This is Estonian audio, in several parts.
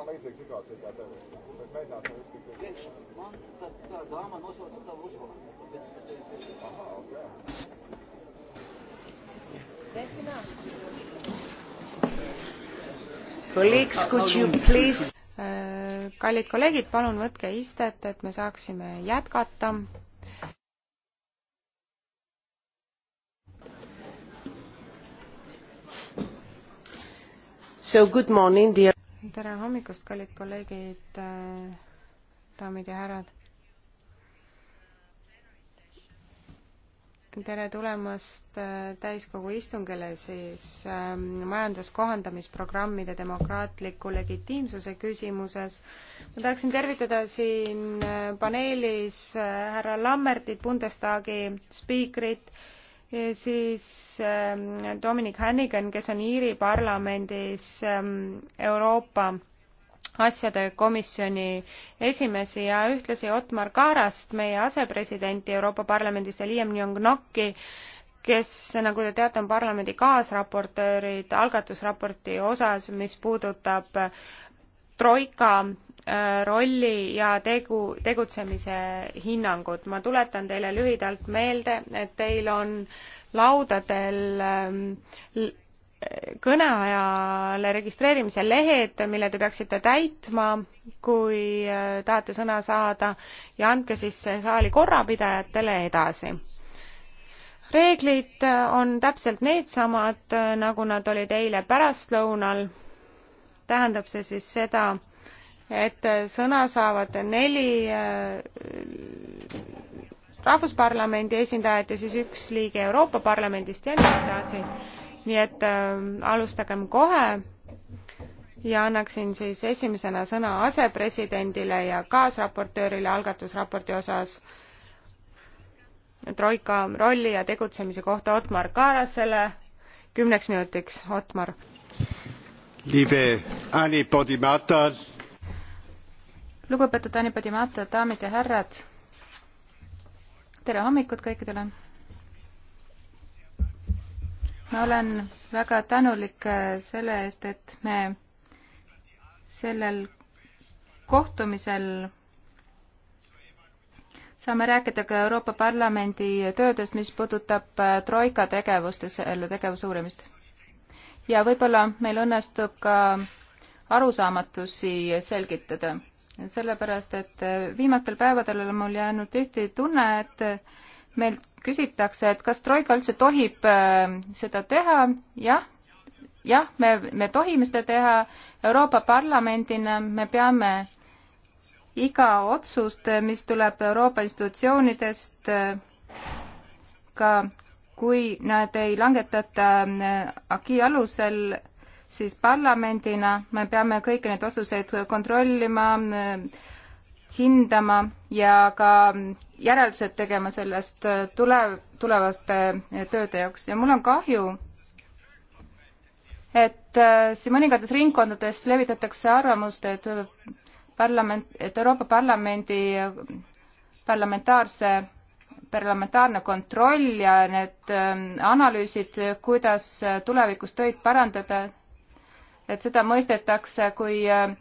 kā līdzīga situācija kā tev. Bet mēģināsim uztikt. Priekš man tā, tā dāma nosauca tavu uzvārdu. Aha, ok. Destināt. Colleagues, could you please äh, kallid kolleegid, palun võtke istet, et me saaksime jätkata. So good morning, dear tere hommikust, kallid kolleegid, daamid ja härrad. tere tulemast täiskogu istungile siis ähm, majanduskohandamisprogrammide demokraatliku legitiimsuse küsimuses. ma tahaksin tervitada siin paneelis äh, härra Lammertit, Bundestagi spiikrit siis ähm, Dominic Hannigan, kes on Iiri parlamendis ähm, Euroopa asjade komisjoni esimesi ja ühtlasi Otmar Kaarast, meie asepresidenti Euroopa Parlamendist ja Liam Nyong-Nokki, kes, nagu te teate, on parlamendi kaasraportöörid algatusraporti osas, mis puudutab troika Äh, rolli ja tegu, tegutsemise hinnangut. ma tuletan teile lühidalt meelde, et teil on laudadel ähm, kõneajale registreerimise lehed, mille te peaksite täitma, kui äh, tahate sõna saada ja andke siis see saali korrapidajatele edasi. reeglid äh, on täpselt needsamad, nagu nad olid eile pärastlõunal. tähendab see siis seda, et sõna saavad neli äh, rahvusparlamendi esindajat ja siis üks liige Euroopa Parlamendist ja nii edasi. nii et äh, alustagem kohe ja annaksin siis esimesena sõna asepresidendile ja kaasraportöörile algatusraporti osas troika rolli ja tegutsemise kohta Otmar Kaarasele kümneks minutiks. Otmar. Liebe Anni Podimata, lugupeetud Anipodimata, daamid ja härrad. tere hommikut kõikidele. ma olen väga tänulik äh, selle eest, et me sellel kohtumisel saame rääkida ka Euroopa Parlamendi töödest, mis puudutab äh, Troika tegevust ja selle tegevuse uurimist. ja võib-olla meil õnnestub ka arusaamatusi selgitada sellepärast et äh, viimastel päevadel on mul jäänud tihti tunne, et äh, meilt küsitakse, et kas Troika üldse tohib äh, seda teha, jah, jah, me, me tohime seda teha, Euroopa Parlamendina me peame iga otsust, mis tuleb Euroopa institutsioonidest, ka kui nad ei langetata agi alusel, siis parlamendina me peame kõiki neid otsuseid kontrollima, hindama ja ka järeldused tegema sellest tulev, tulevaste tööde jaoks ja mul on kahju, et äh, siin mõningates ringkondades levitatakse arvamust, et parlament, et Euroopa Parlamendi äh, parlamentaarse parlamentaarne kontroll ja need äh, analüüsid, kuidas tulevikus töid parandada, et seda mõistetakse kui äh,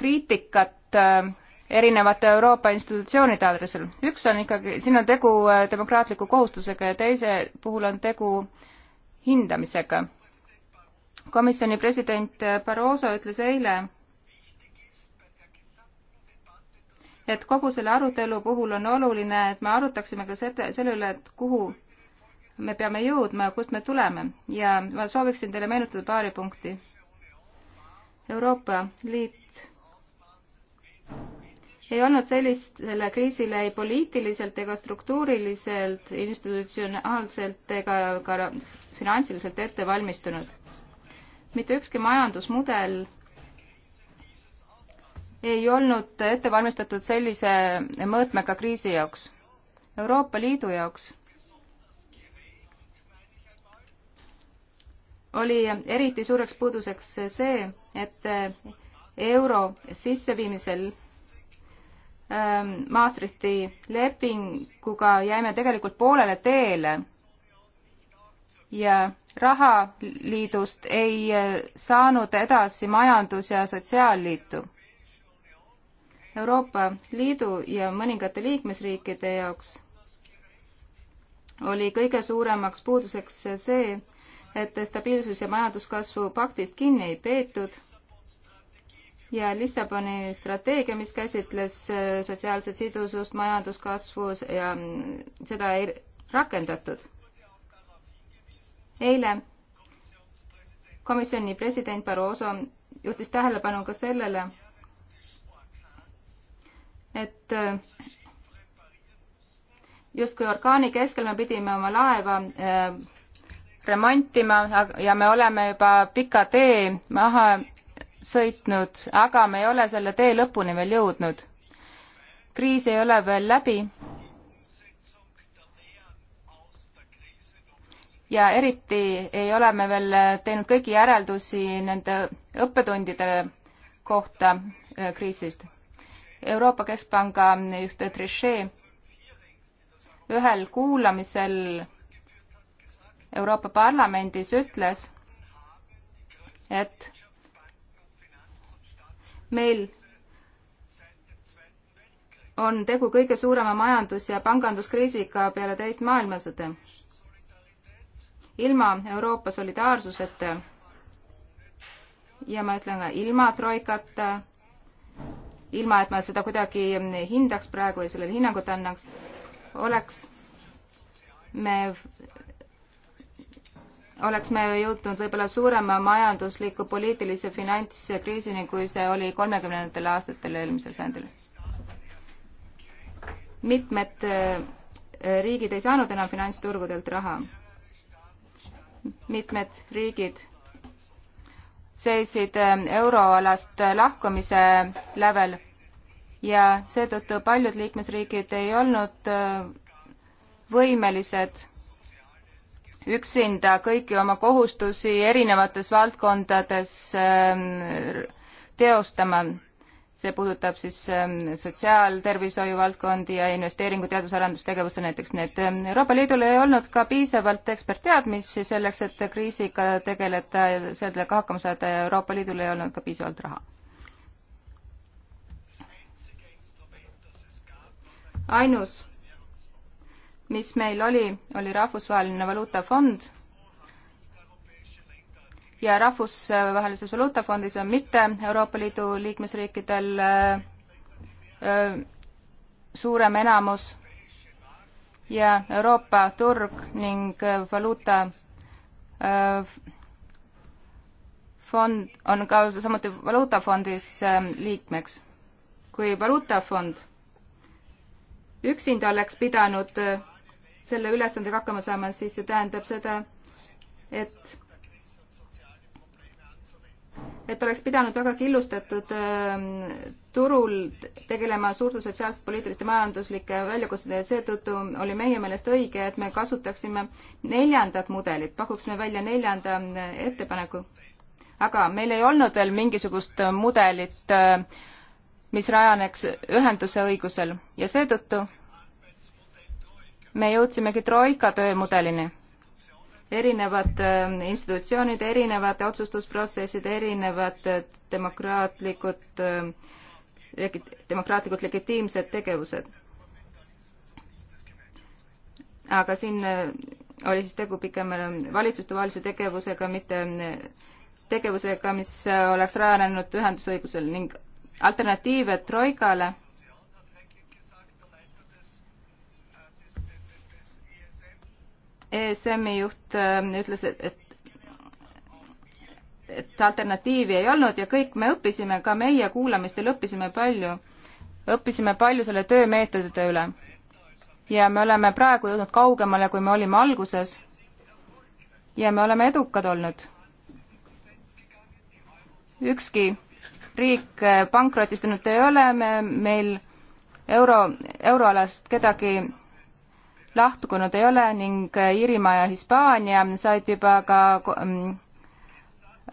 kriitikat äh, erinevate Euroopa institutsioonide aadressil. üks on ikkagi, siin on tegu äh, demokraatliku kohustusega ja teise puhul on tegu hindamisega. komisjoni president Barroso ütles eile, et kogu selle arutelu puhul on oluline, et me arutaksime ka seda, selle üle, et kuhu me peame jõudma, kust me tuleme ja ma sooviksin teile meenutada paari punkti. Euroopa Liit ei olnud sellisele kriisile ei poliitiliselt ega struktuuriliselt, institutsionaalselt ega ka finantsiliselt ette valmistunud. mitte ükski majandusmudel ei olnud ette valmistatud sellise mõõtmega kriisi jaoks. Euroopa Liidu jaoks oli eriti suureks puuduseks see, et euro sisseviimisel ähm, Maastrichti lepinguga jäime tegelikult poolele teele ja rahaliidust ei äh, saanud edasi majandus- ja sotsiaalliitu. Euroopa Liidu ja mõningate liikmesriikide jaoks oli kõige suuremaks puuduseks see, et stabiilsus- ja majanduskasvu paktist kinni ei peetud ja Lissaboni strateegia, mis käsitles äh, sotsiaalset sidusust, majanduskasvu ja mm, seda ei rakendatud. eile komisjoni president Barroso juhtis tähelepanu ka sellele, et äh, justkui orkaani keskel me pidime oma laeva äh, remontima ja me oleme juba pika tee maha sõitnud, aga me ei ole selle tee lõpuni veel jõudnud. kriis ei ole veel läbi. ja eriti ei ole me veel teinud kõiki järeldusi nende õppetundide kohta äh, kriisist. Euroopa Keskpanga juht Trichet ühel kuulamisel Euroopa Parlamendis ütles, et meil on tegu kõige suurema majandus- ja panganduskriisiga peale teist maailmasõda. ilma Euroopa solidaarsuseta ja ma ütlen ka ilma troikata, ilma et ma seda kuidagi hindaks praegu ja sellele hinnangut annaks, oleks me oleks me jõudnud võib-olla suurema majandusliku, poliitilise finantskriisini, kui see oli kolmekümnendatel aastatel eelmisel sajandil. mitmed äh, riigid ei saanud enam finantsturgudelt raha. mitmed riigid seisid äh, euroalast lahkumise lävel ja seetõttu paljud liikmesriigid ei olnud äh, võimelised üksinda kõiki oma kohustusi erinevates valdkondades ähm, teostama. see puudutab siis ähm, sotsiaaltervishoiu valdkondi ja investeeringu teadus-arendustegevusse näiteks, nii et ähm, Euroopa Liidul ei olnud ka piisavalt ekspertteadmisi selleks, et kriisiga tegeleda ja sellega hakkama saada ja Euroopa Liidul ei olnud ka piisavalt raha ainus mis meil oli, oli Rahvusvaheline Valuutafond ja Rahvusvahelises Valuutafondis on mitte Euroopa Liidu liikmesriikidel äh, äh, suurem enamus ja Euroopa turg ning äh, valuuta fond on ka samuti valuutafondis liikmeks. kui valuutafond üksinda oleks pidanud selle ülesandega hakkama saama, siis see tähendab seda, et et oleks pidanud väga killustatud äh, turul tegelema suurte sotsiaalsete, poliitiliste, majanduslike väljakutsetega ja seetõttu oli meie meelest õige, et me kasutaksime neljandat mudelit, pakuksime välja neljanda äh, ettepaneku. aga meil ei olnud veel mingisugust mudelit, äh, mis rajaneks ühenduse õigusel ja seetõttu me jõudsimegi troika töömudelini. erinevad äh, institutsioonid, erinevad otsustusprotsessid, erinevad äh, demokraatlikud, äh, demokraatlikult legitiimsed tegevused. aga siin oli siis tegu pigem valitsustevahelise tegevusega, mitte tegevusega, mis oleks rajanenud ühendusõigusel ning alternatiive Troikale ESM-i juht äh, ütles, et et alternatiivi ei olnud ja kõik me õppisime, ka meie kuulamistel õppisime palju, õppisime palju selle töömeetodite üle. ja me oleme praegu jõudnud kaugemale, kui me olime alguses. ja me oleme edukad olnud. ükski riik äh, pankrotistunud ei ole, me, meil euro, euroalast kedagi lahkunud ei ole ning äh, Iirimaa ja Hispaania said juba ka ähm,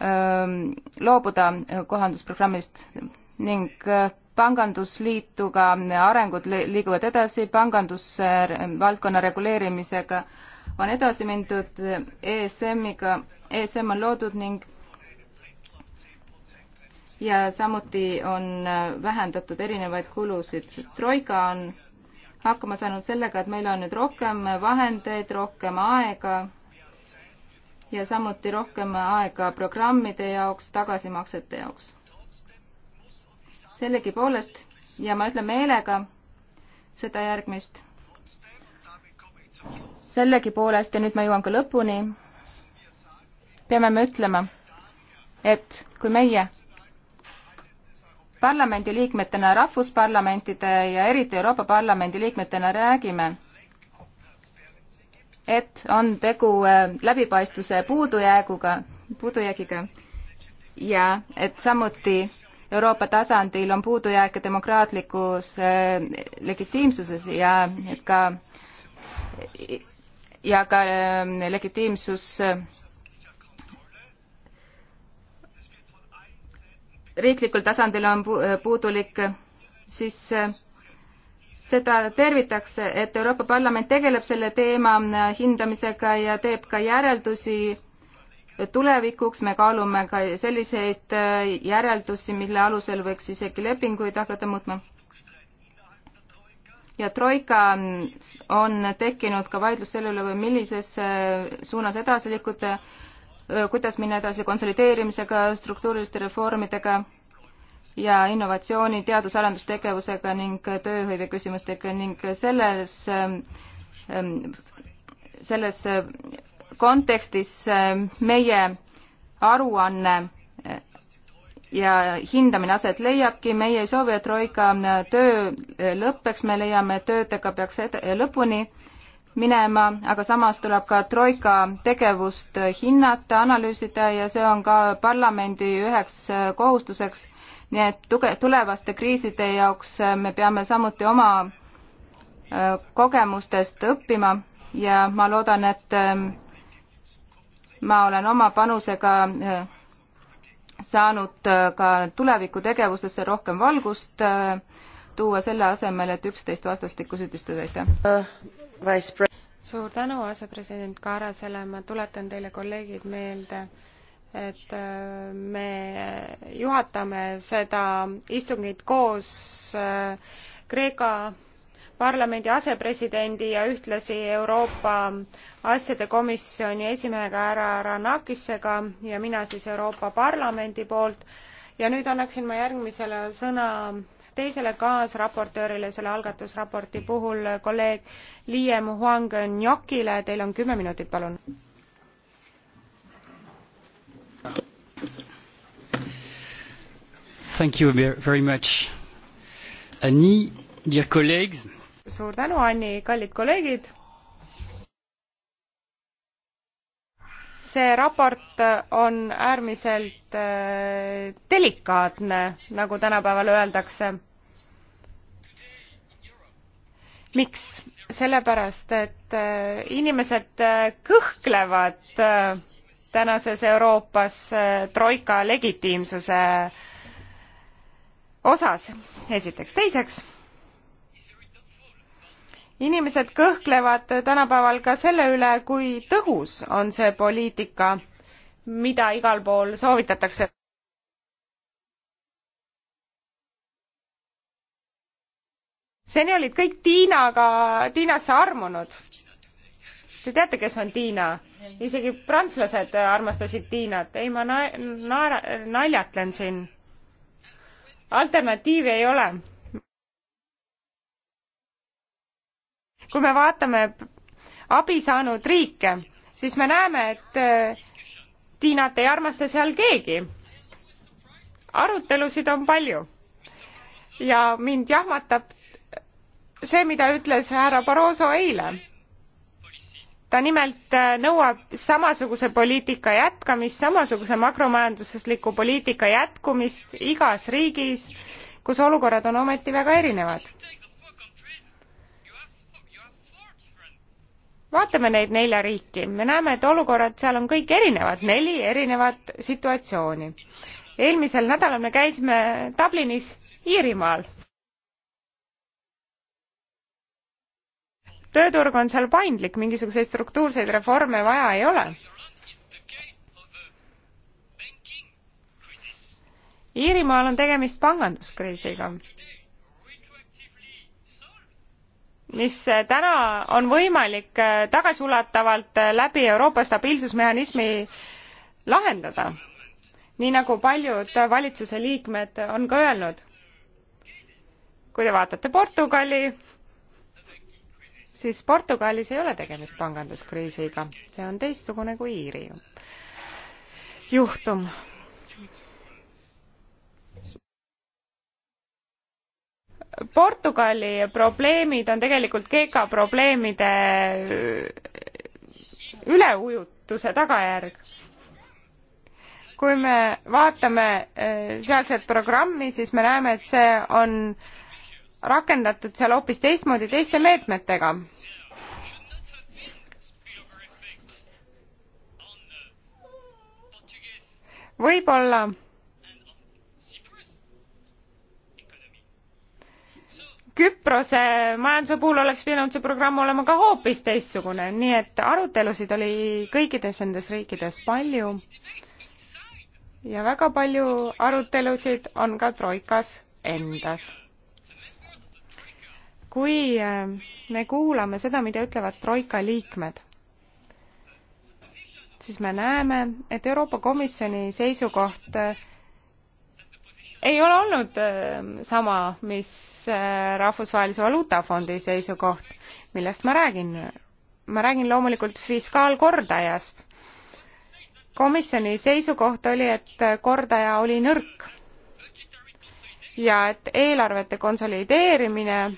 ähm, loobuda äh, kohandusprogrammist ning äh, pangandusliituga arengud liiguvad edasi, pangandusvaldkonna reguleerimisega on edasi mindud, ESM-iga, ESM on loodud ning ja samuti on vähendatud erinevaid kulusid. troika on hakkama saanud sellega, et meil on nüüd rohkem vahendeid, rohkem aega ja samuti rohkem aega programmide jaoks, tagasimaksete jaoks. sellegipoolest ja ma ütlen meelega seda järgmist. sellegipoolest ja nüüd ma jõuan ka lõpuni, peame me ütlema, et kui meie parlamendiliikmetena, rahvusparlamentide ja eriti Euroopa Parlamendi liikmetena räägime, et on tegu äh, läbipaistvuse puudujääguga, puudujäägiga ja et samuti Euroopa tasandil on puudujääke demokraatlikus äh, legitiimsuses ja et ka ja ka äh, legitiimsus riiklikul tasandil on äh, puudulik, siis äh, seda tervitakse, et Euroopa Parlament tegeleb selle teema äh, hindamisega ja teeb ka järeldusi tulevikuks, me kaalume ka selliseid järeldusi, mille alusel võiks isegi lepinguid hakata muutma. ja Troika on tekkinud ka vaidlus selle üle, millises suunas edasi liikuda Äh, kuidas minna edasi konsolideerimisega, struktuuriliste reformidega ja innovatsiooni, teadus-arendustegevusega ning tööhõive küsimustega ning selles, ähm, ähm, selles äh, kontekstis äh, meie aruanne ja hindamine aset leiabki, meie ei soovi, et Troika töö lõpeks, me leiame, et töödega peaks ed-, lõpuni minema, aga samas tuleb ka Troika tegevust hinnata, analüüsida ja see on ka parlamendi üheks kohustuseks. nii et tuge-, tulevaste kriiside jaoks me peame samuti oma äh, kogemustest õppima ja ma loodan, et äh, ma olen oma panusega äh, saanud ka tulevikutegevustesse rohkem valgust tuua selle asemel, et üksteist vastastikku süüdistada, aitäh! suur tänu asepresident Kaarasele, ma tuletan teile, kolleegid, meelde, et äh, me juhatame seda istungit koos äh, Kreeka parlamendi asepresidendi ja ühtlasi Euroopa asjade komisjoni esimehega härra Ranakisega ja mina siis Euroopa Parlamendi poolt. ja nüüd annaksin ma järgmisele sõna teisele kaasraportöörile selle algatusraporti puhul, kolleeg Liiem Huang Njokile, teil on kümme minutit, palun. Thank you very much, Anni, dear colleagues. suur tänu, Anni, kallid kolleegid see raport on äärmiselt äh, delikaatne, nagu tänapäeval öeldakse. miks? sellepärast, et äh, inimesed äh, kõhklevad tänases Euroopas troika legitiimsuse osas, esiteks. teiseks inimesed kõhklevad tänapäeval ka selle üle, kui tõhus on see poliitika, mida igal pool soovitatakse. seni olid kõik Tiinaga, Tiinasse armunud. Te teate, kes on Tiina? isegi prantslased armastasid Tiinat. ei, ma naera, naljatlen siin. alternatiivi ei ole kui me vaatame abi saanud riike, siis me näeme, et äh, Tiinat ei armasta seal keegi. arutelusid on palju. ja mind jahmatab see, mida ütles härra Barroso eile. ta nimelt äh, nõuab samasuguse poliitika jätkamist, samasuguse makromajandusliku poliitika jätkumist igas riigis, kus olukorrad on ometi väga erinevad vaatame neid nelja riiki, me näeme, et olukorrad seal on kõik erinevad, neli erinevat situatsiooni. eelmisel nädalal me käisime Dublinis Iirimaal. tööturg on seal paindlik, mingisuguseid struktuurseid reforme vaja ei ole. Iirimaal on tegemist panganduskriisiga mis äh, täna on võimalik äh, tagasiulatavalt äh, läbi Euroopa stabiilsusmehhanismi lahendada, nii nagu paljud valitsuse liikmed on ka öelnud. kui te vaatate Portugali, siis Portugalis ei ole tegemist panganduskriisiga, see on teistsugune kui Iiri juhtum Portugali probleemid on tegelikult Kreeka probleemide äh, üleujutuse tagajärg. kui me vaatame äh, sealset programmi, siis me näeme, et see on rakendatud seal hoopis teistmoodi teiste meetmetega. võib-olla Küprose majanduse puhul oleks pidanud see programm olema ka hoopis teistsugune, nii et arutelusid oli kõikides nendes riikides palju. ja väga palju arutelusid on ka Troikas endas. kui äh, me kuulame seda, mida ütlevad Troika liikmed, siis me näeme, et Euroopa Komisjoni seisukoht äh, ei ole olnud äh, sama, mis äh, Rahvusvahelise Valuutafondi seisukoht, millest ma räägin. ma räägin loomulikult fiskaalkordajast. komisjoni seisukoht oli, et kordaja oli nõrk ja et eelarvete konsolideerimine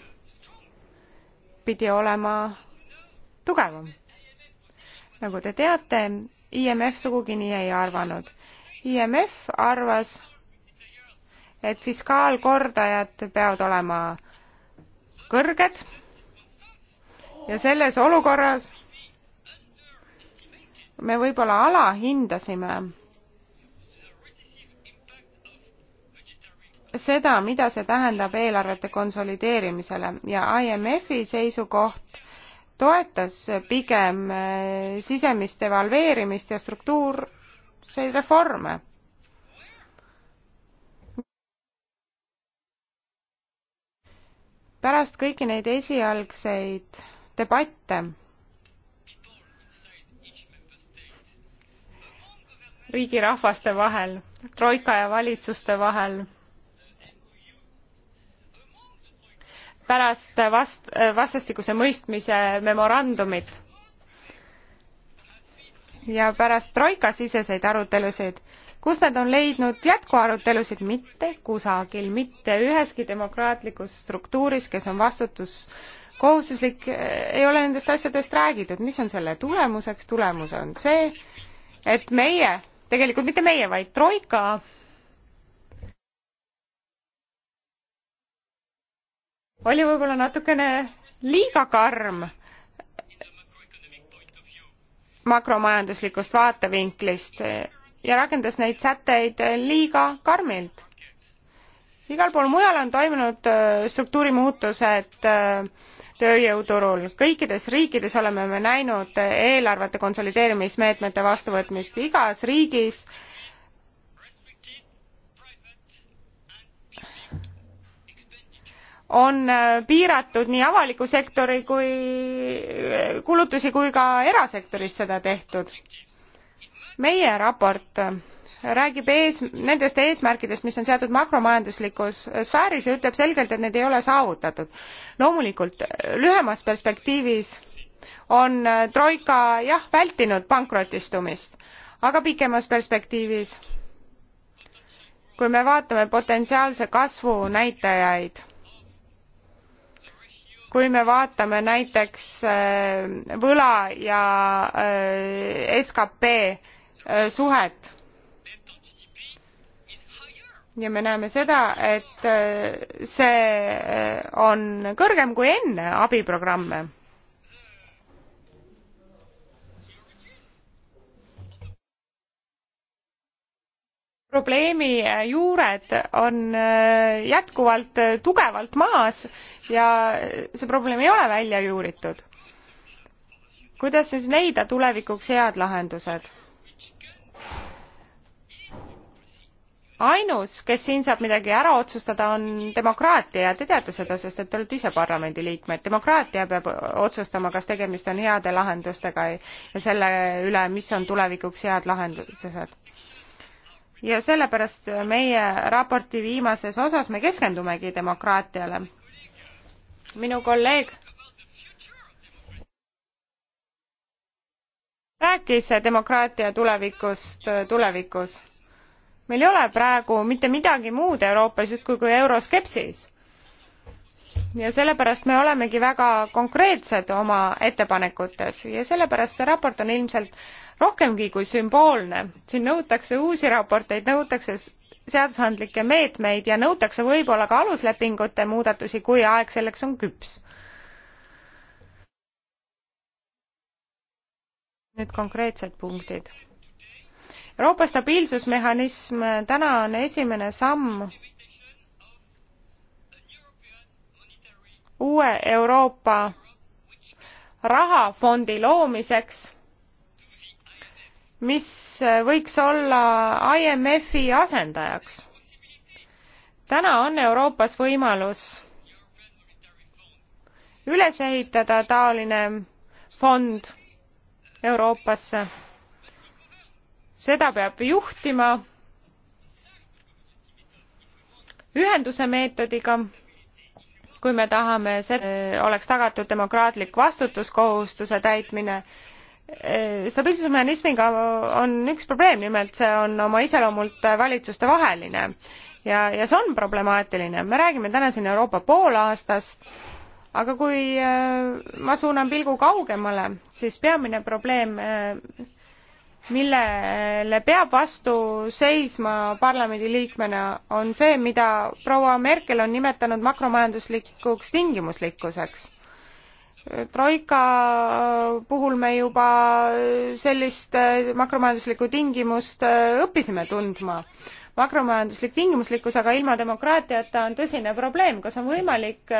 pidi olema tugevam. nagu te teate, IMF sugugi nii ei arvanud. IMF arvas, et fiskaalkordajad peavad olema kõrged ja selles olukorras me võib-olla alahindasime seda, mida see tähendab eelarvete konsolideerimisele ja IMF-i seisukoht toetas pigem äh, sisemist devalveerimist ja struktuurseid reforme pärast kõiki neid esialgseid debatte riigi rahvaste vahel, troika ja valitsuste vahel, pärast vast-, vastastikuse mõistmise memorandumit ja pärast Troika siseseid arutelusid, kus nad on leidnud jätkuarutelusid mitte kusagil, mitte üheski demokraatlikus struktuuris, kes on vastutuskohustuslik, eh, ei ole nendest asjadest räägitud. mis on selle tulemuseks? tulemus on see, et meie, tegelikult mitte meie, vaid Troika oli võib-olla natukene liiga karm makromajanduslikust vaatevinklist ja rakendas neid sätteid liiga karmilt. igal pool mujal on toimunud äh, struktuurimuutused äh, tööjõuturul. kõikides riikides oleme me näinud äh, eelarvete konsolideerimismeetmete vastuvõtmist. igas riigis äh, on äh, piiratud nii avaliku sektori kui äh, kulutusi kui ka erasektoris seda tehtud. meie raport äh, räägib ees, nendest eesmärkidest, mis on seatud makromajanduslikus sfääris ja ütleb selgelt, et need ei ole saavutatud. loomulikult lühemas perspektiivis on Troika jah, vältinud pankrotistumist, aga pikemas perspektiivis kui me vaatame potentsiaalse kasvu näitajaid kui me vaatame näiteks äh, võla ja äh, skp äh, suhet ja me näeme seda, et see on kõrgem kui enne abiprogramme. probleemi juured on jätkuvalt tugevalt maas ja see probleem ei ole välja juuritud. kuidas siis leida tulevikuks head lahendused? ainus, kes siin saab midagi ära otsustada, on demokraatia ja te teate seda, sest et te olete ise parlamendiliikmed. demokraatia peab otsustama, kas tegemist on heade lahendustega ja selle üle, mis on tulevikuks head lahendused. ja sellepärast meie raporti viimases osas me keskendumegi demokraatiale minu kolleeg rääkis demokraatia tulevikust tulevikus. meil ei ole praegu mitte midagi muud Euroopas justkui kui euroskepsis. ja sellepärast me olemegi väga konkreetsed oma ettepanekutes ja sellepärast see raport on ilmselt rohkemgi kui sümboolne. siin nõutakse uusi raporteid, nõutakse seadusandlikke meetmeid ja nõutakse võib-olla ka aluslepingute muudatusi, kui aeg selleks on küps. nüüd konkreetsed punktid. Euroopa stabiilsusmehhanism, täna on esimene samm uue Euroopa rahafondi loomiseks mis võiks olla IMF-i asendajaks. täna on Euroopas võimalus üles ehitada taoline fond Euroopasse. seda peab juhtima ühenduse meetodiga, kui me tahame, oleks tagatud demokraatlik vastutuskohustuse täitmine Eh, stabiilsusmehhanismiga on üks probleem, nimelt see on oma iseloomult valitsuste vaheline ja, ja see on problemaatiline. me räägime täna siin Euroopa poolaastast, aga kui eh, ma suunan pilgu kaugemale, siis peamine probleem, eh, millele peab vastu seisma parlamendiliikmena, on see, mida proua Merkel on nimetanud makromajanduslikuks tingimuslikkuseks troika äh, puhul me juba sellist äh, makromajanduslikku tingimust äh, õppisime tundma. makromajanduslik tingimuslikkus aga ilma demokraatiata on tõsine probleem, kas on võimalik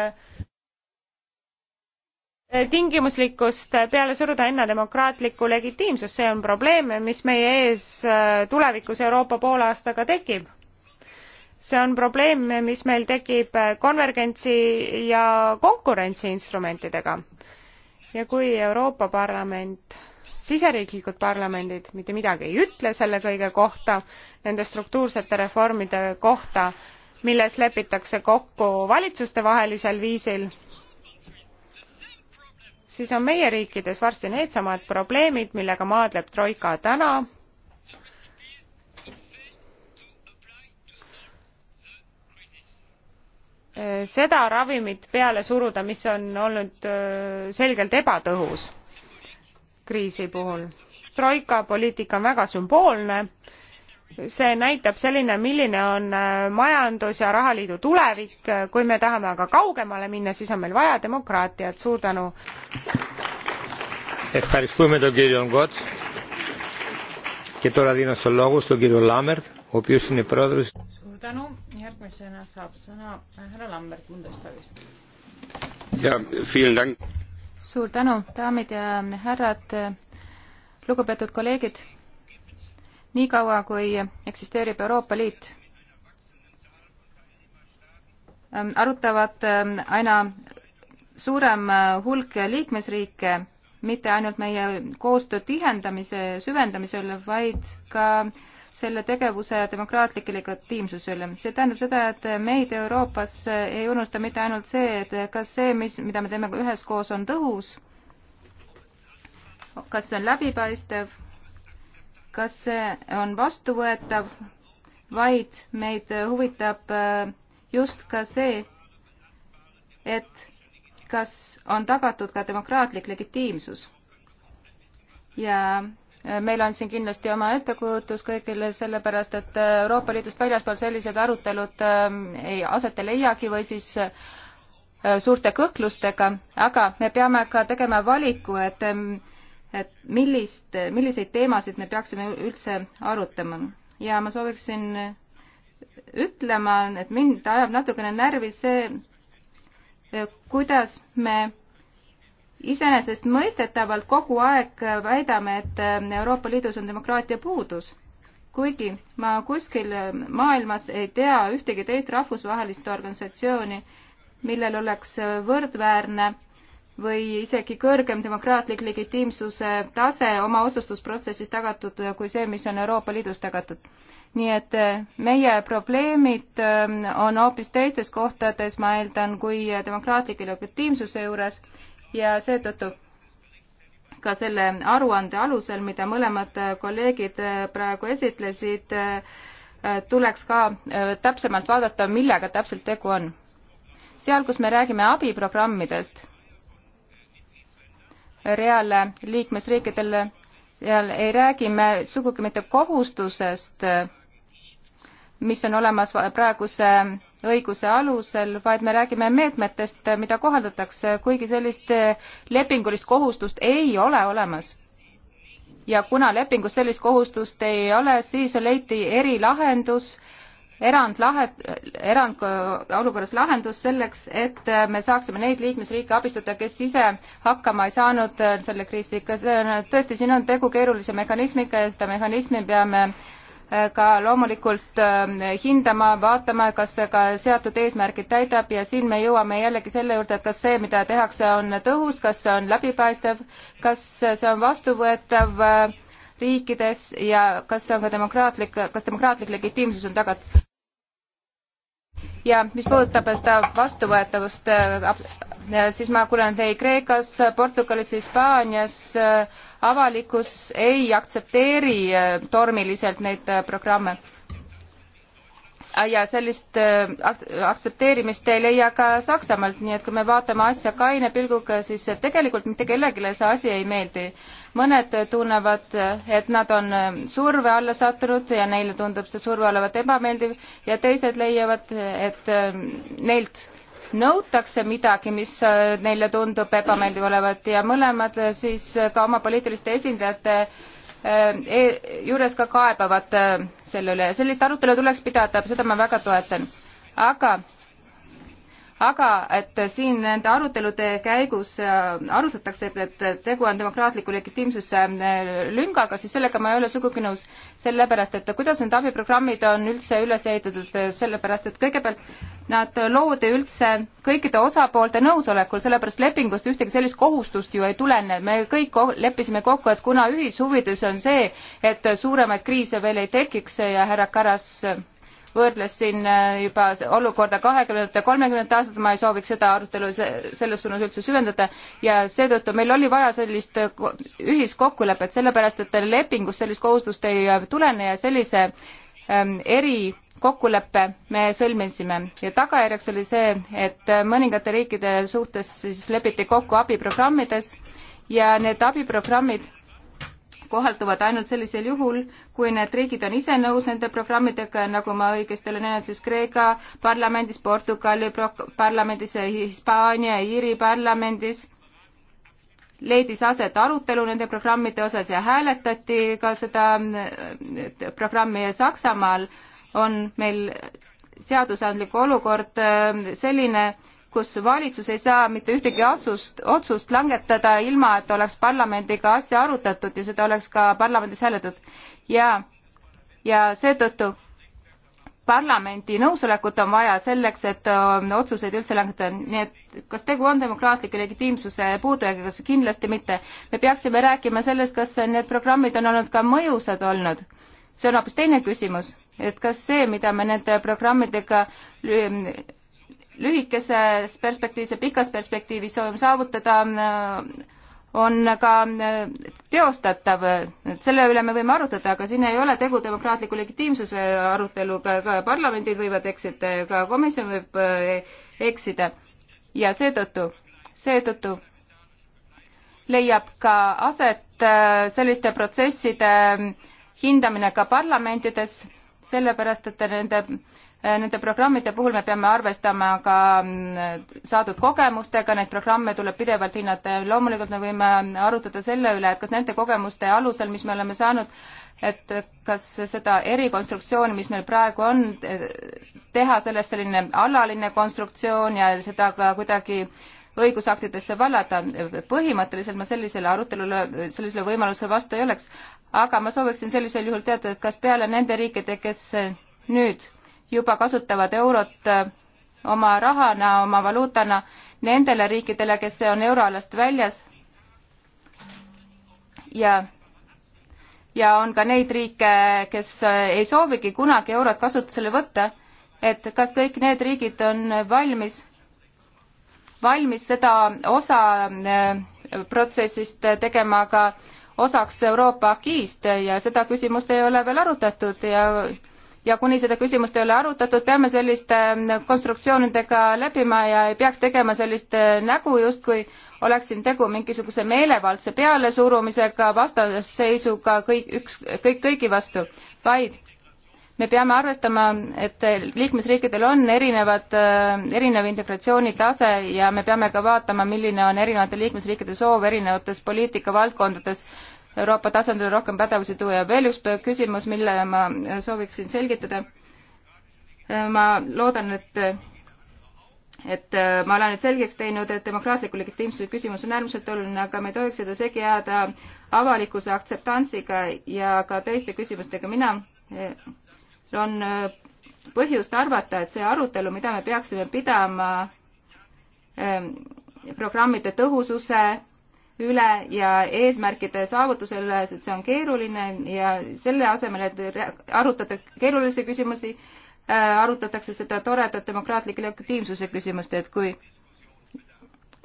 tingimuslikkust peale suruda enne demokraatlikku legitiimsust, see on probleem, mis meie ees tulevikus Euroopa poole aastaga tekib see on probleem, mis meil tekib konvergentsi ja konkurentsi instrumentidega. ja kui Euroopa Parlament, siseriiklikud parlamendid mitte midagi ei ütle selle kõige kohta, nende struktuursete reformide kohta, milles lepitakse kokku valitsustevahelisel viisil, siis on meie riikides varsti needsamad probleemid, millega maadleb Troika täna Eh, seda ravimit peale suruda, mis on olnud eh, selgelt ebatõhus kriisi puhul. troika poliitika on väga sümboolne, see näitab selline, milline on eh, majandus ja rahaliidu tulevik, kui me tahame aga kaugemale minna, siis on meil vaja demokraatiat, suur tänu. suur tänu, järgmisena saab sõna härra Lambert Bundestagist. suur tänu, daamid ja härrad, lugupeetud kolleegid. niikaua, kui eksisteerib Euroopa Liit, ähm, arutavad ähm, aina suurem äh, hulk liikmesriike mitte ainult meie koostöö tihendamise, süvendamisel, vaid ka selle tegevuse demokraatlik legitiimsus üle. see tähendab seda, et meid Euroopas ei unusta mitte ainult see, et kas see, mis, mida me teeme üheskoos, on tõhus, kas see on läbipaistev, kas see on vastuvõetav, vaid meid huvitab äh, just ka see, et kas on tagatud ka demokraatlik legitiimsus. ja meil on siin kindlasti oma ettekujutus kõigile, sellepärast et Euroopa Liidust väljaspool sellised arutelud ähm, ei aset ei leiagi või siis äh, suurte kõhklustega, aga me peame ka tegema valiku, et ähm, et millist, milliseid teemasid me peaksime üldse arutama. ja ma sooviksin ütlema, et mind ajab natukene närvi see, kuidas me iseenesestmõistetavalt kogu aeg väidame, et ähm, Euroopa Liidus on demokraatia puudus. kuigi ma kuskil ähm, maailmas ei tea ühtegi teist rahvusvahelist organisatsiooni, millel oleks äh, võrdväärne või isegi kõrgem demokraatlik legitiimsuse tase oma otsustusprotsessis tagatud kui see, mis on Euroopa Liidus tagatud. nii et äh, meie probleemid ähm, on hoopis teistes kohtades, ma eeldan, kui demokraatliku legitiimsuse juures ja seetõttu ka selle aruande alusel, mida mõlemad kolleegid äh, praegu esitlesid, äh, tuleks ka äh, täpsemalt vaadata, millega täpselt tegu on. seal, kus me räägime abiprogrammidest reale liikmesriikidele, seal ei räägi me sugugi mitte kohustusest, mis on olemas praeguse õiguse alusel, vaid me räägime meetmetest, mida kohaldatakse, kuigi sellist eh, lepingulist kohustust ei ole olemas. ja kuna lepingus sellist kohustust ei ole, siis leiti erilahendus, erandlahe, erand eh, olukorras lahendus selleks, et eh, me saaksime neid liikmesriike abistada, kes ise hakkama ei saanud selle kriisiga, see on tõesti, siin on tegu keerulise mehhanismiga ja seda mehhanismi peame äh, Äh, ka loomulikult ähm, hindama, vaatama, kas ka seatud eesmärgid täidab ja siin me jõuame jällegi selle juurde, et kas see, mida tehakse, on tõhus, kas see on läbipaistev, kas see on vastuvõetav äh, riikides ja kas see on ka demokraatlik, kas demokraatlik legitiimsus on tagatud. ja mis puudutab seda vastuvõetavust, äh, siis ma kuulen teid Kreekas, Portugalis, Hispaanias avalikkus ei aktsepteeri äh, tormiliselt neid äh, programme. ja sellist äh, aktsepteerimist ei leia ka Saksamaalt, nii et kui me vaatame asja kaine pilguga, siis tegelikult mitte kellelegi see asi ei meeldi. mõned tunnevad, et nad on surve alla sattunud ja neile tundub see surve olevat ebameeldiv ja teised leiavad, et neilt nõutakse midagi, mis äh, neile tundub ebameeldiv olevat ja mõlemad äh, siis äh, ka oma poliitiliste esindajate e, juures ka kaebavad selle üle ja sellist arutelu tuleks pidada, seda ma väga toetan. aga aga et siin nende arutelude käigus äh, arutatakse, et, et tegu on demokraatliku legitiimsuse äh, lüngaga, siis sellega ma ei ole sugugi nõus. sellepärast, et kuidas need abiprogrammid on üldse üles ehitatud, äh, sellepärast et kõigepealt nad loodi üldse kõikide osapoolte nõusolekul, sellepärast lepingust ühtegi sellist kohustust ju ei tulene. me kõik leppisime kokku, et kuna ühishuvides on see, et suuremaid kriise veel ei tekiks ja härra Karas võrdles siin äh, juba olukorda kahekümnendate, kolmekümnendate aastate, ma ei sooviks seda arutelu selles suunas üldse süvendada ja seetõttu meil oli vaja sellist äh, ühiskokkulepet, sellepärast et lepingust sellist kohustust ei äh, tulene ja sellise ähm, erikokkuleppe me sõlmisime ja tagajärjeks oli see, et mõningate riikide suhtes siis lepiti kokku abiprogrammides ja need abiprogrammid kohalduvad ainult sellisel juhul, kui need riigid on ise nõus nende programmidega ja nagu ma õigesti olen öelnud, siis Kreeka parlamendis, Portugali parlamendis, Hispaania, Iiri parlamendis leidis aset arutelu nende programmide osas ja hääletati ka seda äh, programmi ja Saksamaal on meil seadusandlik olukord äh, selline, kus valitsus ei saa mitte ühtegi otsust, otsust langetada, ilma et oleks parlamendiga asja arutatud ja seda oleks ka parlamendis hääletatud. ja, ja seetõttu parlamendi nõusolekut on vaja selleks, et öö, ähm, otsuseid üldse langetada, nii et kas tegu on demokraatliku legitiimsuse puudujäägiga, kas kindlasti mitte. me peaksime rääkima sellest, kas need programmid on olnud ka mõjusad olnud. see on hoopis teine küsimus, et kas see, mida me nende programmidega ähm, lühikeses perspektiivis ja pikas perspektiivis soovime saavutada, on ka teostatav, et selle üle me võime arutada, aga siin ei ole tegu demokraatliku legitiimsuse aruteluga, ka parlamendid võivad eksida, ka komisjon võib eh, eksida ja seetõttu, seetõttu leiab ka aset eh, selliste protsesside hindamine ka parlamentides, sellepärast et nende äh, Äh, nende programmide puhul me peame arvestama ka mm, saadud kogemustega, neid programme tuleb pidevalt hinnata ja loomulikult me võime arutada selle üle, et kas nende kogemuste alusel, mis me oleme saanud, et kas seda erikonstruktsiooni, mis meil praegu on, teha sellest selline alaline konstruktsioon ja seda ka kuidagi õigusaktidesse vallata. põhimõtteliselt ma sellisele arutelule, sellisele võimalusele vastu ei oleks, aga ma sooviksin sellisel juhul teada, et kas peale nende riikide, kes nüüd juba kasutavad eurot äh, oma rahana, oma valuutana nendele riikidele, kes on euroalast väljas. ja, ja on ka neid riike, kes äh, ei soovigi kunagi eurot kasutusele võtta, et kas kõik need riigid on valmis, valmis seda osa äh, protsessist tegema ka osaks Euroopa akiist ja seda küsimust ei ole veel arutatud ja ja kuni seda küsimust ei ole arutatud, peame selliste ähm, konstruktsioonidega läbima ja ei peaks tegema sellist äh, nägu, justkui oleks siin tegu mingisuguse meelevaldse pealesurumisega, vastasseisuga kõik, üks, kõik kõigi vastu, vaid me peame arvestama, et äh, liikmesriikidel on erinevad, äh, erinev integratsioonitase ja me peame ka vaatama, milline on erinevate liikmesriikide soov erinevates poliitikavaldkondades Euroopa tasandil rohkem pädevusi tuua ja veel üks küsimus, mille ma sooviksin selgitada. ma loodan, et et ma olen nüüd selgeks teinud, et demokraatliku legitiimsuse küsimus on äärmiselt oluline, aga me ei tohiks seda segi jääda avalikkuse aktseptantsiga ja ka teiste küsimustega. mina on põhjust arvata, et see arutelu, mida me peaksime pidama eh, programmide tõhususe üle ja eesmärkide saavutuse üle, sest see on keeruline ja selle asemel, et arutada keerulisi küsimusi, äh, arutatakse seda toredat demokraatliku legitiimsuse küsimust, et kui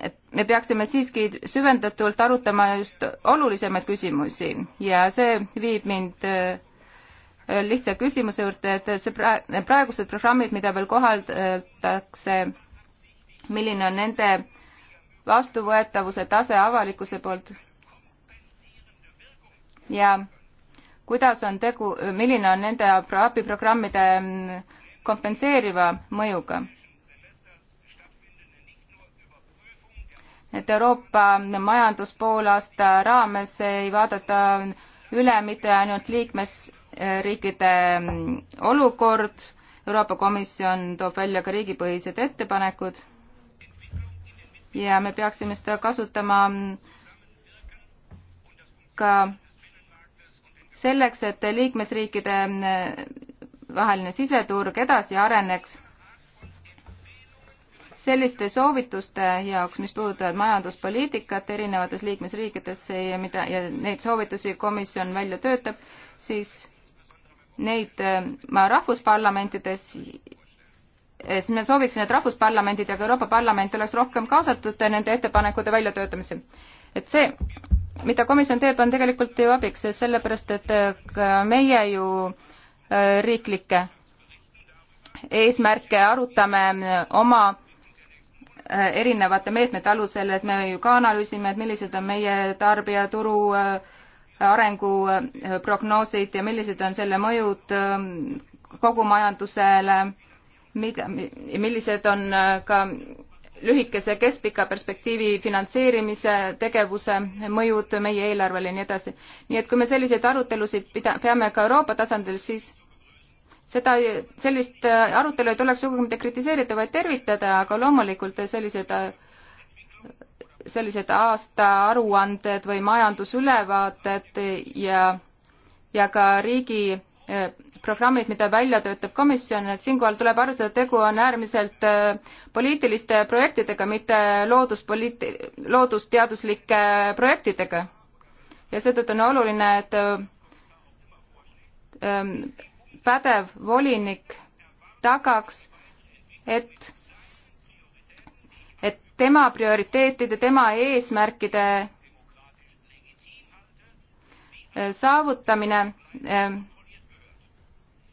et me peaksime siiski süvendatult arutama just olulisemaid küsimusi ja see viib mind äh, lihtsa küsimuse juurde, et see praegused programmid, mida veel kohaldatakse, milline on nende vastuvõetavuse tase avalikkuse poolt ja kuidas on tegu, milline on nende abiprogrammide kompenseeriva mõjuga. et Euroopa majandus poolaasta raames ei vaadata üle mitte ainult liikmesriikide olukord, Euroopa Komisjon toob välja ka riigipõhised ettepanekud ja me peaksime seda kasutama ka selleks, et liikmesriikide vaheline siseturg edasi areneks selliste soovituste jaoks, mis puudutavad majanduspoliitikat erinevates liikmesriikides ja mida ja neid soovitusi komisjon välja töötab, siis neid ma rahvusparlamentides Eh, siis me sooviksin, et rahvusparlamendid ja ka Euroopa Parlament oleks rohkem kaasatud nende ettepanekute väljatöötamisse. et see, mida komisjon teeb, on tegelikult ju abiks, sellepärast et eh, meie ju eh, riiklikke eesmärke arutame oma erinevate meetmete alusel, et me ju ka analüüsime, et millised on meie tarbijaturu arenguprognoosid ja millised on selle mõjud kogu majandusele mida, millised on äh, ka lühikese keskpika perspektiivi finantseerimise tegevuse mõjud meie eelarvele ja nii edasi. nii et kui me selliseid arutelusid pida-, peame ka Euroopa tasandil, siis seda, sellist äh, arutelu ei tuleks sugugi mitte kritiseerida, vaid tervitada, aga loomulikult sellised, äh, sellised aastaaruanded või majandusülevaated ja, ja ka riigi programmid, mida välja töötab komisjon, et siinkohal tuleb arvestada, tegu on äärmiselt äh, poliitiliste projektidega, mitte looduspoliit-, loodusteaduslike projektidega. ja seetõttu on oluline, et äh, ähm, pädev volinik tagaks, et, et tema prioriteetide, tema eesmärkide äh, saavutamine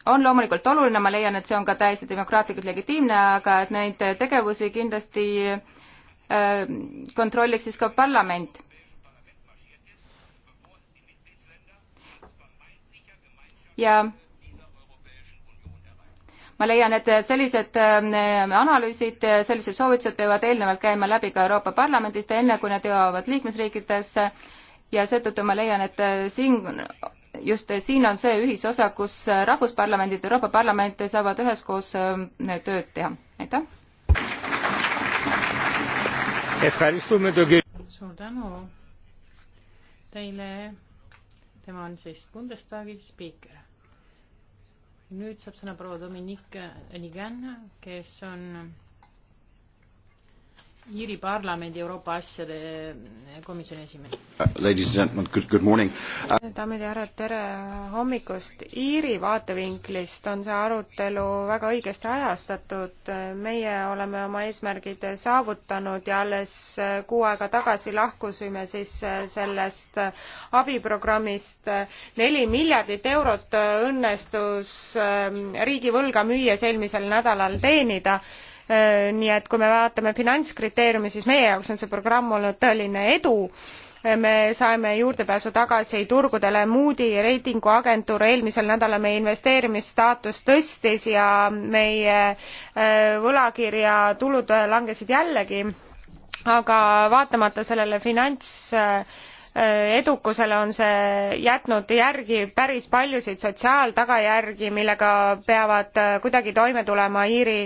on loomulikult oluline, ma leian, et see on ka täiesti demokraatlikult legitiimne, aga et neid tegevusi kindlasti äh, kontrolliks siis ka parlament. ja ma leian, et sellised äh, analüüsid, sellised soovitused peavad eelnevalt käima läbi ka Euroopa Parlamendist, enne kui need jõuavad liikmesriikidesse ja seetõttu ma leian, et äh, siin just siin on see ühisosa, kus rahvusparlamendid, Euroopa Parlament saavad üheskoos äh, tööd teha. aitäh! suur tänu teile, tema on siis Bundestagi spiiker. nüüd saab sõna proua Dominique Nigan, kes on Iiri parlamendi Euroopa asjade komisjoni esimees. Uh, ladies and gentlemen, good, good morning uh.... daamid ja härrad, tere hommikust. Iiri vaatevinklist on see arutelu väga õigesti ajastatud. meie oleme oma eesmärgid saavutanud ja alles kuu aega tagasi lahkusime siis sellest abiprogrammist. neli miljardit eurot õnnestus ähm, riigivõlga müües eelmisel nädalal teenida Äh, nii et kui me vaatame finantskriteeriumi, siis meie jaoks on see programm olnud tõeline edu äh, me saime juurdepääsu tagasi turgudele moody reitinguagentuur eelmisel nädalal meie investeerimisstaatust tõstis ja meie äh, võlakirja tulud langesid jällegi aga vaatamata sellele finants edukusele on see jätnud järgi päris paljusid sotsiaaltagajärgi millega peavad kuidagi toime tulema iiri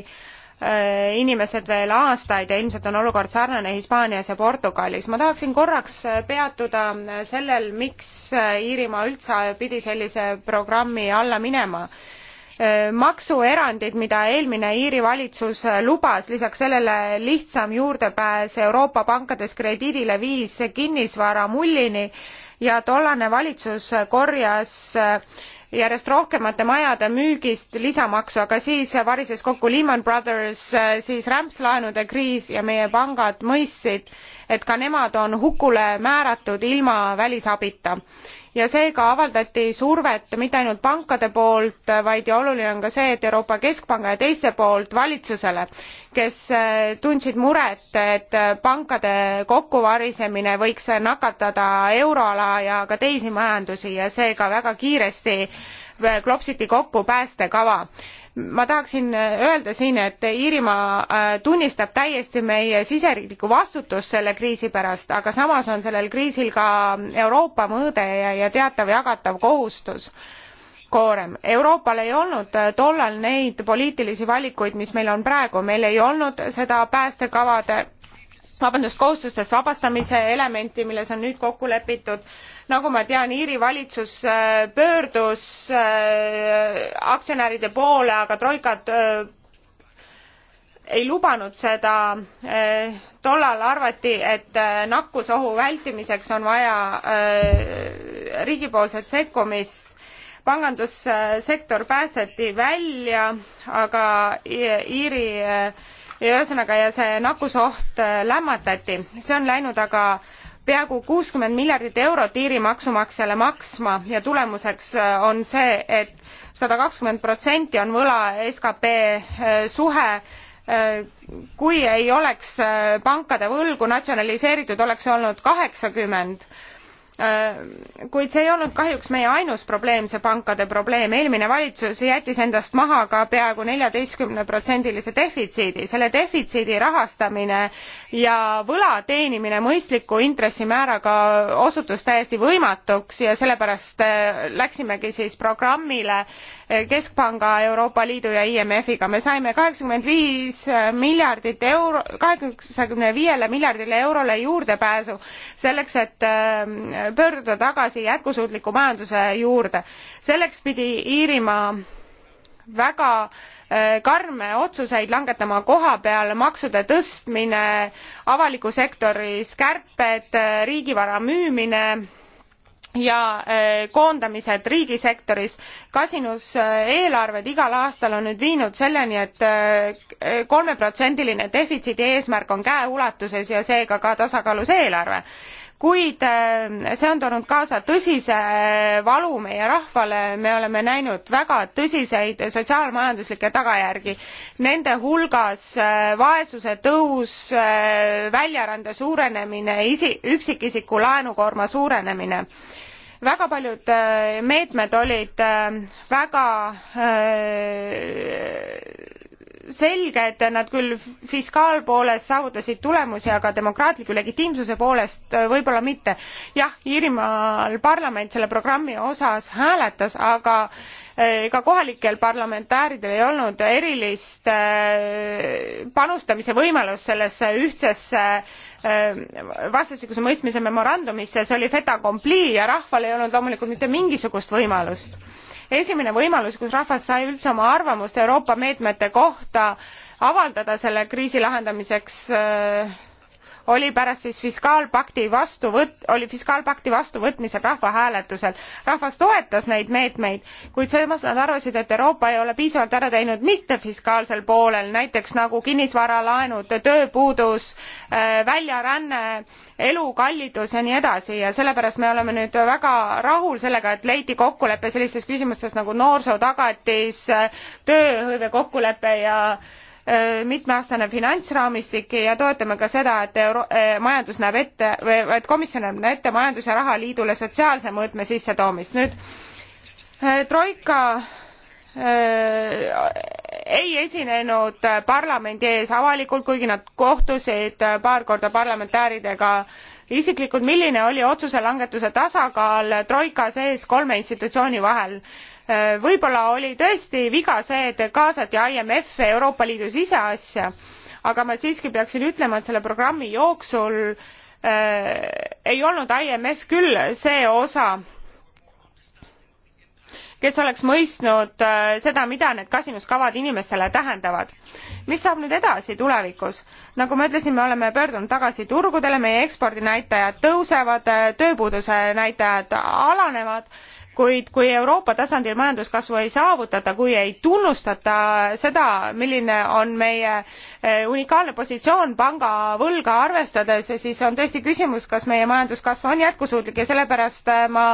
Äh, inimesed veel aastaid ja ilmselt on olukord sarnane Hispaanias ja Portugalis. ma tahaksin korraks äh, peatuda äh, sellel, miks Iirimaa üldse pidi sellise programmi alla minema maksuerandid mida eelmine iiri valitsus lubas lisaks sellele lihtsam juurdepääs euroopa pankades krediidile viis kinnisvara mullini ja tollane valitsus korjas järjest rohkemate majade müügist lisamaksu aga siis varises kokku lehman brothers siis rämpslaenude kriis ja meie pangad mõistsid et ka nemad on hukule määratud ilma välisabita ja seega avaldati survet mitte ainult pankade poolt vaid ja oluline on ka see et euroopa keskpanga ja teiste poolt valitsusele kes äh, tundsid muret et pankade kokkuvarisemine võiks nakatada euroala ja ka teisi majandusi ja seega väga kiiresti äh, klopsiti kokku päästekava ma tahaksin öelda siin, et Iirimaa äh, tunnistab täiesti meie siseriiklikku vastutust selle kriisi pärast, aga samas on sellel kriisil ka Euroopa mõõde ja, ja teatav jagatav kohustus koorem. Euroopal ei olnud äh, tollal neid poliitilisi valikuid, mis meil on praegu, meil ei olnud seda päästekavade vabandust, kohustustest vabastamise elementi, milles on nüüd kokku lepitud äh, nagu ma tean, Iiri valitsus äh, pöördus äh, aktsionäride poole, aga troikad äh, ei lubanud seda. tollal arvati, et nakkusohu vältimiseks on vaja riigipoolset sekkumist pangandussektor päästeti välja aga iiri ühesõnaga ja see nakkusoht lämmatati see on läinud aga peaaegu kuuskümmend miljardit eurot iiri maksumaksjale maksma ja tulemuseks äh, on see et sada kakskümmend protsenti on võla skp äh, suhe äh, kui ei oleks pankade võlgu natsionaliseeritud oleks see olnud kaheksakümmend Äh, kuid see ei olnud kahjuks meie ainus probleem, see pankade probleem. eelmine valitsus jättis endast maha ka peaaegu neljateistkümne protsendilise defitsiidi. selle defitsiidi rahastamine ja võla teenimine mõistliku intressimääraga osutus täiesti võimatuks ja sellepärast äh, läksimegi siis programmile keskpanga euroopa liidu ja imfiga me saime kaheksakümmend viis miljardit euro kaheksakümne viiele miljardile eurole juurdepääsu selleks et ähm, pöörduda tagasi jätkusuutliku majanduse juurde selleks pidi iirimaa väga äh, karme otsuseid langetama kohapeal maksude tõstmine avalikus sektoris kärped äh, riigivara müümine ja äh, koondamised riigisektoris kasinuseelarved äh, igal aastal on nüüd viinud selleni et äh, kolmeprotsendiline defitsiidi eesmärk on käeulatuses ja seega ka tasakaalus eelarve kuid äh, see on toonud kaasa tõsise äh, valu meie rahvale me oleme näinud väga tõsiseid sotsiaalmajanduslikke tagajärgi nende hulgas äh, vaesuse tõus väljarände suurenemine isi- üksikisiku laenukoorma suurenemine väga paljud meetmed olid väga öö, selge et nad küll fiskaalpoolest saavutasid tulemusi aga demokraatliku legitiimsuse poolest äh, võib-olla mitte. jah iirimaal parlament selle programmi osas hääletas aga ega äh, kohalikel parlamentääridel ei olnud erilist äh, panustamise võimalust sellesse ühtsesse vastastikuse mõistmise memorandumisse see oli fait accompli ja rahval ei olnud loomulikult mitte mingisugust võimalust esimene võimalus kus rahvas sai üldse oma arvamust euroopa meetmete kohta avaldada selle kriisi lahendamiseks äh, oli pärast siis fiskaalpakti vastuvõtt- oli fiskaalpakti vastuvõtmisel rahvahääletusel rahvas toetas neid meetmeid kuid samas nad arvasid et euroopa ei ole piisavalt ära teinud mittefiskaalsel poolel näiteks nagu kinnisvaralaenud tööpuudus äh, väljaränne elukallidus ja nii edasi ja sellepärast me oleme nüüd väga rahul sellega et leiti kokkulepe sellistes küsimustes nagu noorsootagatis äh, tööhõive kokkulepe ja Äh, mitmeaastane finantsraamistik ja toetame ka seda, et euro-, äh, majandus näeb ette või et komisjon näeb ette Majandus- ja Rahaliidule sotsiaalse mõõtme sissetoomist. nüüd äh, troika ei esinenud parlamendi ees avalikult, kuigi nad kohtusid paar korda parlamentääridega isiklikult, milline oli otsuse langetuse tasakaal troika sees kolme institutsiooni vahel? Äh, võib-olla oli tõesti viga see et kaasati imf euroopa liidu siseasja aga ma siiski peaksin ütlema et selle programmi jooksul äh, ei olnud imf küll see osa kes oleks mõistnud äh, seda mida need kasinuskavad inimestele tähendavad mis saab nüüd edasi tulevikus nagu ma ütlesin me oleme pöördunud tagasi turgudele meie ekspordinäitajad tõusevad tööpuuduse näitajad alanevad äh, kuid kui Euroopa tasandil majanduskasvu ei saavutata, kui ei tunnustata seda, milline on meie eh, unikaalne positsioon panga võlga arvestades, siis on tõesti küsimus, kas meie majanduskasv on jätkusuutlik ja sellepärast eh, ma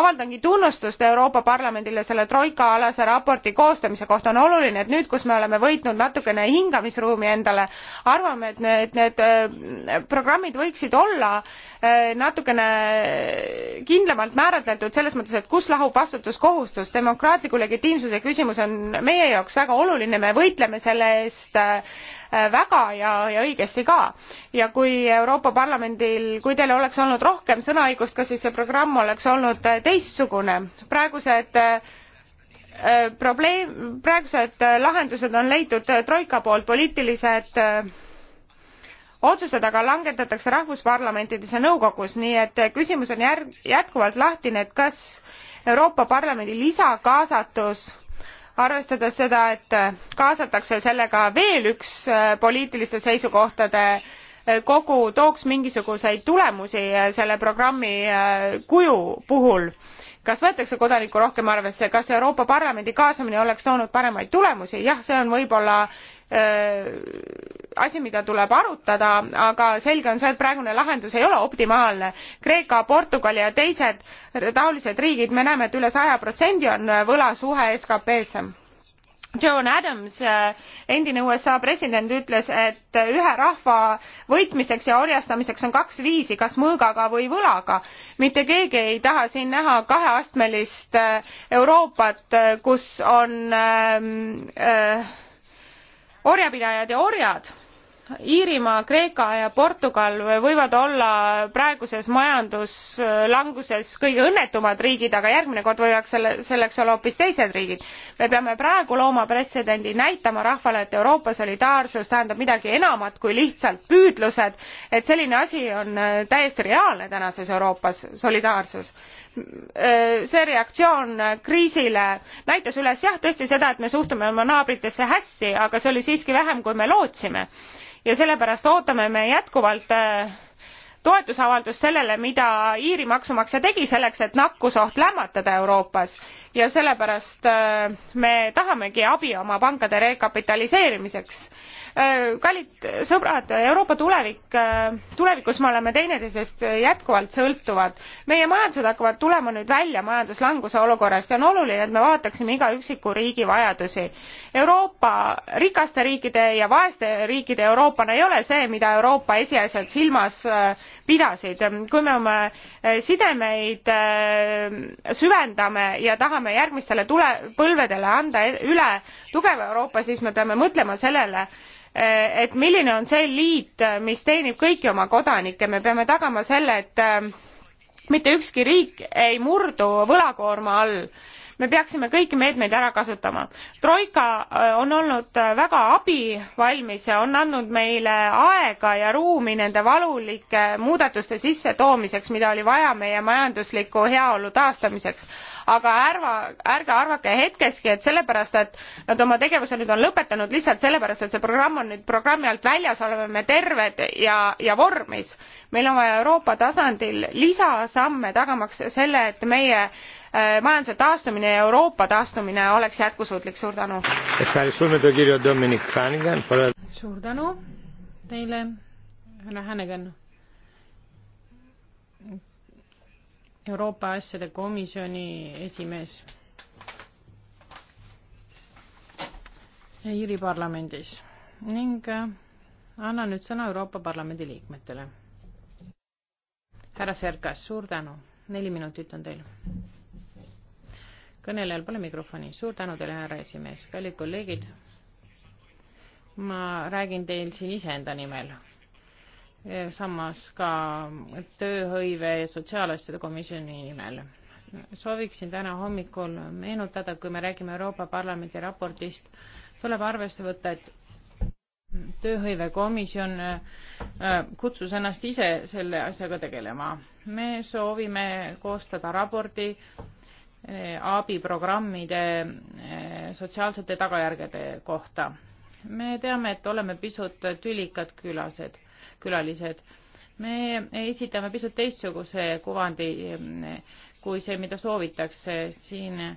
avaldangi tunnustust Euroopa Parlamendile selle troika alase raporti koostamise kohta. on oluline, et nüüd, kus me oleme võitnud natukene hingamisruumi endale, arvame, et need, need eh, programmid võiksid olla natukene kindlamalt määratletud selles mõttes, et kus kus lahub vastutuskohustus? demokraatliku legitiimsuse küsimus on meie jaoks väga oluline, me võitleme selle eest äh, väga ja, ja õigesti ka. ja kui Euroopa Parlamendil, kui teil oleks olnud rohkem sõnaõigust, kas siis see programm oleks olnud äh, teistsugune? praegused äh, probleem, praegused lahendused on leitud troika poolt, poliitilised otsused aga langetatakse rahvusparlamentides ja nõukogus nii et küsimus on järg- jätkuvalt lahtine et kas Euroopa Parlamendi lisakaasatus arvestades seda, et kaasatakse sellega veel üks äh, poliitiliste seisukohtade äh, kogu, tooks mingisuguseid tulemusi äh, selle programmi kuju puhul. kas võetakse kodanikku rohkem arvesse, kas Euroopa Parlamendi kaasamine oleks toonud paremaid tulemusi? jah, see on võib-olla Äh, asi, mida tuleb arutada, aga selge on see, et praegune lahendus ei ole optimaalne. Kreeka, Portugal ja teised taolised riigid, me näeme, et üle saja protsendi on võlasuhe SKP-sse john adams äh, endine usa president ütles et ühe rahva võitmiseks ja orjastamiseks on kaks viisi kas mõõgaga või võlaga mitte keegi ei taha siin näha kaheastmelist äh, euroopat kus on ähm, äh, äh, orjapidajad ja orjad iirimaa kreeka ja portugal võivad olla praeguses majanduslanguses kõige õnnetumad riigid aga järgmine kord võivad selle selleks olla hoopis teised riigid me peame praegu looma pretsedendi näitama rahvale et euroopa solidaarsus tähendab midagi enamat kui lihtsalt püüdlused et selline asi on äh, täiesti reaalne tänases euroopas solidaarsus Äh, see reaktsioon kriisile näitas üles jah tõesti seda et me suhtume oma naabritesse hästi aga see oli siiski vähem kui me lootsime ja sellepärast ootame me jätkuvalt äh, toetusavaldust sellele mida iiri maksumaksja tegi selleks et nakkusoht lämmatada euroopas ja sellepärast äh, me tahamegi abi oma pankade rekapitaliseerimiseks Äh, kallid sõbrad, Euroopa tulevik, äh, tulevikus me oleme teineteisest jätkuvalt sõltuvad. meie majandused hakkavad tulema nüüd välja majanduslanguse olukorrast ja on oluline, et me vaataksime iga üksiku riigi vajadusi. Euroopa rikaste riikide ja vaeste riikide Euroopana ei ole see, mida Euroopa esiasjad silmas äh, pidasid. kui me oma sidemeid süvendame ja tahame järgmistele tule, põlvedele anda üle tugeva Euroopa, siis me peame mõtlema sellele, Eh, et milline on see liit, eh, mis teenib kõiki oma kodanikke, me peame tagama selle, et eh, mitte ükski riik ei murdu võlakoorma all me peaksime kõiki meetmeid ära kasutama. troika äh, on olnud äh, väga abivalmis ja on andnud meile aega ja ruumi nende valulike muudatuste sissetoomiseks, mida oli vaja meie majandusliku heaolu taastamiseks. aga ärva, ärge arvake hetkeski, et sellepärast, et nad oma tegevuse nüüd on lõpetanud lihtsalt sellepärast, et see programm on nüüd programmi alt väljas, oleme me terved ja, ja vormis. meil on vaja Euroopa tasandil lisasamme tagamaks selle, et meie Äh, majanduse taastumine ja Euroopa taastumine oleks jätkusuutlik. suur tänu. suur tänu teile, härra Hänegan. Euroopa asjade komisjoni esimees Iiri parlamendis ning äh, annan nüüd sõna Euroopa Parlamendi liikmetele. härra Serkas, suur tänu, neli minutit on teil kõnelejal pole mikrofoni. suur tänu teile, härra esimees. kallid kolleegid, ma räägin teil siin iseenda nimel. samas ka tööhõive ja sotsiaalasjade komisjoni nimel. sooviksin täna hommikul meenutada, kui me räägime Euroopa Parlamendi raportist, tuleb arvesse võtta, et tööhõivekomisjon äh, kutsus ennast ise selle asjaga tegelema. me soovime koostada raporti, Eh, abiprogrammide eh, sotsiaalsete tagajärgede kohta. me teame, et oleme pisut tülikad külased, külalised. me esitame pisut teistsuguse kuvandi eh, kui see, mida soovitakse siin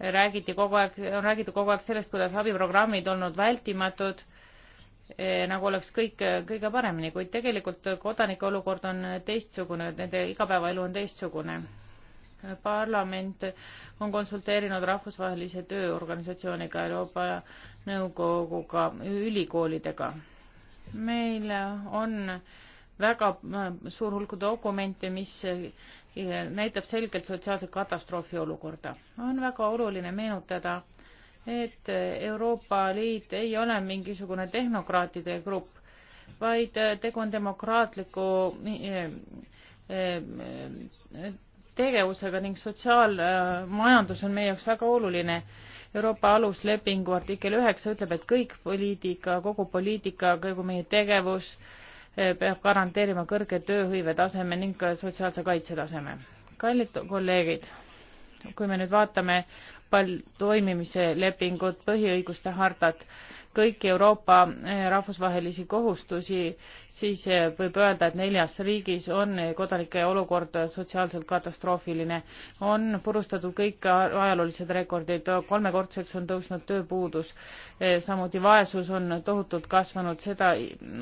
räägiti kogu aeg, on räägitud kogu aeg sellest, kuidas abiprogrammid olnud vältimatud, nagu oleks kõik kõige paremini, kuid tegelikult kodanike olukord on teistsugune, nende igapäevaelu on teistsugune parlament on konsulteerinud rahvusvahelise tööorganisatsiooniga, Euroopa Nõukoguga, ülikoolidega. meil on väga äh, suur hulk dokumente, mis äh, näitab selgelt sotsiaalse katastroofi olukorda. on väga oluline meenutada, et Euroopa Liit ei ole mingisugune tehnokraatide grupp, vaid tegu on demokraatliku äh, tegevusega ning sotsiaalmajandus on meie jaoks väga oluline. Euroopa aluslepingu artikkel üheksa ütleb, et kõik poliitika, kogu poliitika, kogu meie tegevus eh, peab garanteerima kõrge tööhõive taseme ning ka sotsiaalse kaitse taseme. kallid kolleegid, kui me nüüd vaatame pal-, toimimise lepingut, põhiõiguste hartat, kõiki Euroopa eh, rahvusvahelisi kohustusi, siis eh, võib öelda, et neljas riigis on eh, kodanike olukord sotsiaalselt katastroofiline. on purustatud kõik ajaloolised rekordid, kolmekordseks on tõusnud tööpuudus, samuti vaesus on tohutult kasvanud, seda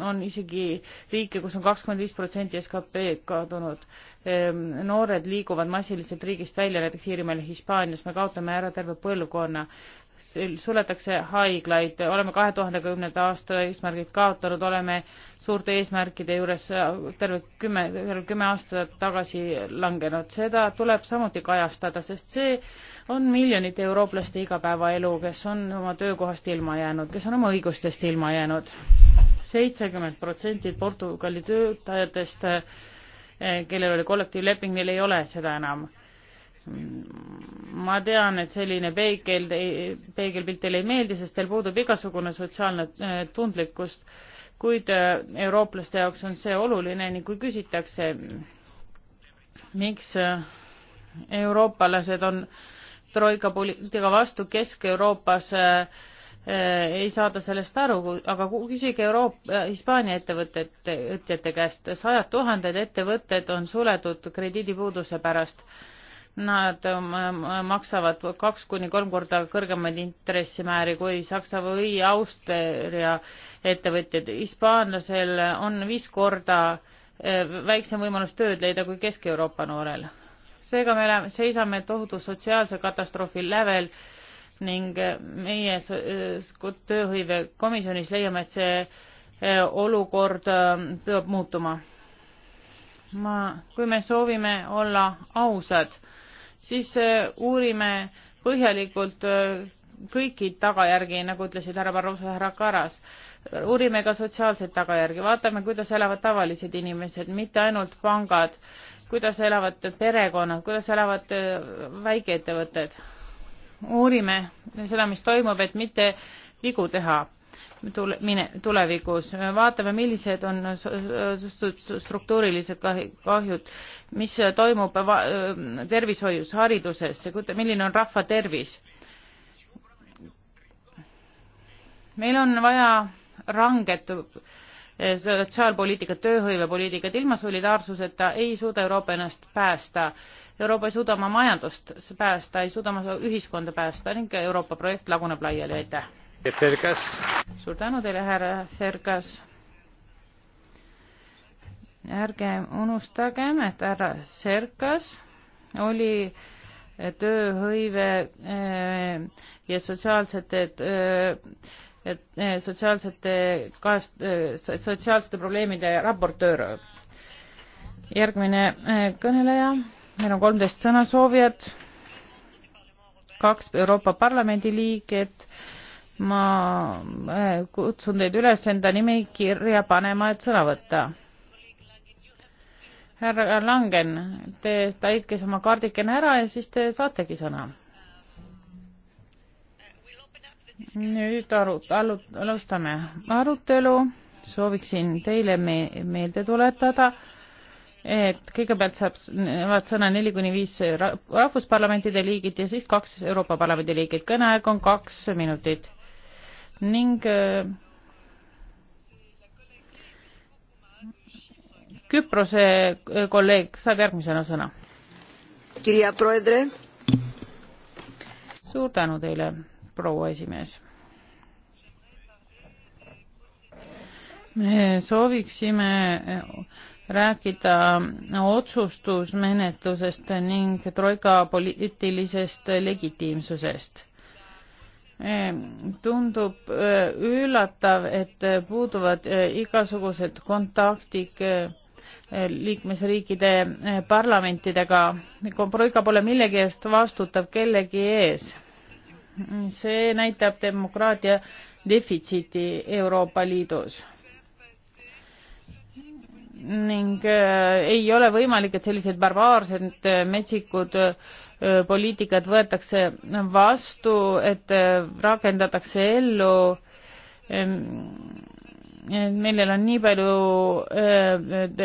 on isegi riike, kus on kakskümmend viis protsenti SKP-d kadunud. Ehm, noored liiguvad massiliselt riigist välja, näiteks Iirimaal ja Hispaanias, me kaotame ära terve põlvkonna suletakse haiglaid, oleme kahe tuhande kümnenda aasta eesmärgid kaotanud, oleme suurte eesmärkide juures terve kümme, terve kümme aastat tagasi langenud. seda tuleb samuti kajastada, sest see on miljonite eurooplaste igapäevaelu, kes on oma töökohast ilma jäänud, kes on oma õigustest ilma jäänud. seitsekümmend protsenti Portugali töötajatest, kellel oli kollektiivleping, neil ei ole seda enam ma tean, et selline peegel, peegelpilt teile ei meeldi, sest teil puudub igasugune sotsiaalne äh, tundlikkus, kuid äh, eurooplaste jaoks on see oluline ning kui küsitakse, miks äh, euroopalased on troika poliitika vastu Kesk-Euroopas äh, ei saada sellest aru, aga küsige Euroopa, Hispaania ettevõtete, ettevõtjate käest, sajad tuhanded ettevõtted on suletud krediidipuuduse pärast Nad ähm, ähm, maksavad kaks kuni kolm korda kõrgemaid intressimääri kui Saksa või Austria ettevõtjad. hispaanlasel on viis korda äh, väiksem võimalus tööd leida kui Kesk-Euroopa noorel. seega me seisame tohutu sotsiaalse katastroofi lävel ning äh, meie äh, tööhõive komisjonis leiame, et see olukord ähm, peab muutuma. ma, kui me soovime olla ausad, siis äh, uurime põhjalikult äh, kõiki tagajärgi, nagu ütlesid härra Barroso ja härra Karas. uurime ka sotsiaalseid tagajärgi, vaatame, kuidas elavad tavalised inimesed, mitte ainult pangad, kuidas elavad perekonnad, kuidas elavad äh, väikeettevõtted. uurime seda, mis toimub, et mitte vigu teha tule-, mine-, tulevikus, vaatame, millised on struktuurilised kahjud, mis toimub va-, tervishoius, hariduses, milline on rahva tervis. meil on vaja ranget eh, sotsiaalpoliitikat, tööhõivepoliitikat, ilma solidaarsuseta ei suuda Euroopa ennast päästa. Euroopa ei suuda oma majandust päästa, ei suuda oma ühiskonda päästa ning Euroopa projekt laguneb laiali, aitäh! suur tänu teile, härra Sergas. ärgem unustagem, et härra Sergas oli tööhõive eh, ja sotsiaalsete eh, et eh, sotsiaalsete kaast-, sotsiaalsete probleemide raportöör. järgmine kõneleja, meil on kolmteist sõnasoovijat, kaks Euroopa Parlamendi liiget ma äh, kutsun teid üles enda nimi kirja panema, et sõna võtta. härra Langen, te täitke oma kaardikene ära ja siis te saategi sõna. nüüd aru-, alu-, alustame arutelu, sooviksin teile me-, meelde tuletada, et kõigepealt saavad sõna neli kuni viis rahvusparlamentide liigid ja siis kaks Euroopa Parlamendi liigid. kõneaeg on kaks minutit ning äh, Küprose äh, kolleeg saab järgmisena sõna. kirja proedre. suur tänu teile, proua esimees. me sooviksime äh, rääkida otsustusmenetlusest ning troika poliitilisest legitiimsusest Ehm, tundub eh, üllatav, et eh, puuduvad eh, igasugused kontaktid liikmesriikide parlamentidega, Troika pole millegi eest vastutav kellegi ees. see näitab demokraatia defitsiiti Euroopa Liidus. ning ei ole võimalik, et sellised barbaarsed metsikud äh, poliitikad võetakse vastu, et rakendatakse ellu. Ehm, millel on nii palju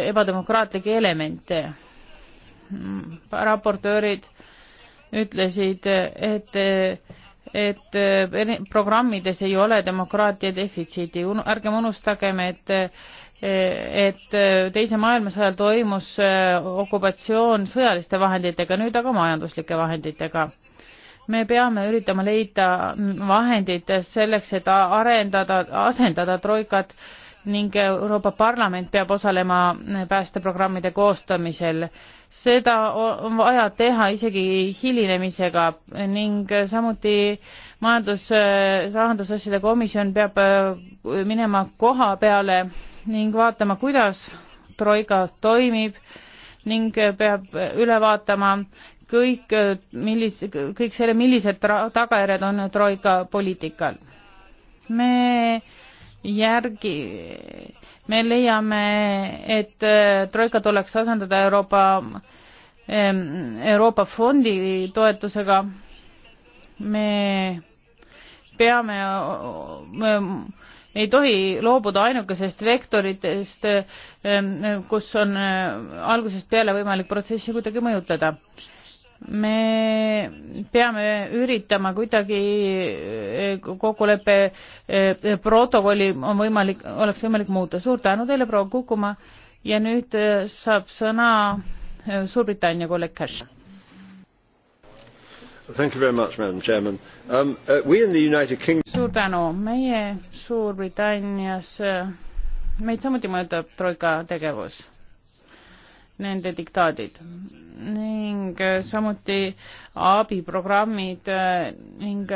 ebademokraatlikke elemente. Mm, raportöörid ütlesid, et et programmides ei ole demokraatia defitsiiti, ärgem unustagem, et et eh, teise maailmasõja ajal toimus eh, okupatsioon sõjaliste vahenditega, nüüd aga majanduslike vahenditega. me peame üritama leida vahendid selleks, et arendada, asendada troikat ning Euroopa Parlament peab osalema eh, päästeprogrammide koostamisel. seda on vaja teha isegi hilinemisega ning samuti majandus, rahandusasjade komisjon peab minema koha peale ning vaatama, kuidas troika toimib ning peab üle vaatama kõik, millise, kõik selle, millised tagajärjed on troika poliitikal. me järgi, me leiame, et troika tuleks asendada Euroopa, Euroopa fondi toetusega. me peame me, me ei tohi loobuda ainukesest vektoritest, ehm, kus on ehm, algusest peale võimalik protsessi kuidagi mõjutada. me peame üritama kuidagi eh, kokkuleppe eh, protokolli on võimalik, oleks võimalik muuta. suur tänu teile, proua Kukuma ja nüüd eh, saab sõna Suurbritannia kolleeg Cash Much, um, uh, King... suur tänu, meie Suurbritannias, äh, meid samuti mõjutab troika tegevus, nende diktaadid ning äh, samuti abiprogrammid äh, ning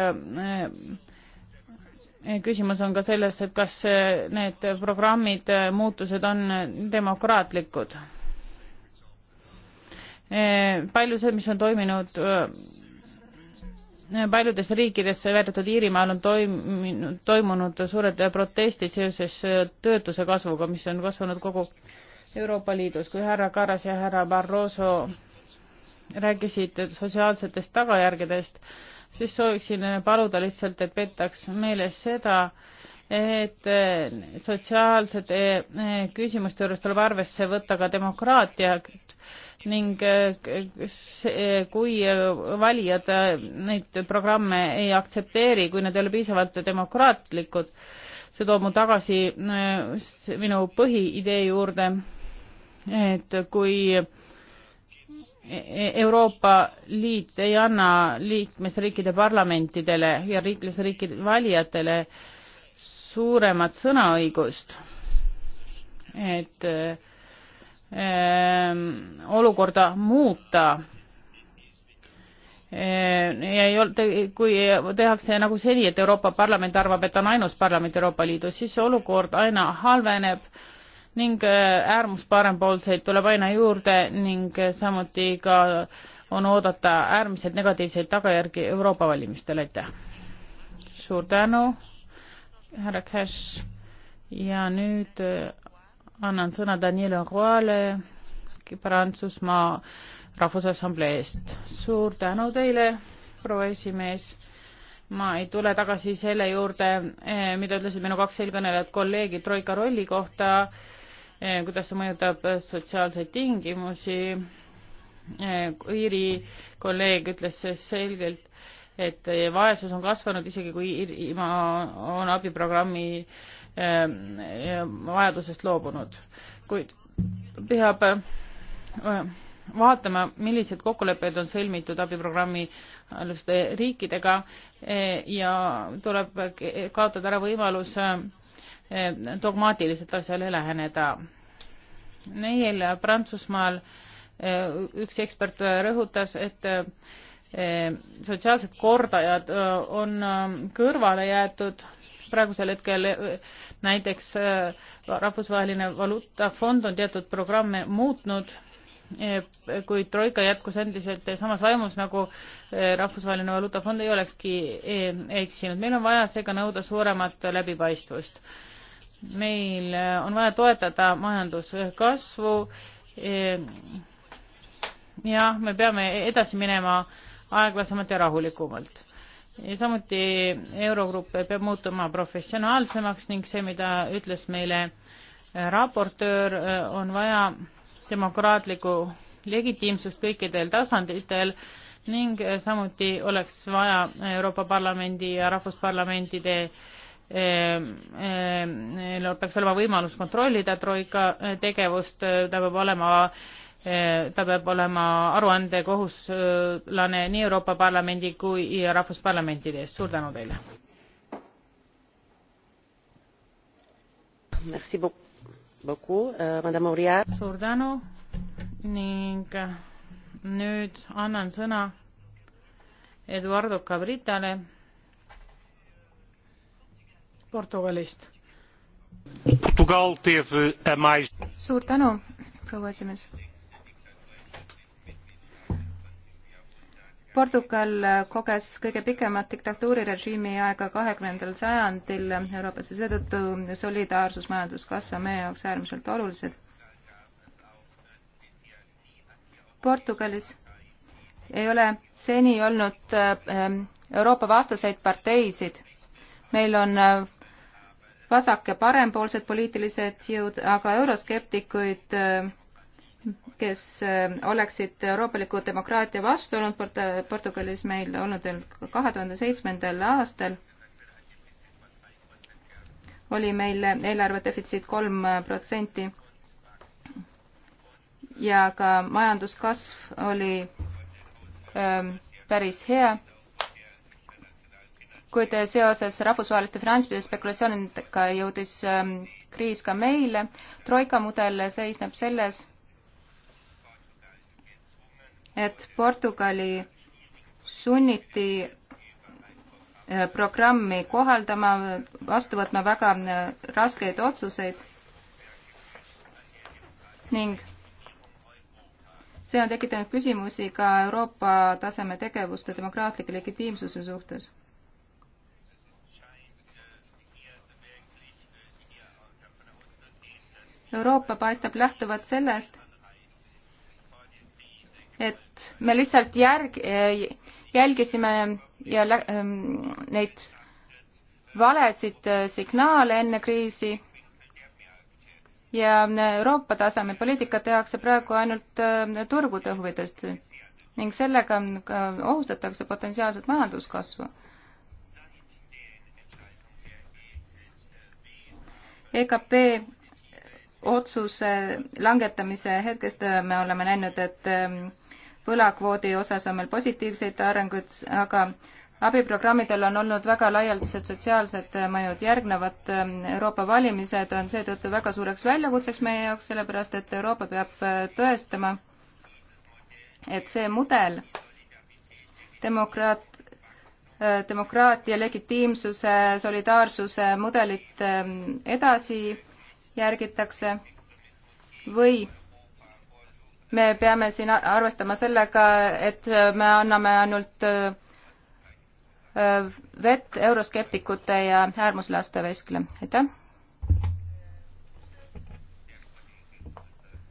küsimus on ka selles, et kas need programmid, muutused on demokraatlikud. palju see, mis on toiminud paljudes riikides, välja arvatud Iirimaal, on toiminud, toimunud suured protestid seoses töötuse kasvuga, mis on kasvanud kogu Euroopa Liidus. kui härra Karas ja härra Barroso rääkisid sotsiaalsetest tagajärgedest, siis sooviksin paluda lihtsalt, et peetaks meeles seda, et sotsiaalsete küsimuste juures tuleb arvesse võtta ka demokraatia ning eh, eh, kui eh, valijad neid programme ei aktsepteeri, kui need ei ole piisavalt demokraatlikud, see toob mu tagasi minu põhiidee juurde, et kui Euroopa Liit ei anna liikmesriikide parlamentidele ja liikmesriikide valijatele suuremat sõnaõigust, et äh, Ehm, olukorda muuta. Ehm, ja ei olnud, kui tehakse nagu seni, et Euroopa Parlament arvab, et on ainus parlament Euroopa Liidus, siis olukord aina halveneb ning eh, äärmus parempoolseid tuleb aina juurde ning eh, samuti ka on oodata äärmiselt negatiivseid tagajärgi Euroopa valimistel, aitäh. suur tänu, härra Cash ja nüüd eh, annan sõna Daniele Roale Prantsusmaa Rahvusassamblee eest. suur tänu teile, proua esimees. ma ei tule tagasi selle juurde, eh, mida ütlesid minu kaks eelkõnelejat kolleegi Troika rolli kohta, eh, kuidas see mõjutab sotsiaalseid tingimusi. Eh, Iiri kolleeg ütles selgelt, et vaesus on kasvanud, isegi kui Iirimaa on abiprogrammi Ähm, vajadusest loobunud, kuid peab äh, vaatama, millised kokkulepped on sõlmitud abiprogrammi aluste riikidega äh, ja tuleb kaotada ära võimalus äh, dogmaatiliselt asjale läheneda. Neil Prantsusmaal üks ekspert rõhutas, et sotsiaalsed kordajad on kõrvale jäetud praegusel hetkel näiteks äh, Rahvusvaheline Valuutafond on teatud programme muutnud, e, kuid Troika jätkus endiselt samas vaimus, nagu e, Rahvusvaheline Valuutafond ei olekski e, eksinud. meil on vaja seega nõuda suuremat läbipaistvust. meil on vaja toetada majanduskasvu jah, me peame edasi minema aeglasemalt ja rahulikumalt samuti Eurogrupp peab muutuma professionaalsemaks ning see, mida ütles meile äh, raportöör, äh, on vaja demokraatlikku legitiimsust kõikidel tasanditel ning äh, samuti oleks vaja Euroopa Parlamendi ja rahvusparlamentide ähm, ähm, neil peaks olema võimalus kontrollida troika tegevust, ta peab olema Eh, ta peab olema aruandekohuslane nii Euroopa Parlamendi kui rahvusparlamentide ees. suur tänu teile. Euh, suur tänu ning äh, nüüd annan sõna Eduardo Cabritale Portugalist. Portugal teve a mais. suur tänu, proua esimees Portugal koges kõige pikemat diktatuurirežiimi aega kahekümnendal sajandil Euroopas ja seetõttu solidaarsus majanduskasv on meie jaoks äärmiselt olulised. Portugalis ei ole seni olnud ehm, Euroopa vastaseid parteisid. meil on eh, vasak- ja parempoolsed poliitilised jõud, aga euroskeptikuid eh, kes äh, oleksid euroopaliku demokraatia vastu olnud Port Portugalis meil olnud kahe tuhande seitsmendal aastal oli meil eelarve defitsiit kolm protsenti ja ka majanduskasv oli öö, ähm, päris hea, kuid seoses rahvusvaheliste finantsspekulatsioonidega jõudis öö, ähm, kriis ka meile. troika mudel seisneb selles, et Portugali sunniti äh, programmi kohaldama, vastu võtma väga äh, raskeid otsuseid ning see on tekitanud küsimusi ka Euroopa taseme tegevuste demokraatlike legitiimsuse suhtes. Euroopa paistab lähtuvalt sellest, et me lihtsalt järg, eh, jälgisime ja lä, ehm, neid valesid eh, signaale enne kriisi ja Euroopa taseme poliitika tehakse praegu ainult eh, turgude huvidest ning sellega ohustatakse potentsiaalset majanduskasvu. EKP otsuse langetamise hetkest me oleme näinud, et ehm, võlakvoodi osas on meil positiivseid arenguid, aga abiprogrammidel on olnud väga laialdased sotsiaalsed mõjud. järgnevad ähm, Euroopa valimised on seetõttu väga suureks väljakutseks meie jaoks, sellepärast et Euroopa peab äh, tõestama, et see mudel demokraat, äh, demokraatia, legitiimsuse, solidaarsuse mudelit ähm, edasi järgitakse või me peame siin arvestama sellega, et me anname ainult äh, vett euroskeptikute ja äärmuslaste veskile, aitäh.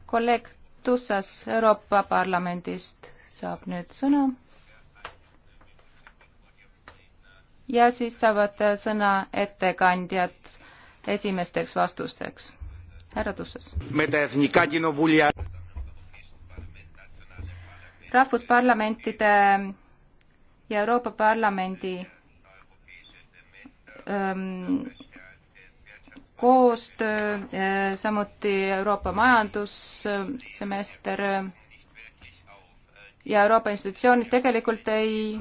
kolleeg Tussas Euroopa Parlamendist saab nüüd sõna. ja siis saavad sõna ettekandjad esimesteks vastusteks. härra Tussas rahvusparlamentide ja Euroopa Parlamendi ähm, koostöö, äh, samuti Euroopa majandussemester äh, ja Euroopa institutsioonid tegelikult ei,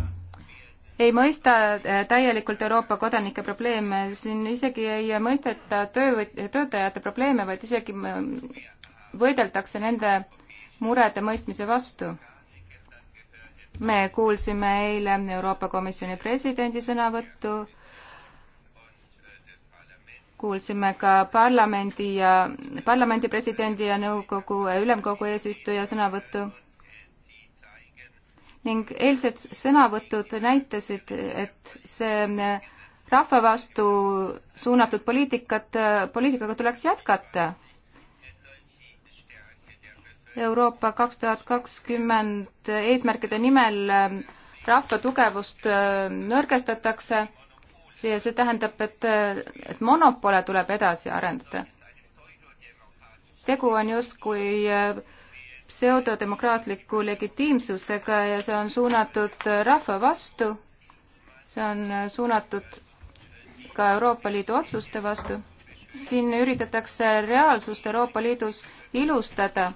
ei mõista äh, täielikult Euroopa kodanike probleeme, siin isegi ei mõisteta töö, töötajate probleeme, vaid isegi võideldakse nende murede mõistmise vastu me kuulsime eile Euroopa Komisjoni presidendi sõnavõttu, kuulsime ka parlamendi ja, parlamendi presidendi ja nõukogu, ülemkogu eesistuja sõnavõttu ning eilsed sõnavõtud näitasid, et see rahva vastu suunatud poliitikat, poliitikaga tuleks jätkata Euroopa kaks tuhat kakskümmend eesmärkide nimel äh, rahva tugevust äh, nõrgestatakse ja see tähendab, et, äh, et monopole tuleb edasi arendada. tegu on justkui pseudodemokraatliku legitiimsusega ja see on suunatud rahva vastu, see on suunatud ka Euroopa Liidu otsuste vastu. siin üritatakse reaalsust Euroopa Liidus ilustada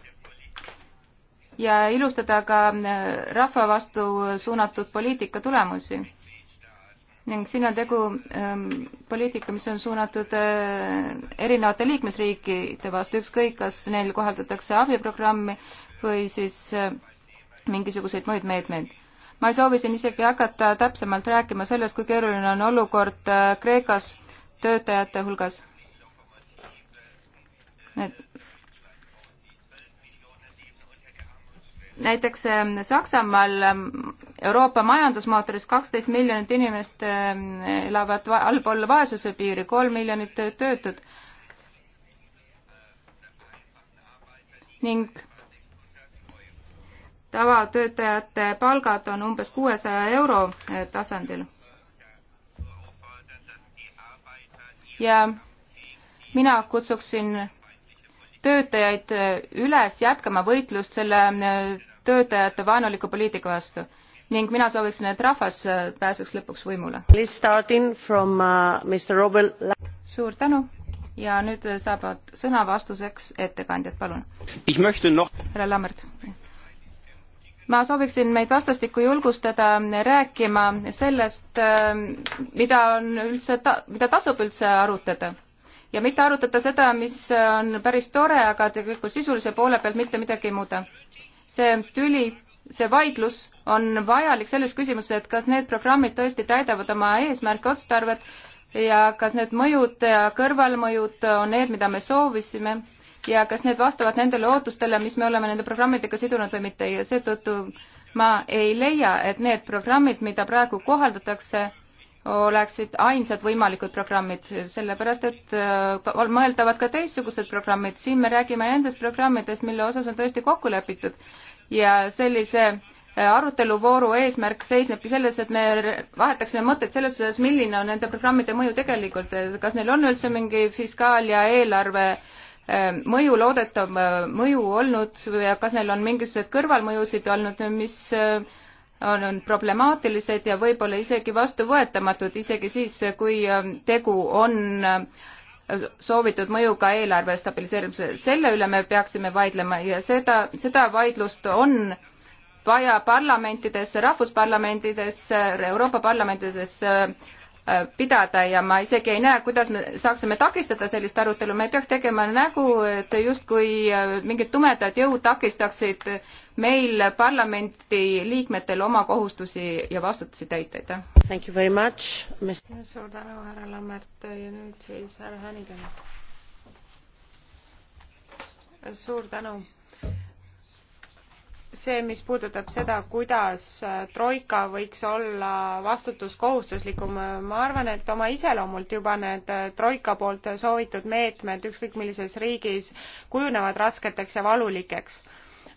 ja ilustada ka äh, rahva vastu suunatud poliitika tulemusi. ning siin on tegu ähm, poliitika, mis on suunatud äh, erinevate liikmesriikide vastu, ükskõik, kas neil kohaldatakse abiprogrammi või siis äh, mingisuguseid muid meetmeid ma soovisin isegi hakata täpsemalt rääkima sellest, kui keeruline on olukord äh, Kreekas töötajate hulgas. et näiteks ähm, Saksamaal ähm, Euroopa majandusmootoris kaksteist miljonit inimest ähm, elavad allpool vaesuse piiri, kolm miljonit töötut. ning tavatöötajate palgad on umbes kuuesaja euro äh, tasandil. ja mina kutsuksin töötajaid äh, üles jätkama võitlust selle äh, töötajate vaenuliku poliitika vastu ning mina sooviksin, et rahvas äh, pääseks lõpuks võimule. Uh, suur tänu ja nüüd äh, saavad sõna vastuseks ettekandjad, palun. härra Lammert. ma sooviksin meid vastastikku julgustada rääkima sellest, mida on üldse ta,, mida tasub üldse arutada ja mitte arutada seda, mis on päris tore, aga tegelikult sisulise poole pealt mitte midagi ei muuda see tüli, see vaidlus on vajalik selles küsimuses, et kas need programmid tõesti täidavad oma eesmärke, otstarvet ja kas need mõjud ja kõrvalmõjud on need, mida me soovisime ja kas need vastavad nendele ootustele, mis me oleme nende programmidega sidunud või mitte ja seetõttu ma ei leia, et need programmid, mida praegu kohaldatakse, oleksid ainsad võimalikud programmid, sellepärast et on äh, mõeldavad ka teistsugused programmid, siin me räägime nendest programmidest, mille osas on tõesti kokku lepitud ja sellise äh, aruteluvooru eesmärk seisnebki selles, et me vahetaksime mõtteid selles osas, milline on nende programmide mõju tegelikult, kas neil on üldse mingi fiskaal- ja eelarve äh, mõju, loodetav mõju olnud ja kas neil on mingisuguseid kõrvalmõjusid olnud, mis on, on problemaatilised ja võib-olla isegi vastuvõetamatud, isegi siis, kui ähm, tegu on äh, soovitud mõjuga eelarve stabiliseerimisele. selle üle me peaksime vaidlema ja seda, seda vaidlust on vaja parlamentides, rahvusparlamentides, Euroopa parlamentides äh, Äh, pidada ja ma isegi ei näe, kuidas me saaksime takistada sellist arutelu, me ei peaks tegema nägu, et justkui äh, mingid tumedad jõud takistaksid meil parlamendi liikmetel oma kohustusi ja vastutusi täita, aitäh. Thank you very much. suur tänu, härra Lammert ja nüüd siis härra Hänigan. suur tänu see, mis puudutab seda, kuidas äh, Troika võiks olla vastutuskohustuslikum, ma arvan, et oma iseloomult juba need äh, Troika poolt soovitud meetmed ükskõik millises riigis kujunevad rasketeks ja valulikeks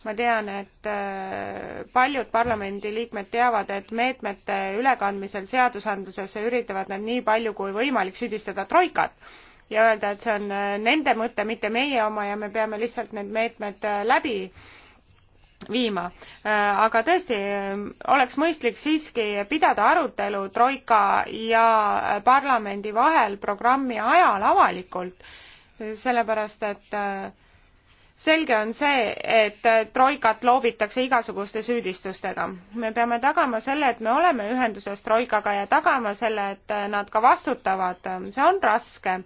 ma tean, et äh, paljud parlamendiliikmed teavad, et meetmete ülekandmisel seadusandlusesse üritavad nad nii palju kui võimalik süüdistada troikat ja öelda, et see on nende mõte, mitte meie oma ja me peame lihtsalt need meetmed läbi viima. Äh, aga tõesti, oleks mõistlik siiski pidada arutelu Troika ja parlamendi vahel programmi ajal avalikult, sellepärast et äh, selge on see, et troikat loobitakse igasuguste süüdistustega. me peame tagama selle, et me oleme ühenduses troikaga ja tagama selle, et nad ka vastutavad. see on raske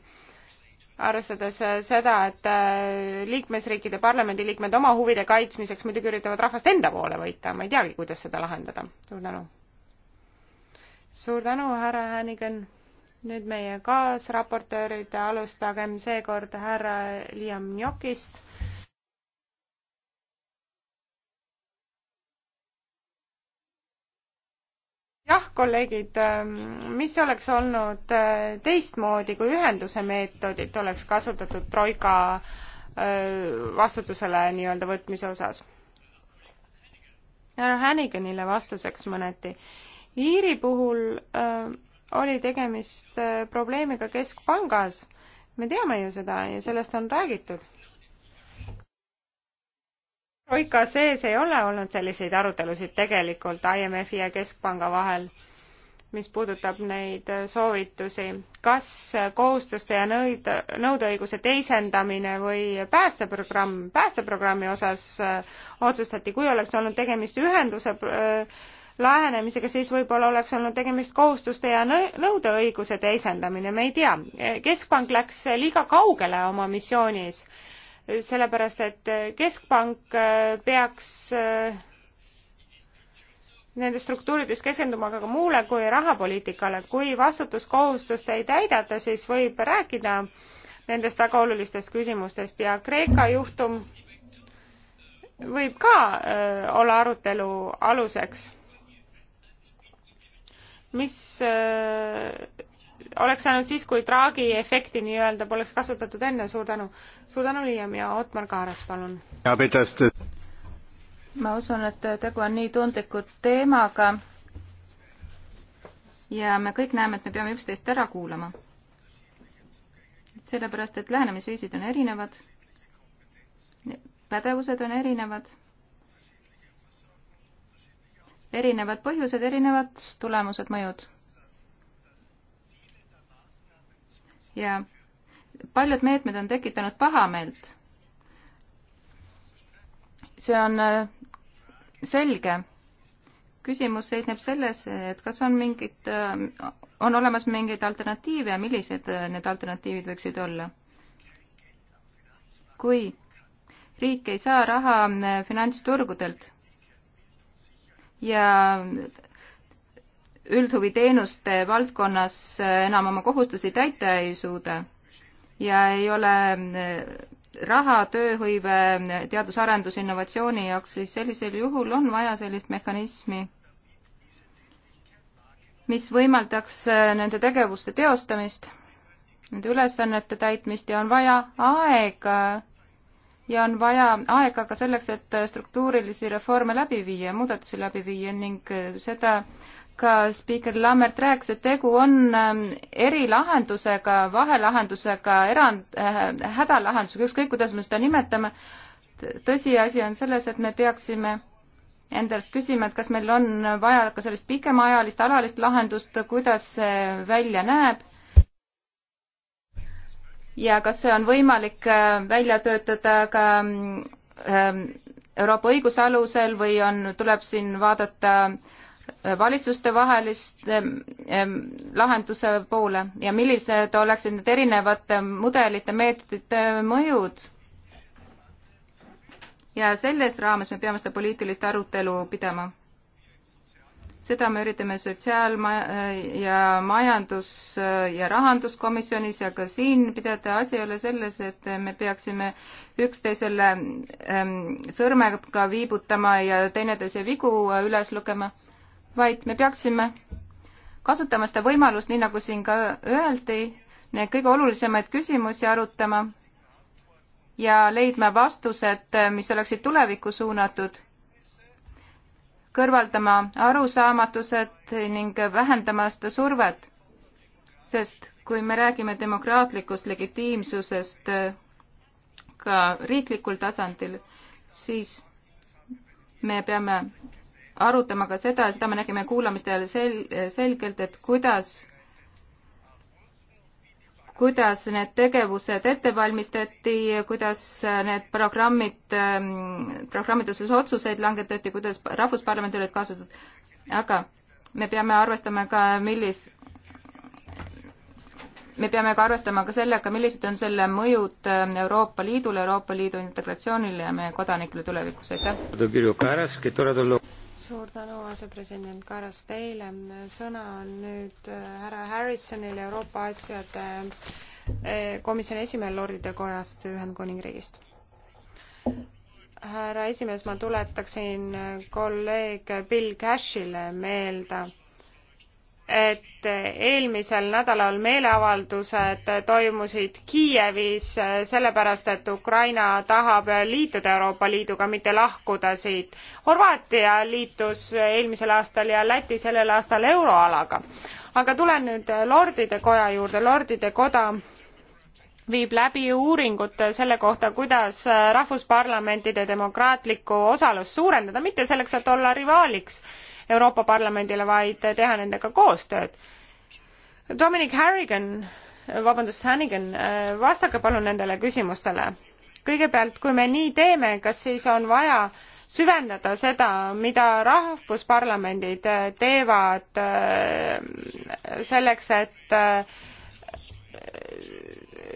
arvestades äh, seda, et äh, liikmesriikide parlamendiliikmed oma huvide kaitsmiseks muidugi üritavad rahvast enda poole võita, ma ei teagi, kuidas seda lahendada. suur tänu. suur tänu, härra Hänigen. nüüd meie kaasraportöörid, alustagem seekord härra Liam Njokist jah, kolleegid, ähm, mis oleks olnud äh, teistmoodi, kui ühenduse meetodit oleks kasutatud Troika äh, vastutusele nii-öelda võtmise osas? härra Hanniganile vastuseks mõneti. Iiri puhul öö, äh, oli tegemist öö, probleemiga keskpangas, me teame ju seda ja sellest on räägitud troika sees ei ole olnud selliseid arutelusid tegelikult IMF-i ja Keskpanga vahel, mis puudutab neid soovitusi. kas kohustuste ja nõud, nõudeõiguse teisendamine või päästeprogramm, päästeprogrammi osas äh, otsustati, kui oleks olnud tegemist ühenduse äh, lähenemisega, siis võib-olla oleks olnud tegemist kohustuste ja nõudeõiguse teisendamine, me ei tea. keskpank läks liiga kaugele oma missioonis sellepärast et keskpank äh, peaks äh, nendes struktuurides keskenduma ka muule kui rahapoliitikale. kui vastutuskohustust ei täideta, siis võib rääkida nendest väga olulistest küsimustest ja Kreeka juhtum võib ka öö, äh, olla arutelu aluseks. mis öö, oleks ainult siis, kui traagi efekti nii-öelda poleks kasutatud enne, suur tänu. suur tänu, Liiam ja Otmar Kaaras, palun. ma usun, et tegu on nii tundliku teemaga ja me kõik näeme, et me peame üksteist ära kuulama. sellepärast, et lähenemisviisid on erinevad, pädevused on erinevad, erinevad põhjused, erinevad tulemused, mõjud ja paljud meetmed on tekitanud pahameelt. see on äh, selge. küsimus seisneb selles, et kas on mingid, äh, on olemas mingeid alternatiive ja millised äh, need alternatiivid võiksid olla? kui riik ei saa raha finantsturgudelt ja üldhuviteenuste valdkonnas äh, enam oma kohustusi täita ei suuda ja ei ole äh, raha, tööhõive, teadus-arendus, innovatsiooni jaoks, siis sellisel juhul on vaja sellist mehhanismi, mis võimaldaks äh, nende tegevuste teostamist, nende ülesannete täitmist ja on vaja aega ja on vaja aega ka selleks, et struktuurilisi reforme läbi viia, muudatusi läbi viia ning seda ka spiiker Lammert rääkis, et tegu on ähm, erilahendusega, vahelahendusega, erand äh,, hädalahendusega, ükskõik kuidas me seda nimetame. tõsiasi on selles, et me peaksime endast küsima, et kas meil on vaja ka sellist pikemaajalist alalist lahendust, kuidas see välja näeb ja kas see on võimalik äh, välja töötada ka ähm, Euroopa õiguse alusel või on, tuleb siin vaadata äh, valitsustevaheliste lahenduse poole ja millised oleksid need erinevate mudelite, meetodite mõjud. ja selles raames me peame seda poliitilist arutelu pidama. seda me üritame sotsiaal- ja majandus- ja rahanduskomisjonis ja ka siin pidada, asi ei ole selles, et me peaksime üksteisele sõrmega viibutama ja teineteise vigu üles lugema vaid me peaksime kasutama seda võimalust, nii nagu siin ka öeldi, neid kõige olulisemaid küsimusi arutama ja leidma vastused, mis oleksid tulevikku suunatud, kõrvaldama arusaamatused ning vähendama seda survet, sest kui me räägime demokraatlikust legitiimsusest äh, ka riiklikul tasandil, siis me peame arutama ka seda, seda me nägime kuulamiste ajal sel-, selgelt, et kuidas, kuidas need tegevused ette valmistati, kuidas need programmid, programmiduses otsuseid langetati, kuidas Rahvusparlament olid kaasatud, aga me peame arvestama ka, millis-, me peame ka arvestama ka sellega, millised on selle mõjud Euroopa Liidule, Euroopa Liidu integratsioonile ja meie kodanikele tulevikus, aitäh! suur tänu, asepresident Karas, teile. sõna on nüüd äh, härra Harrisonil Euroopa asjade äh, komisjoni esimehel Lordide Kojast Ühendkuningriigist. härra esimees, ma tuletaksin äh, kolleeg Bill Cashile meelde et eelmisel nädalal meeleavaldused toimusid Kiievis sellepärast, et Ukraina tahab liituda Euroopa Liiduga, mitte lahkuda siit. Horvaatia liitus eelmisel aastal ja Läti sellel aastal euroalaga. aga tulen nüüd Lordide Koja juurde, Lordide Koda viib läbi uuringut selle kohta, kuidas rahvusparlamentide demokraatlikku osalust suurendada, mitte selleks, et olla rivaaliks Euroopa Parlamendile, vaid teha nendega koostööd. Dominic Harrigan, vabandust, Hannigan, äh, vastake palun nendele küsimustele. kõigepealt, kui me nii teeme, kas siis on vaja süvendada seda, mida rahvusparlamendid äh, teevad äh, selleks, et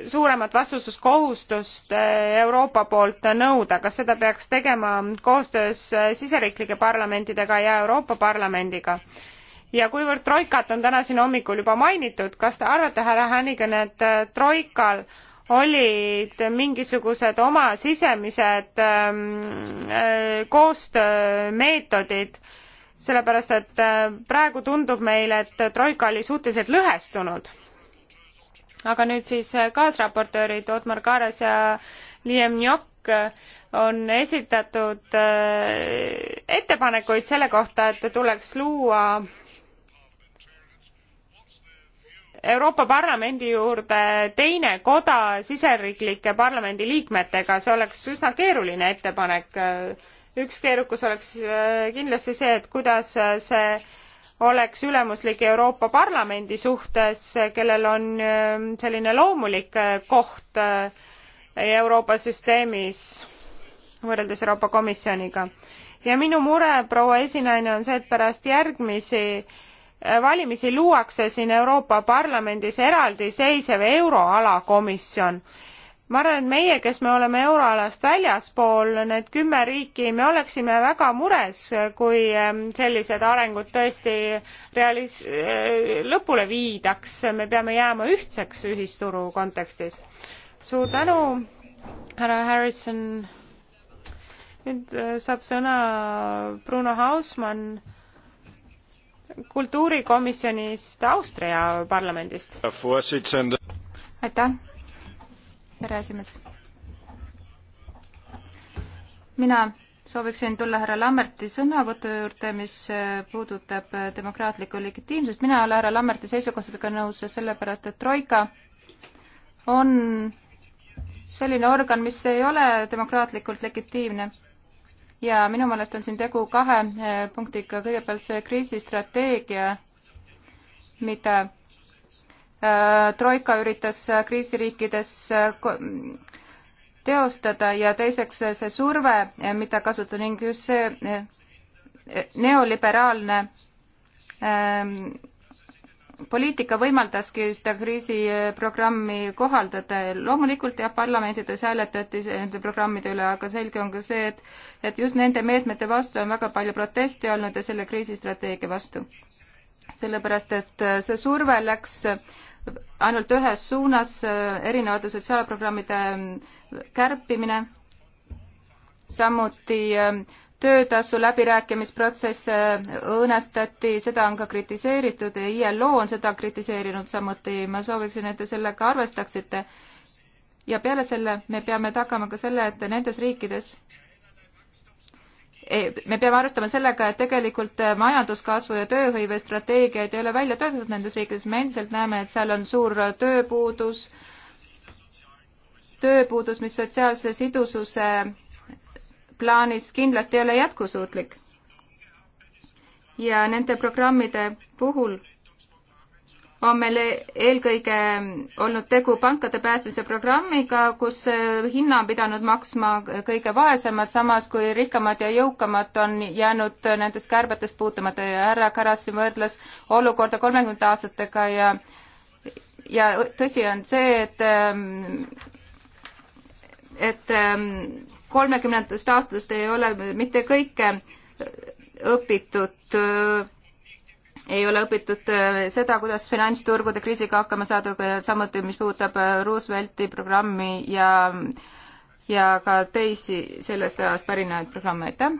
suuremat vastutuskohustust eh, Euroopa poolt nõuda, kas seda peaks tegema koostöös eh, siseriiklike parlamentidega ja Euroopa Parlamendiga? ja kuivõrd Troikat on täna siin hommikul juba mainitud, kas te arvate, härra Hänigan, et eh, Troikal olid mingisugused oma sisemised ehm, koostöömeetodid, sellepärast et praegu tundub meile, et Troika oli suhteliselt lõhestunud aga nüüd siis äh, kaasraportöörid Otmar Kaaras ja Liam Njokk äh, on esitatud äh, ettepanekuid selle kohta, et tuleks luua Euroopa Parlamendi juurde teine koda siseriiklike parlamendiliikmetega, see oleks üsna keeruline ettepanek. üks keerukus oleks kindlasti see, et kuidas see oleks ülemuslik Euroopa Parlamendi suhtes, kellel on ähm, selline loomulik äh, koht äh, Euroopa süsteemis võrreldes Euroopa Komisjoniga. ja minu mure, proua esinaine, on see, et pärast järgmisi äh, valimisi luuakse siin Euroopa Parlamendis eraldiseisev euroala komisjon ma arvan, et meie, kes me oleme euroalast väljaspool, need kümme riiki, me oleksime väga mures, kui ähm, sellised arengud tõesti realis-, äh, lõpule viidaks, me peame jääma ühtseks ühisturu kontekstis. suur tänu, härra Harrison. nüüd äh, saab sõna Bruno Hausmann kultuurikomisjonist Austria parlamendist. aitäh härra esimees. mina sooviksin tulla härra Lammerti sõnavõtu juurde, mis äh, puudutab äh, demokraatlikku legitiimsust. mina ei ole härra Lammerti seisukohtadega nõus sellepärast, et Troika on selline organ, mis ei ole demokraatlikult legitiimne. ja minu meelest on siin tegu kahe äh, punktiga, kõigepealt see kriisistrateegia, mida Äh, troika üritas äh, kriisiriikides äh, teostada ja teiseks see surve, mida kasutada ning just see neoliberaalne ähm, poliitika võimaldaski seda kriisiprogrammi kohaldada. loomulikult jah, parlamendides hääletati nende programmide üle, aga selge on ka see, et, et just nende meetmete vastu on väga palju proteste olnud ja selle kriisistrateegia vastu. sellepärast, et see surve läks äh, ainult ühes suunas, erinevate sotsiaalprogrammide kärpimine, samuti ähm, töötasu läbirääkimisprotsesse äh, õõnestati, seda on ka kritiseeritud ja ILO on seda kritiseerinud samuti, ma sooviksin, et te sellega arvestaksite. ja peale selle me peame tagama ka selle, et nendes riikides, Eh, me peame arvestama sellega, et tegelikult eh, majanduskasvu ja tööhõive strateegiaid ei ole välja töötatud nendes riikides, me endiselt näeme, et seal on suur eh, tööpuudus, tööpuudus, mis sotsiaalse sidususe plaanis kindlasti ei ole jätkusuutlik. ja nende programmide puhul on meil eelkõige olnud tegu pankade päästmise programmiga, kus hinna on pidanud maksma kõige vaesemad, samas kui rikkamad ja jõukamad on jäänud nendest kärbetest puutumata ja härra Karasin võrdles olukorda kolmekümnendate aastatega ja ja tõsi on see, et et ähm, kolmekümnendatest aastatest ei ole mitte kõike õpitud ei ole õpitud äh, seda, kuidas finantsturgude kriisiga hakkama saada, samuti mis puudutab äh, Roosevelti programmi ja ja ka teisi sellest ajast pärinevaid programme, aitäh!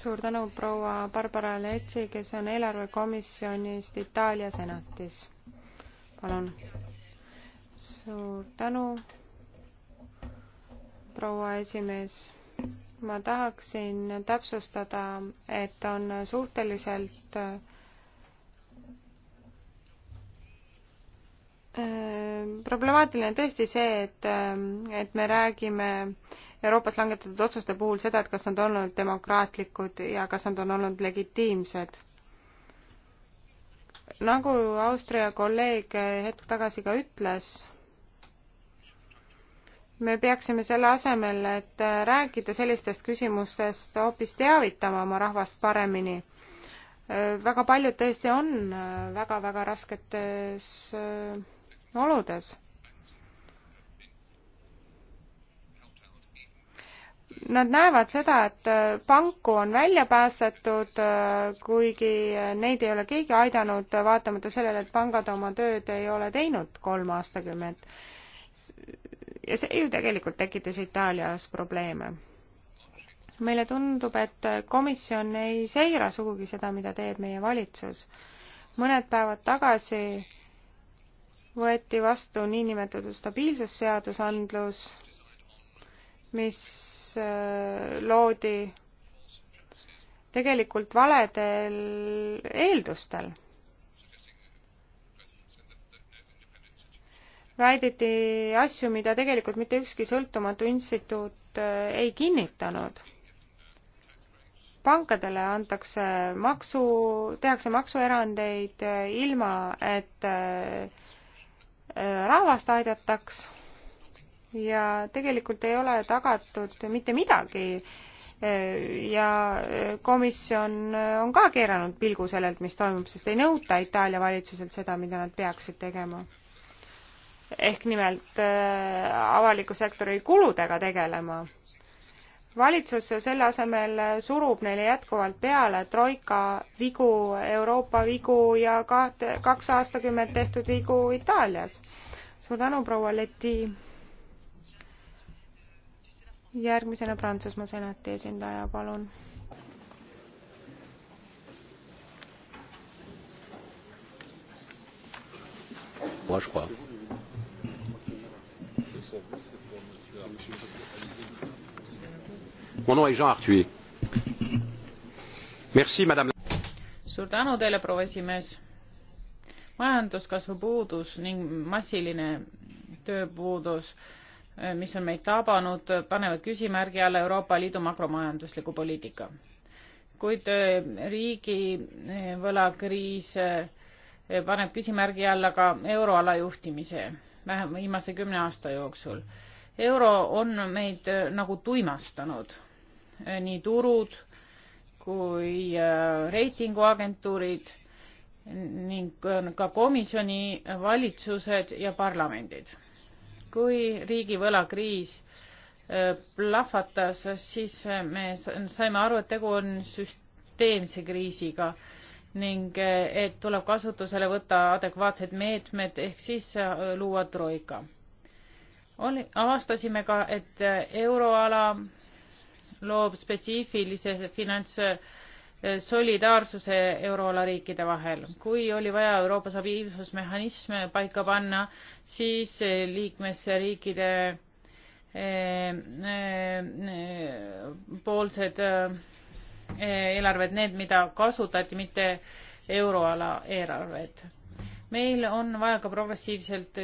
suur tänu proua Barbara Letsi, kes on eelarvekomisjonist Itaalia senatis. palun. suur tänu, proua esimees ma tahaksin täpsustada, et on suhteliselt äh, problemaatiline tõesti see, et, äh, et me räägime Euroopas langetatud otsuste puhul seda, et kas nad on olnud demokraatlikud ja kas nad on olnud legitiimsed. nagu Austria kolleeg hetk tagasi ka ütles, me peaksime selle asemel, et äh, rääkida sellistest küsimustest, hoopis teavitama oma rahvast paremini. Äh, väga paljud tõesti on väga-väga äh, rasketes oludes. Nad näevad seda, et panku on välja päästetud, kuigi neid ei ole keegi aidanud, vaatamata sellele, et pangad oma tööd ei ole teinud kolm aastakümmet ja see ju tegelikult tekitas Itaalias probleeme. meile tundub, et komisjon ei seira sugugi seda, mida teeb meie valitsus. mõned päevad tagasi võeti vastu niinimetatud stabiilsusseadusandlus, mis äh, loodi tegelikult valedel eeldustel väideti asju, mida tegelikult mitte ükski sõltumatu instituut äh, ei kinnitanud. pankadele antakse maksu, tehakse maksuerandeid äh, ilma, et äh, rahvast aidataks ja tegelikult ei ole tagatud mitte midagi ja komisjon on ka keeranud pilgu sellelt, mis toimub, sest ei nõuta Itaalia valitsuselt seda, mida nad peaksid tegema ehk nimelt äh, avaliku sektori kuludega tegelema. valitsus selle asemel surub neile jätkuvalt peale troika vigu, Euroopa vigu ja kahte, kaks aastakümmet tehtud vigu Itaalias. suur tänu, proua Leti. järgmisena Prantsusmaa senati esindaja, palun moi je crois. Mon nom est Jean Arthuis. Merci, madame. suur tänu teile, proua esimees. majanduskasvu puudus ning massiline tööpuudus, eh, mis on meid tabanud, panevad küsimärgi alla Euroopa Liidu makromajandusliku poliitika. kuid eh, riigivõlakriis eh, paneb küsimärgi alla ka euroala juhtimise vähem viimase kümne aasta jooksul. euro on meid äh, nagu tuimastanud, äh, nii turud kui äh, reitinguagentuurid ning ka komisjoni valitsused ja parlamendid. kui riigi võlakriis plahvatas, siis me saime aru, et tegu on süsteemse kriisiga ning eh, et tuleb kasutusele võtta adekvaatsed meetmed ehk siis eh, luua troika. oli, avastasime ka, et eh, euroala loob spetsiifilise finants solidaarsuse euroala riikide vahel. kui oli vaja Euroopa stabiilsusmehhanism paika panna, siis liikmesriikide poolsed eh, eh, poolsed eh, eelarved, need, mida kasutati, mitte euroala eelarved. meil on vaja ka progressiivselt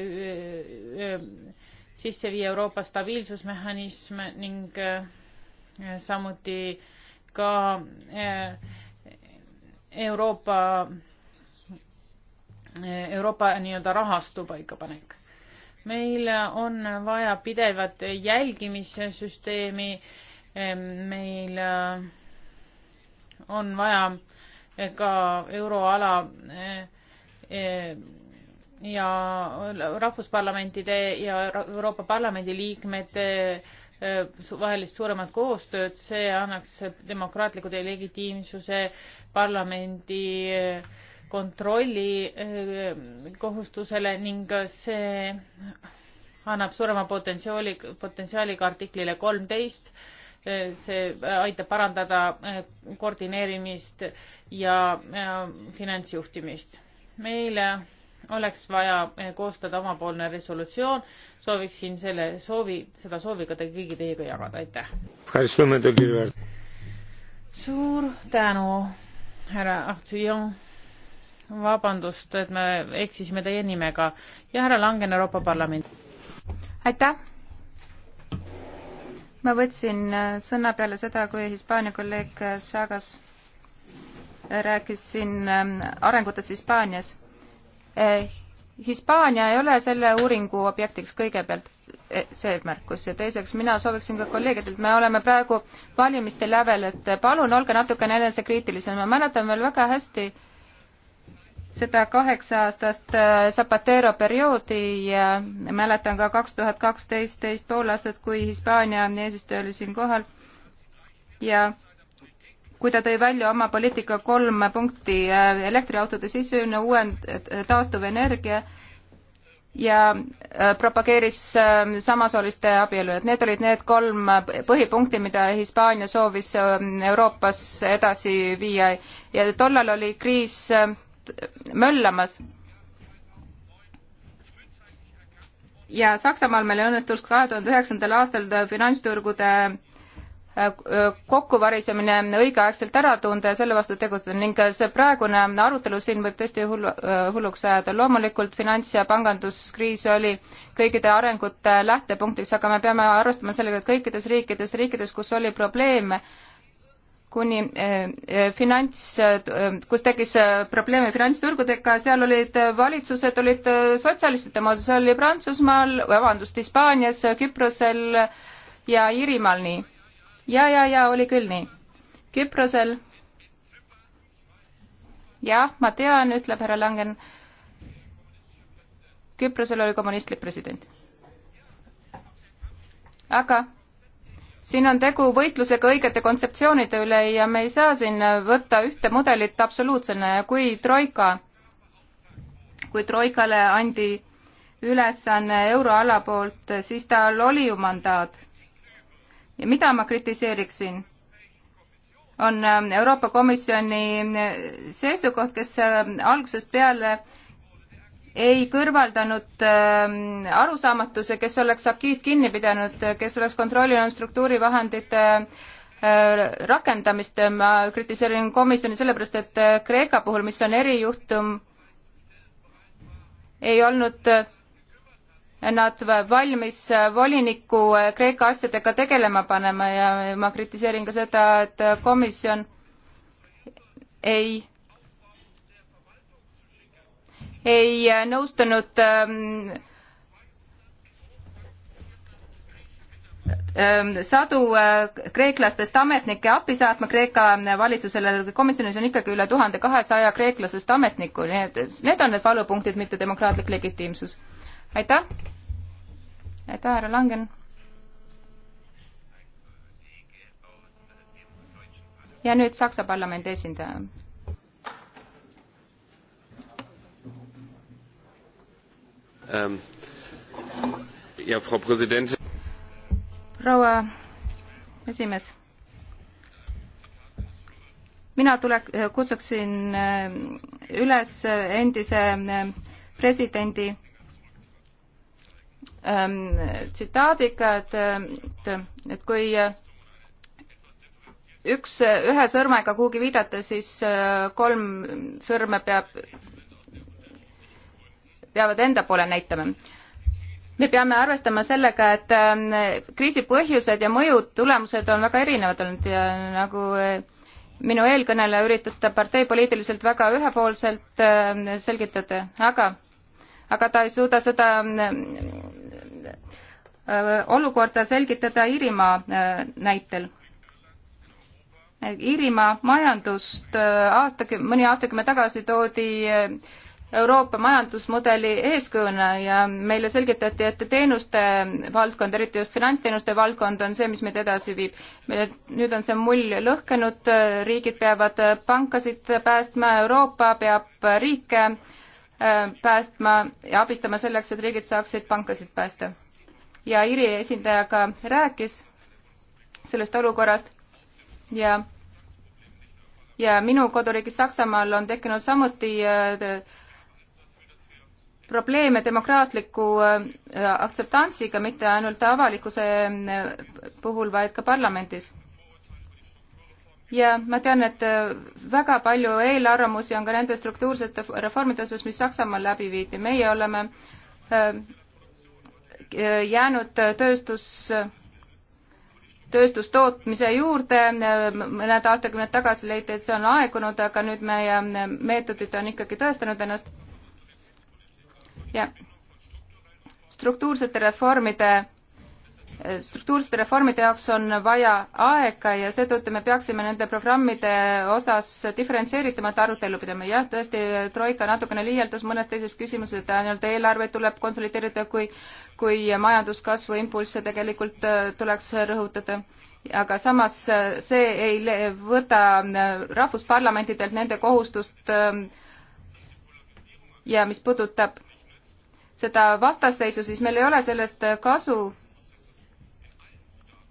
sisse viia Euroopa stabiilsusmehhanism ning samuti ka Euroopa, Euroopa nii-öelda rahastu paikapanek meil on vaja pidevat jälgimissüsteemi, meil on vaja eh, ka euroala eh, eh, ja rahvusparlamentide ja Euroopa Parlamendi liikmete vahelist suuremat koostööd, see annaks demokraatliku legitiimsuse parlamendi kontrolli kohustusele ning see annab suurema potentsiaali, potentsiaali ka artiklile kolmteist, see aitab parandada äh, koordineerimist ja äh, finantsjuhtimist. meil oleks vaja äh, koostada omapoolne resolutsioon, sooviksin selle soovi, seda soovi ka te kõigi teiega jagada, aitäh. suur tänu, härra Ahtujon. vabandust, et me eksisime teie nimega ja härra Langen Euroopa Parlamendi. aitäh ma võtsin äh, sõna peale seda, kui Hispaania kolleeg Chagas äh, äh, rääkis siin ähm, arengutest Hispaanias. Hispaania ei ole selle uuringu objektiks kõigepealt, see märkus, ja teiseks mina sooviksin ka kolleegidelt, me oleme praegu valimiste lävel, et palun olge natukene enesekriitilisem, ma mäletan veel väga hästi äh, seda kaheksa aastast äh, Zapatero perioodi ja mäletan ka kaks tuhat kaksteist teist pool aastat, kui Hispaania eesistuja oli siin kohal ja kui ta tõi välja oma poliitika kolm punkti äh, elektriautode sisseühine, uuend-, taastuvenergia ja äh, propageeris samasooliste abielu, et need olid need kolm põhipunkti, mida Hispaania soovis Euroopas edasi viia ja tollal oli kriis möllamas. ja Saksamaal meil õnnestus kahe tuhande üheksandal aastal finantsturgude äh, kokkuvarisemine õigeaegselt ära tunda ja selle vastu tegutseda ning see praegune arutelu siin võib tõesti hullu, äh, hulluks ajada. loomulikult finants- ja panganduskriis oli kõikide arengute lähtepunktiks, aga me peame arvestama sellega, et kõikides riikides, riikides, kus oli probleeme kuni eh, eh, finants, eh, kus tekkis probleeme finantsturgudega, seal olid valitsused, olid sotsialistid, tema see oli Prantsusmaal, vabandust, Hispaanias, Küprosel ja Iirimaal nii. ja, ja, ja oli küll nii. Küprosel. jah, ma tean, ütleb härra Langen. Küprosel oli kommunistlik president. aga siin on tegu võitlusega õigete kontseptsioonide üle ja me ei saa siin võtta ühte mudelit absoluutsena ja kui Troika, kui Troikale andi ülesanne euroala poolt, siis tal oli ju mandaat. ja mida ma kritiseeriksin? on Euroopa Komisjoni seisukoht, kes algusest peale ei kõrvaldanud ähm, arusaamatuse, kes oleks akiist kinni pidanud, kes oleks kontrollinud struktuurivahendite äh, rakendamist, ma kritiseerin komisjoni sellepärast, et äh, Kreeka puhul, mis on erijuhtum, ei olnud äh, nad valmis voliniku Kreeka asjadega tegelema panema ja ma kritiseerin ka seda, et komisjon ei ei nõustunud ähm, ähm, sadu äh, kreeklastest ametnikke appi saatma Kreeka valitsusele, komisjonis on ikkagi üle tuhande kahesaja kreeklasest ametniku, nii et need on need valupunktid, mitte demokraatlik legitiimsus. aitäh! aitäh, härra Langen! ja nüüd Saksa parlamendi esindaja ähm,. ja, Frau Präsident. proua esimees. mina tule-, kutsuksin äh, üles äh, endise äh, presidendi ähm, tsitaadiga, et, et kui üks, ühe sõrmega kuhugi viidata, siis kolm sõrme peab peavad enda poole näitama. me peame arvestama sellega, et ähm, kriisi põhjused ja mõjud, tulemused on väga erinevad olnud ja nagu äh, minu eelkõneleja üritas seda parteipoliitiliselt väga ühepoolselt ähm, selgitada, aga, aga ta ei suuda seda äh, olukorda selgitada Iirimaa äh, näitel. Iirimaa majandust aastaküm-, mõni aastakümme tagasi toodi Euroopa majandusmudeli eeskujuna ja meile selgitati, et teenuste valdkond, eriti just finantsteenuste valdkond, on see, mis meid edasi viib. nüüd on see mull lõhkenud, riigid peavad pankasid päästma, Euroopa peab riike äh, päästma ja abistama selleks, et riigid saaksid pankasid päästa. ja Iiri esindaja ka rääkis sellest olukorrast ja ja minu koduriigis Saksamaal on tekkinud samuti äh, probleeme demokraatliku äh, aktseptantsiga mitte ainult avalikkuse äh, puhul, vaid ka parlamendis. ja ma tean, et äh, väga palju eelarvamusi on ka nende struktuursete reformide osas, mis Saksamaal läbi viidi. meie oleme jäänud tööstus, tööstustootmise juurde, mõned aastakümned tagasi leiti, et see on aegunud, aga nüüd meie meetodid on ikkagi tõestanud ennast ja struktuursete reformide struktuursete reformide jaoks on vaja aega ja seetõttu me peaksime nende programmide osas diferentseeritumalt arutelu pidama. jah, tõesti, Troika natukene liialdas mõnes teises küsimuses, et ainult eelarveid tuleb konsolideerida, kui, kui majanduskasvu impulsse tegelikult äh, tuleks rõhutada. aga samas äh, see ei võta äh, rahvusparlamentidelt nende kohustust ja mis puudutab seda vastasseisu, siis meil ei ole sellest kasu,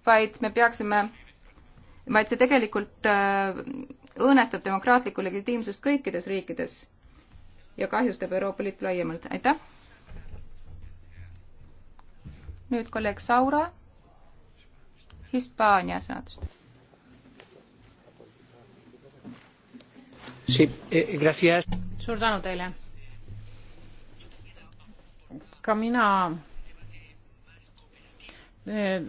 vaid me peaksime, vaid see tegelikult äh, õõnestab demokraatlikku legitiimsust kõikides riikides ja kahjustab Euroopa Liitu laiemalt. aitäh! nüüd kolleeg Saura Hispaania saatest. Eh, suur tänu teile! ka mina eh,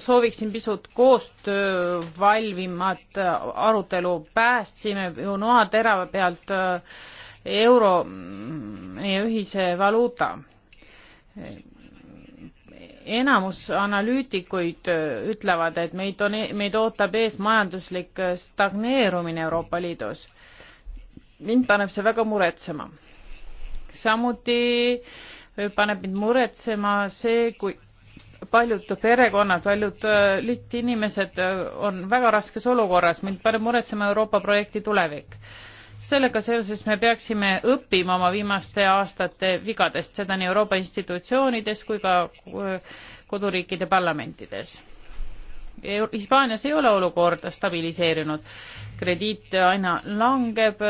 sooviksin pisut koostöövalvimat eh, arutelu, päästsime ju noaterava pealt eh, euro, mm, meie ühise valuuta. enamus analüütikuid ütlevad, et meid on, e-, meid ootab ees majanduslik stagneerumine Euroopa Liidus. mind paneb see väga muretsema samuti paneb mind muretsema see, kui paljud perekonnad, paljud äh, lihtinimesed äh, on väga raskes olukorras, mind paneb muretsema Euroopa projekti tulevik. sellega seoses me peaksime õppima oma viimaste aastate vigadest, seda nii Euroopa institutsioonides kui ka äh, koduriikide parlamentides. Hispaanias ei ole olukord stabiliseerunud, krediit aina langeb,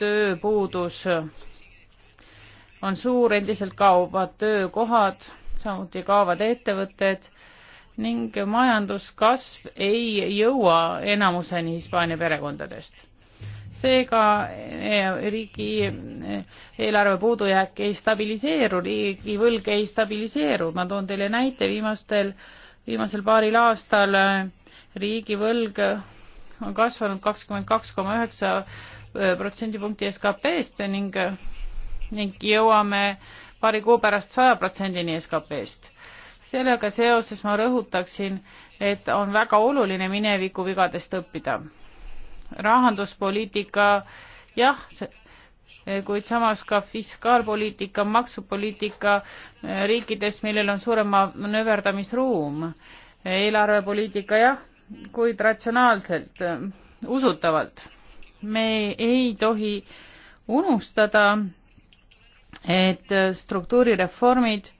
tööpuudus on suur, endiselt kaovad töökohad, samuti kaovad ettevõtted ning majanduskasv ei jõua enamuseni Hispaania perekondadest. seega eh, riigi eh, eelarve puudujääk ei stabiliseeru, riigivõlg ei stabiliseeru, ma toon teile näite, viimastel, viimasel paaril aastal eh, riigivõlg on kasvanud kakskümmend kaks koma üheksa protsendipunkti SKP-st ning ning jõuame paari kuu pärast saja protsendini SKP-st. sellega seoses ma rõhutaksin, et on väga oluline mineviku vigadest õppida. rahanduspoliitika jah, kuid samas ka fiskaalpoliitika, maksupoliitika äh, riikides, millel on suurem manööverdamisruum. eelarvepoliitika jah, kuid ratsionaalselt, äh, usutavalt. me ei tohi unustada et struktuurireformid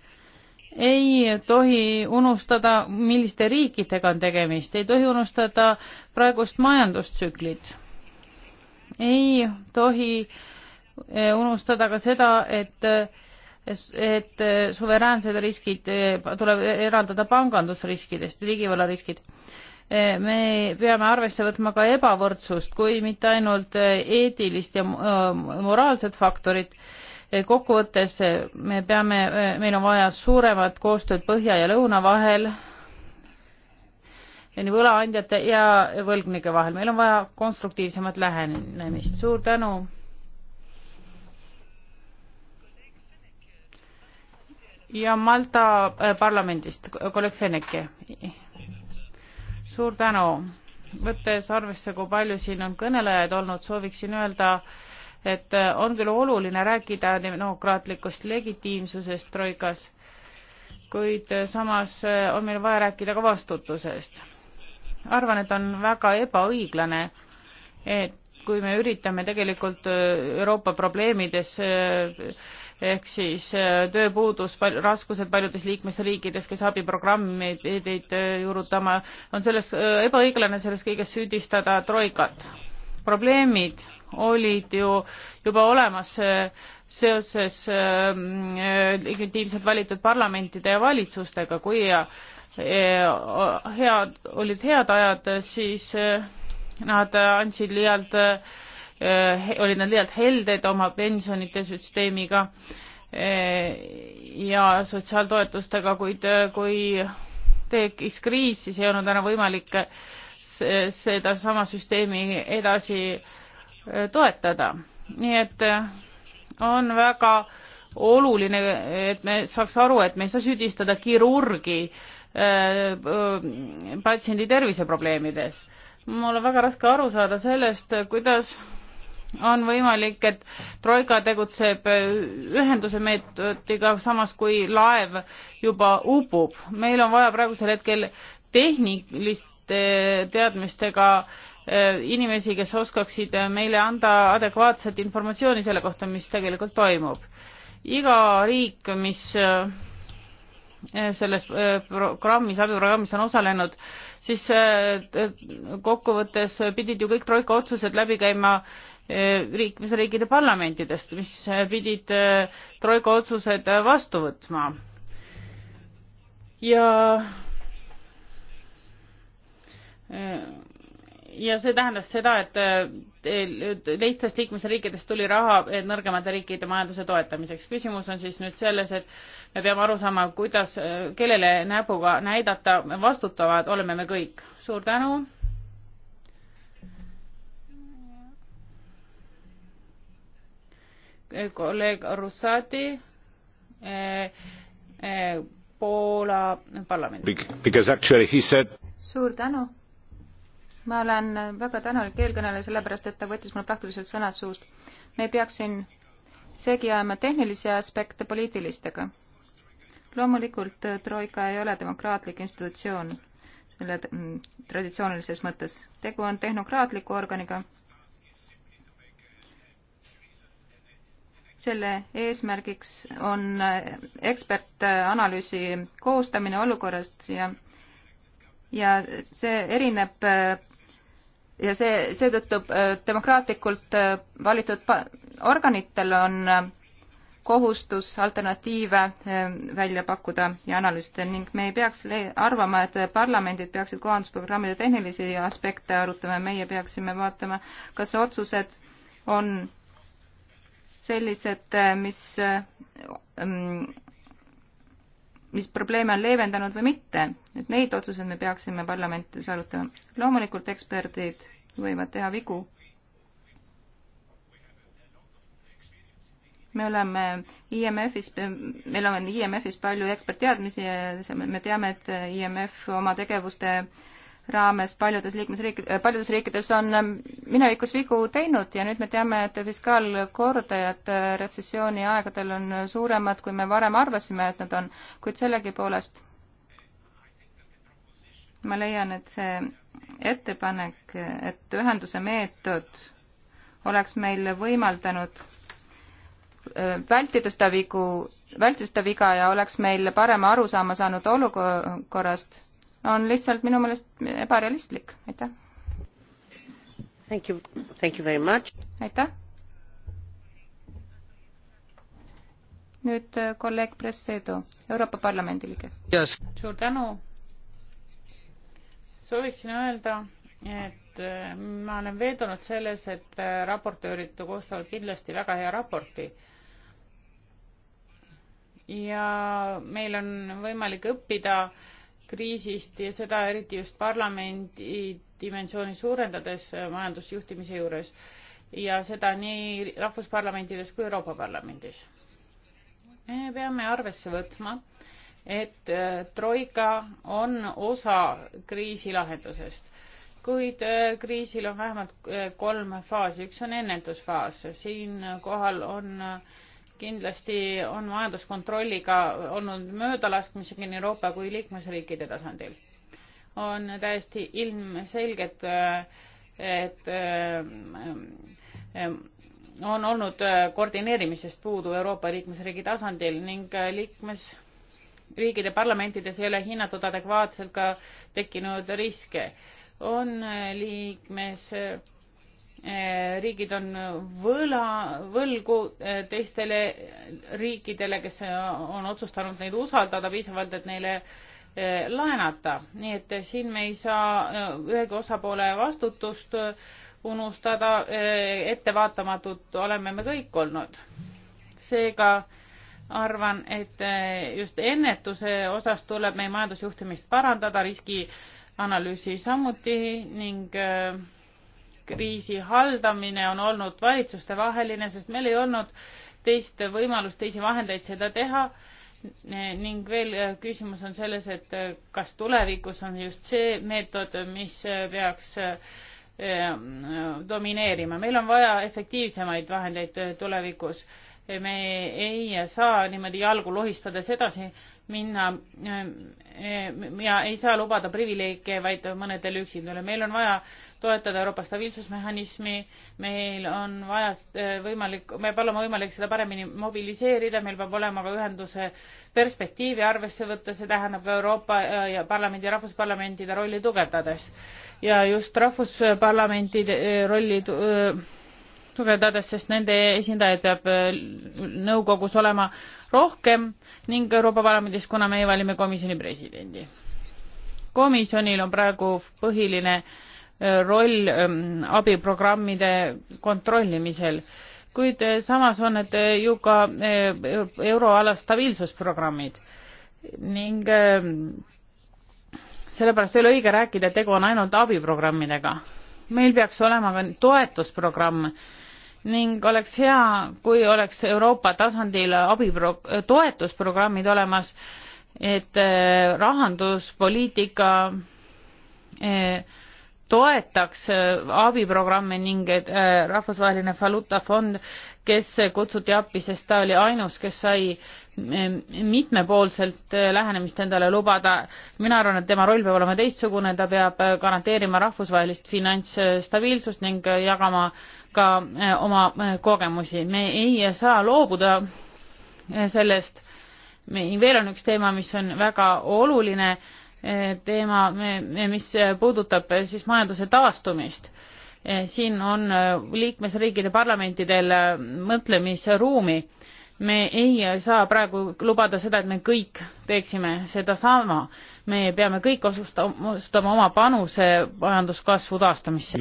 ei tohi unustada, milliste riikidega on tegemist, ei tohi unustada praegust majandustsüklit. ei tohi eh, unustada ka seda, et et suveräänsed riskid eh, tuleb eraldada pangandusriskidest, riigivõlariskid. Eh, me peame arvesse võtma ka ebavõrdsust, kui mitte ainult eetilist ja moraalset faktorit, kokkuvõttes eh, me peame, eh, meil on vaja suuremat koostööd põhja ja lõuna vahel, nii võlaandjate ja võlgnike vahel, meil on vaja konstruktiivsemat lähenemist, suur tänu. ja Malta eh, parlamendist, kolleeg Feneke. suur tänu, võttes arvesse, kui palju siin on kõnelejaid olnud, sooviksin öelda, et äh, on küll oluline rääkida demokraatlikust legitiimsusest Troikas, kuid äh, samas äh, on meil vaja rääkida ka vastutusest. arvan, et on väga ebaõiglane, et kui me üritame tegelikult Euroopa probleemides ehk siis tööpuudus, raskused paljudes liikmesriikides, kes abiprogrammi pidid juurutama, on selles ebaõiglane selles kõiges süüdistada Troikat. probleemid olid ju juba olemas eh, seoses eh, legitiimselt valitud parlamentide ja valitsustega, kui eh, head, olid head ajad, siis nad andsid liialt, olid nad liialt helded oma pensionite süsteemiga ja sotsiaaltoetustega, kuid kui tekkis kriis, siis ei olnud enam võimalik seda sama süsteemi edasi toetada. nii et äh, on väga oluline, et me saaks aru, et me ei saa süüdistada kirurgi äh, patsiendi terviseprobleemides. mul on väga raske aru saada sellest, kuidas on võimalik, et Troika tegutseb äh, ühenduse meetodiga, samas kui laev juba upub. meil on vaja praegusel hetkel tehniliste teadmistega äh, Äh, inimesi, kes oskaksid äh, meile anda adekvaatset informatsiooni selle kohta, mis tegelikult toimub. iga riik, mis äh, selles programmis, abiprogrammis on osalenud, siis kokkuvõttes pidid ju kõik troika otsused läbi käima liikmesriikide parlamentidest, mis pidid troika otsused vastu võtma. ja ja see tähendas seda, et lihtsast liikmesriikidest tuli raha nõrgemate riikide majanduse toetamiseks. küsimus on siis nüüd selles, et me peame aru saama, kuidas, kellele näpuga näidata, vastutavad oleme me kõik. suur tänu. kolleeg Russati eh, eh, Poola parlamendi. suur tänu ma olen väga tänulik eelkõneleja sellepärast, et ta võttis mul praktiliselt sõnad suust. me ei peaks siin segi ajama tehnilisi aspekte poliitilistega. loomulikult Troika ei ole demokraatlik institutsioon selle mm, traditsioonilises mõttes. tegu on tehnokraatliku organiga. selle eesmärgiks on ekspertanalüüsi koostamine olukorrast ja ja see erineb ja see, seetõttu äh, demokraatlikult äh, valitud organitel on äh, kohustus alternatiive välja pakkuda ja analüüsida ning me ei peaks arvama, et parlamendid peaksid kohandusprogrammide tehnilisi aspekte arutama, meie peaksime vaatama, kas otsused on sellised, mis mis probleeme on leevendanud või mitte, et neid otsuseid me peaksime parlamentides arutama. loomulikult eksperdid võivad teha vigu. me oleme IMF-is, meil on IMF-is palju ekspertteadmisi ja me teame, et IMF oma tegevuste äh, raames paljudes liikmesriik-, paljudes riikides on ähm, minevikus vigu teinud ja nüüd me teame, et fiskaalkordajad äh, retsessiooni aegadel on suuremad, kui me varem arvasime, et nad on, kuid sellegipoolest ma leian, et see ettepanek, et ühenduse meetod oleks meil võimaldanud äh, vältida seda vigu, vältida seda viga ja oleks meil parema arusaama saanud olukorrast on lihtsalt minu meelest ebarealistlik, aitäh. Thank you, thank you very much. aitäh. nüüd äh, kolleeg Pressedo, Euroopa Parlamendi liige yes.. suur tänu. sooviksin öelda, et äh, ma olen veendunud selles, et äh, raportöörid koostavad kindlasti väga hea raporti. ja meil on võimalik õppida äh, kriisist ja seda eriti just parlamendi dimensiooni suurendades majandusjuhtimise juures ja seda nii rahvusparlamentides kui Euroopa Parlamendis. me peame arvesse võtma, et äh, troika on osa kriisi lahendusest, kuid äh, kriisil on vähemalt äh, kolm faasi, üks on ennetusfaas, siinkohal on äh, kindlasti on majanduskontrolliga olnud möödalaskmisi nii Euroopa kui liikmesriikide tasandil. on täiesti ilmselged, et äh, on olnud äh, koordineerimisest puudu Euroopa liikmesriigi tasandil ning äh, liikmesriikide parlamentides ei ole hinnatud adekvaatselt ka tekkinud riske. on liikmes Eh, riigid on võla, võlgu eh, teistele eh, riikidele, kes on otsustanud neid usaldada piisavalt, et neile laenata, nii et siin me ei saa ühegi osapoole vastutust unustada, ettevaatamatud oleme me kõik olnud. seega arvan, et just ennetuse osas tuleb meie majandusjuhtimist parandada, riskianalüüsi samuti ning äh, kriisi haldamine on olnud valitsustevaheline, sest meil ei olnud teist võimalust, teisi vahendeid seda teha ning veel äh, küsimus on selles, et äh, kas tulevikus on just see meetod, mis äh, peaks domineerima. meil on vaja efektiivsemaid vahendeid tulevikus. me ei saa niimoodi jalgu lohistades edasi minna ja ei saa lubada privileege vaid mõnedele üksindale. meil on vaja toetada Euroopa stabiilsusmehhanismi, meil on vaja äh, võimalik, me palume võimalik seda paremini mobiliseerida, meil peab olema ka ühenduse perspektiivi arvesse võtta, see tähendab Euroopa äh, ja parlamendi ja rahvusparlamentide rolli tugevdades. ja just rahvusparlamentide äh, rolli tugevdades, sest nende esindajaid peab nõukogus olema rohkem ning Euroopa Parlamendis, kuna meie valime komisjoni presidendi. komisjonil on praegu põhiline äh, roll ähm, abiprogrammide kontrollimisel, kuid äh, samas on need äh, ju ka äh, euroala stabiilsusprogrammid ning ähm, sellepärast ei ole õige rääkida, et tegu on ainult abiprogrammidega. meil peaks olema ka toetusprogramm ning oleks hea, kui oleks Euroopa tasandil abipro-, toetusprogrammid olemas, et rahanduspoliitika eh, toetaks äh, abiprogramme ning äh, Rahvusvaheline Valuutafond, kes kutsuti appi, sest ta oli ainus, kes sai äh, mitmepoolselt lähenemist endale lubada. mina arvan, et tema roll peab olema teistsugune, ta peab garanteerima rahvusvahelist finantsstabiilsust ning jagama ka oma kogemusi. me ei saa loobuda sellest. veel on üks teema, mis on väga oluline teema, mis puudutab siis majanduse taastumist. siin on liikmesriikide parlamentidel mõtlemisruumi. me ei saa praegu lubada seda, et me kõik teeksime sedasama. me peame kõik osustama oma panuse majanduskasvu taastamisse.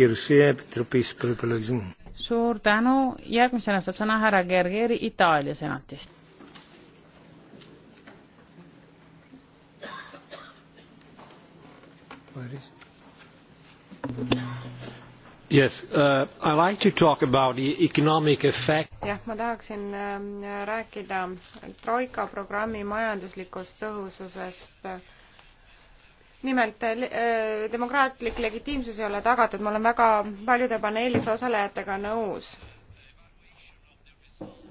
suur tänu, järgmisena saab sõna härra Gergeri Itaalia senatist Yes, uh, I like to talk about the economic effect. jah, ma tahaksin äh, rääkida Troika programmi majanduslikust tõhususest nimelt äh, äh, demokraatlik legitiimsus ei ole tagatud, ma olen väga paljude paneelis osalejatega nõus.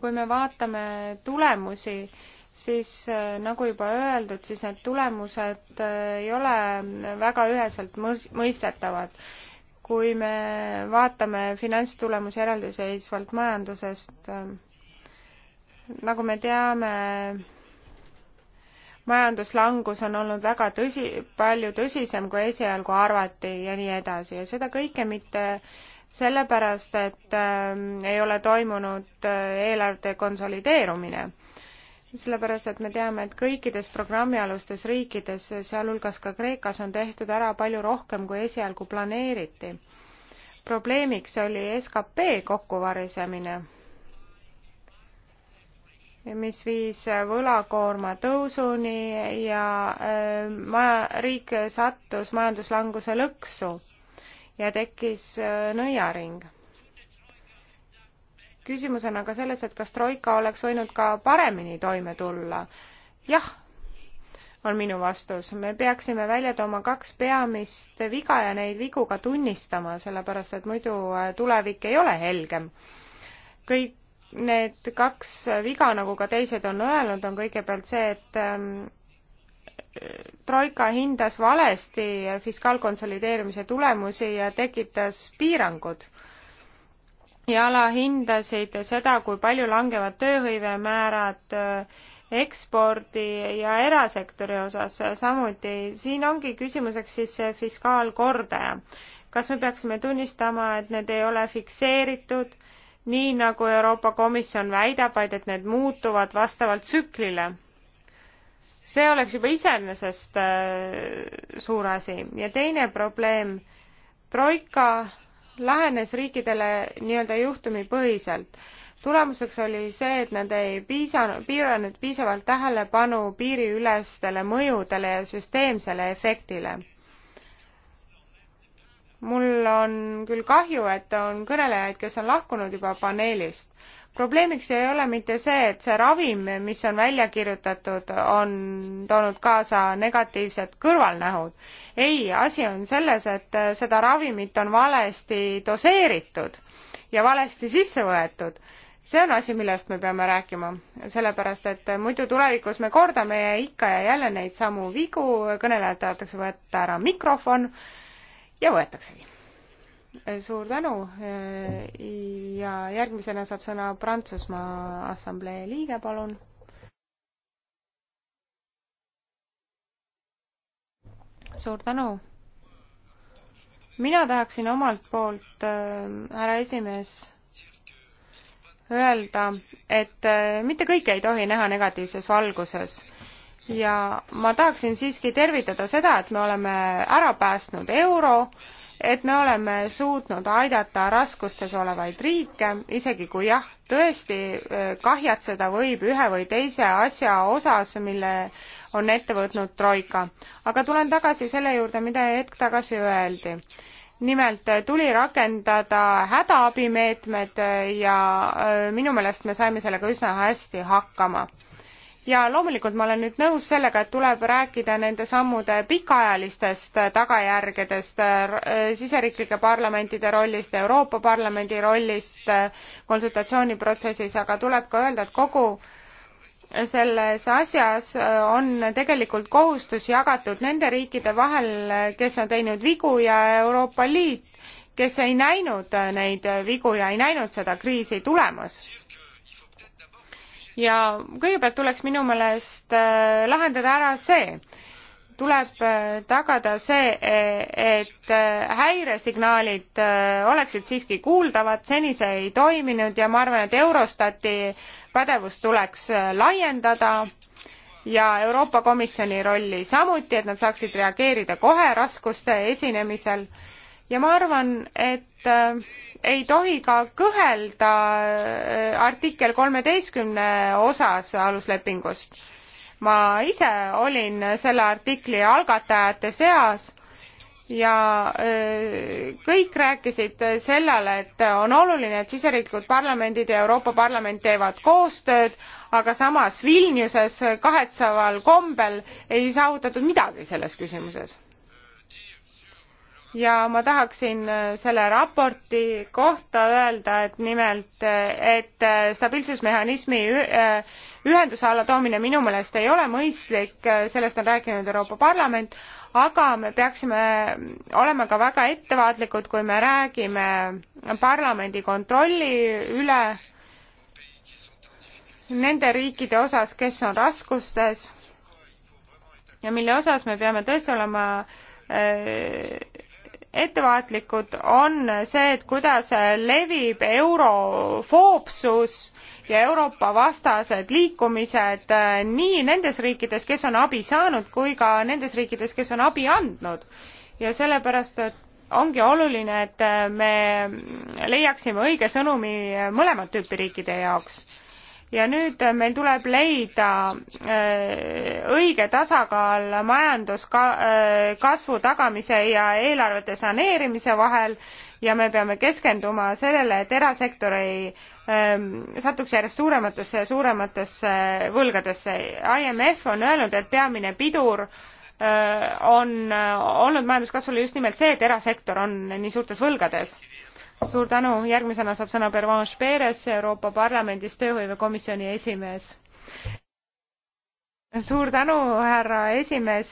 kui me vaatame tulemusi, siis äh, nagu juba öeldud, siis need tulemused äh, ei ole väga üheselt mõistetavad. kui me vaatame finantstulemusi eraldiseisvalt majandusest, äh, nagu me teame, majanduslangus on olnud väga tõsi, palju tõsisem, kui esialgu arvati ja nii edasi ja seda kõike mitte sellepärast, et äh, ei ole toimunud äh, eelarvete konsolideerumine sellepärast et me teame, et kõikides programmialustes riikides, sealhulgas ka Kreekas, on tehtud ära palju rohkem, kui esialgu planeeriti. probleemiks oli skp kokkuvarisemine, mis viis võlakoorma tõusuni ja äh, maja, riik sattus majanduslanguse lõksu ja tekkis äh, nõiaring küsimus on aga selles, et kas Troika oleks võinud ka paremini toime tulla. jah, on minu vastus. me peaksime välja tooma kaks peamist viga ja neid vigu ka tunnistama, sellepärast et muidu äh, tulevik ei ole helgem. kõik need kaks viga, nagu ka teised on öelnud, on kõigepealt see, et ähm, troika hindas valesti fiskaalkonsolideerimise tulemusi ja tekitas piirangud ja alahindasid seda, kui palju langevad tööhõivemäärad äh, ekspordi ja erasektori osas samuti. siin ongi küsimuseks siis see fiskaalkordaja. kas me peaksime tunnistama, et need ei ole fikseeritud, nii nagu Euroopa Komisjon väidab, vaid et need muutuvad vastavalt tsüklile? see oleks juba iseenesest äh, suur asi ja teine probleem, troika lähenes riikidele nii-öelda juhtumipõhiselt. tulemuseks oli see, et nad ei piisanud, piiranud piisavalt tähelepanu piiriülestele mõjudele ja süsteemsele efektile. mul on küll kahju, et on kõnelejaid, kes on lahkunud juba paneelist, probleemiks ei ole mitte see, et see ravim, mis on välja kirjutatud, on toonud kaasa negatiivsed kõrvalnähud. ei, asi on selles, et seda ravimit on valesti doseeritud ja valesti sisse võetud. see on asi, millest me peame rääkima, sellepärast et muidu tulevikus me kordame ikka ja jälle neid samu vigu, kõnelejalt tahetakse võtta ära mikrofon ja võetaksegi suur tänu ja järgmisena saab sõna Prantsusmaa Assamblee liige, palun. suur tänu. mina tahaksin omalt poolt, äh, härra esimees, öelda, et äh, mitte kõike ei tohi näha negatiivses valguses ja ma tahaksin siiski tervitada seda, et me oleme ära päästnud euro et me oleme suutnud aidata raskustes olevaid riike, isegi kui jah, tõesti äh, kahjatseda võib ühe või teise asja osas, mille on ette võtnud Troika. aga tulen tagasi selle juurde, mida hetk tagasi öeldi. nimelt äh, tuli rakendada hädaabimeetmed äh, ja minu meelest me saime sellega üsna hästi hakkama ja loomulikult ma olen nüüd nõus sellega, et tuleb rääkida nende sammude pikaajalistest tagajärgedest, äh, siseriiklike parlamentide rollist, Euroopa Parlamendi rollist äh, konsultatsiooniprotsessis, aga tuleb ka öelda, et kogu selles asjas äh, on tegelikult kohustus jagatud nende riikide vahel, kes on teinud vigu ja Euroopa Liit, kes ei näinud neid vigu ja ei näinud seda kriisi tulemas ja kõigepealt tuleks minu meelest äh, lahendada ära see, tuleb äh, tagada see, e, et äh, häiresignaalid oleksid siiski kuuldavad, seni see ei toiminud ja ma arvan, et Eurostati pädevust tuleks laiendada ja Euroopa Komisjoni rolli samuti, et nad saaksid reageerida kohe raskuste esinemisel ja ma arvan, et äh, ei tohi ka kõhelda äh, artikkel kolmeteistkümne osas aluslepingust. ma ise olin selle artikli algatajate seas ja äh, kõik rääkisid sellele, et on oluline, et siseriiklikud parlamendid ja Euroopa Parlament teevad koostööd, aga samas Vilniuses kahetseval kombel ei saavutatud midagi selles küsimuses ja ma tahaksin äh, selle raporti kohta öelda, et nimelt, äh, et äh, stabiilsusmehhanismi ühenduse alla toomine minu meelest ei ole mõistlik, sellest on rääkinud Euroopa Parlament, aga me peaksime olema ka väga ettevaatlikud, kui me räägime parlamendi kontrolli üle nende riikide osas, kes on raskustes ja mille osas me peame tõesti olema äh, ettevaatlikud, on see, et kuidas levib eurofoobsus ja Euroopa vastased liikumised äh, nii nendes riikides, kes on abi saanud, kui ka nendes riikides, kes on abi andnud. ja sellepärast, et ongi oluline, et me leiaksime õige sõnumi mõlemat tüüpi riikide jaoks ja nüüd äh, meil tuleb leida äh, õige tasakaal majanduskasvu äh, tagamise ja eelarvete saneerimise vahel ja me peame keskenduma sellele, et erasektor ei ähm, satuks järjest suurematesse ja suurematesse võlgadesse. IMF on öelnud, et peamine pidur on olnud majanduskasvule just nimelt see, et erasektor on nii suurtes võlgades suur tänu, järgmisena saab sõna Pervanche Perez, Euroopa Parlamendis tööhõivekomisjoni esimees suur tänu, härra esimees,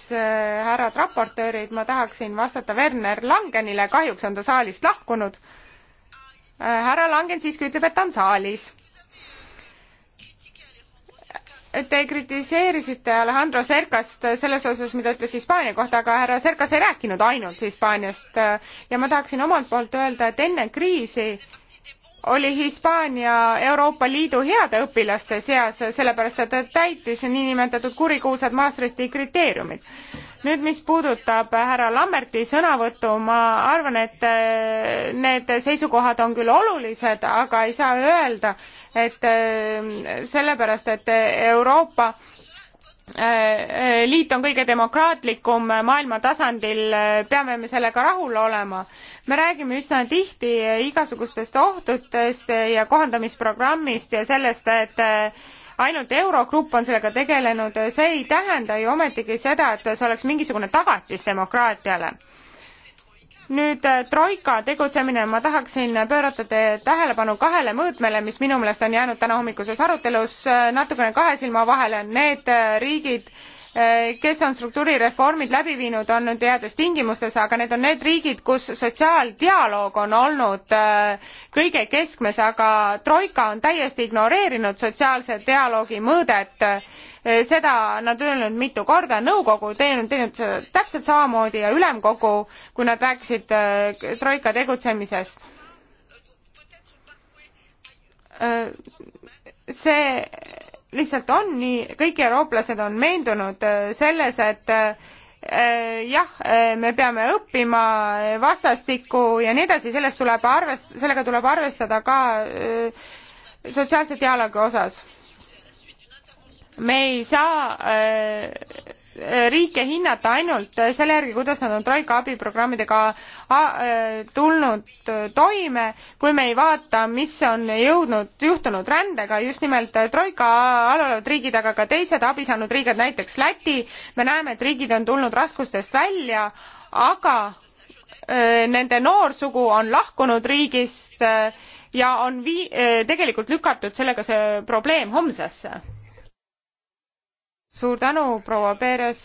härrad raportöörid, ma tahaksin vastata Werner Langenile, kahjuks on ta saalist lahkunud. härra Langen siiski ütleb, et ta on saalis te kritiseerisite Alejandro Cercast selles osas, mida ütles Hispaania kohta, aga härra Cercas ei rääkinud ainult Hispaaniast ja ma tahaksin omalt poolt öelda, et enne kriisi oli Hispaania Euroopa Liidu heade õpilaste seas, sellepärast et ta täitis niinimetatud kurikuulsad Maastrichti kriteeriumid nüüd, mis puudutab äh, härra Lamberti sõnavõttu, ma arvan, et äh, need seisukohad on küll olulised, aga ei saa öelda, et äh, sellepärast, et Euroopa liit on kõige demokraatlikum maailma tasandil, peame me sellega rahul olema. me räägime üsna tihti igasugustest ohtutest ja kohandamisprogrammist ja sellest, et ainult Eurogrupp on sellega tegelenud, see ei tähenda ju ometigi seda, et see oleks mingisugune tagatis demokraatiale. nüüd äh, Troika tegutsemine, ma tahaksin pöörata teie tähelepanu kahele mõõtmele, mis minu meelest on jäänud tänahommikuses arutelus äh, natukene kahe silma vahele, need äh, riigid, Äh, kes on struktuurireformid läbi viinud on nüüd heades tingimustes aga need on need riigid kus sotsiaaldialoog on olnud äh, kõige keskmes aga troika on täiesti ignoreerinud sotsiaalse dialoogi mõõdet äh, seda on nad öelnud mitu korda nõukogu teinud teinud seda täpselt samamoodi ja ülemkogu kui nad rääkisid troika tegutsemisest see lihtsalt on nii, kõik eurooplased on veendunud äh, selles, et äh, äh, jah, me peame õppima vastastikku ja nii edasi, sellest tuleb arvest-, sellega tuleb arvestada ka sotsiaalse dialoogi osas. me ei saa riike hinnata ainult selle järgi, kuidas nad on Troika abiprogrammidega äh, tulnud äh, toime, kui me ei vaata, mis on jõudnud, juhtunud rändega, just nimelt äh, Troika all olevad riigid, aga ka teised abi saanud riigid, näiteks Läti, me näeme, et riigid on tulnud raskustest välja, aga nende noorsugu on lahkunud riigist ja on vii- tegelikult lükatud sellega see probleem homsesse suur tänu, proua Perez,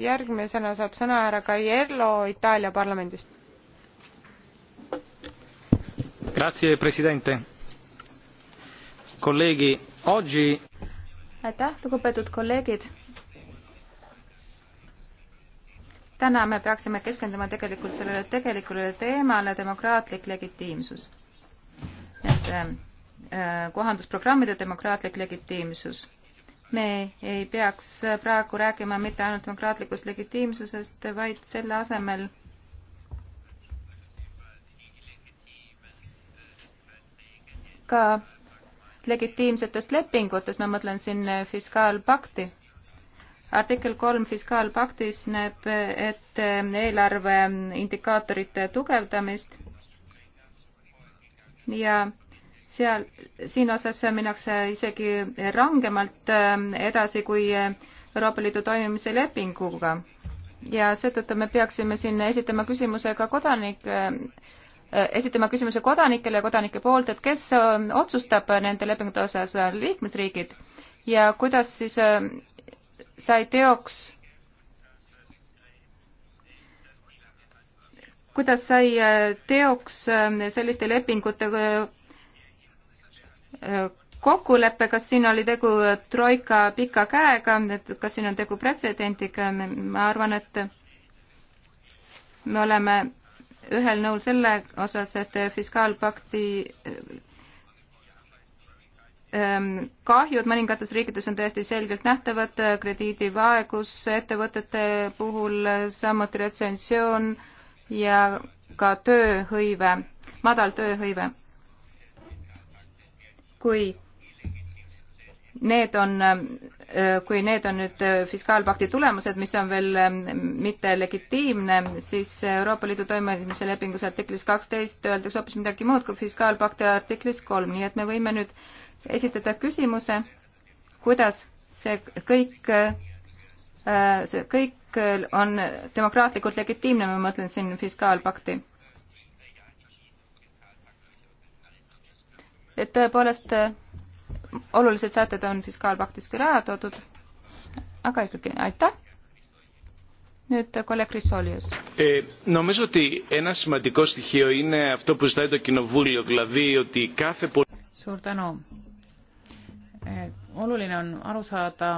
järgmisena saab sõna härra Caiello Itaalia parlamendist. Grazie, presidente. kolleegi, oggi. aitäh, lugupeetud kolleegid täna me peaksime keskenduma tegelikult sellele tegelikule teemale demokraatlik legitiimsus. Nende äh, kohandusprogrammide demokraatlik legitiimsus me ei peaks praegu rääkima mitte ainult demokraatlikust legitiimsusest, vaid selle asemel ka legitiimsetest lepingutest, ma mõtlen siin fiskaalpakti. artikkel kolm fiskaalpaktis näeb ette eelarve indikaatorite tugevdamist ja seal, siin osas minnakse isegi rangemalt äh, edasi kui äh, Euroopa Liidu toimimise lepinguga. ja seetõttu me peaksime siin esitama küsimuse ka kodanike, äh, esitama küsimuse kodanikele ja kodanike poolt, et kes otsustab nende lepingute osas, liikmesriigid, ja kuidas siis sai teoks kuidas sai teoks selliste lepingute kokkulepe, kas siin oli tegu troika pika käega, et kas siin on tegu pretsedendiga, ma arvan, et me oleme ühel nõul selle osas, et fiskaalpakti ähm, kahjud mõningates riikides on täiesti selgelt nähtavad, krediidivaegus ettevõtete puhul, samuti retsensioon ja ka tööhõive, madal tööhõive kui need on, kui need on nüüd fiskaalpakti tulemused, mis on veel mitte legitiimne, siis Euroopa Liidu toimimise lepingus artiklis kaksteist öeldakse hoopis midagi muud kui fiskaalpakti artiklis kolm, nii et me võime nüüd esitada küsimuse, kuidas see kõik, see kõik on demokraatlikult legitiimne, ma mõtlen siin fiskaalpakti et tõepoolest äh, olulised sätted on fiskaalpaktis küll ära toodud, aga ikkagi aitäh. nüüd kolleeg Rissolius. Eh, νομίζω ότι ένα σημαντικό στοιχείο είναι αυτό που ζητάει το Κοινοβούλιο, δηλαδή ότι κάθε. Suur tänu. Oluline on aru saada,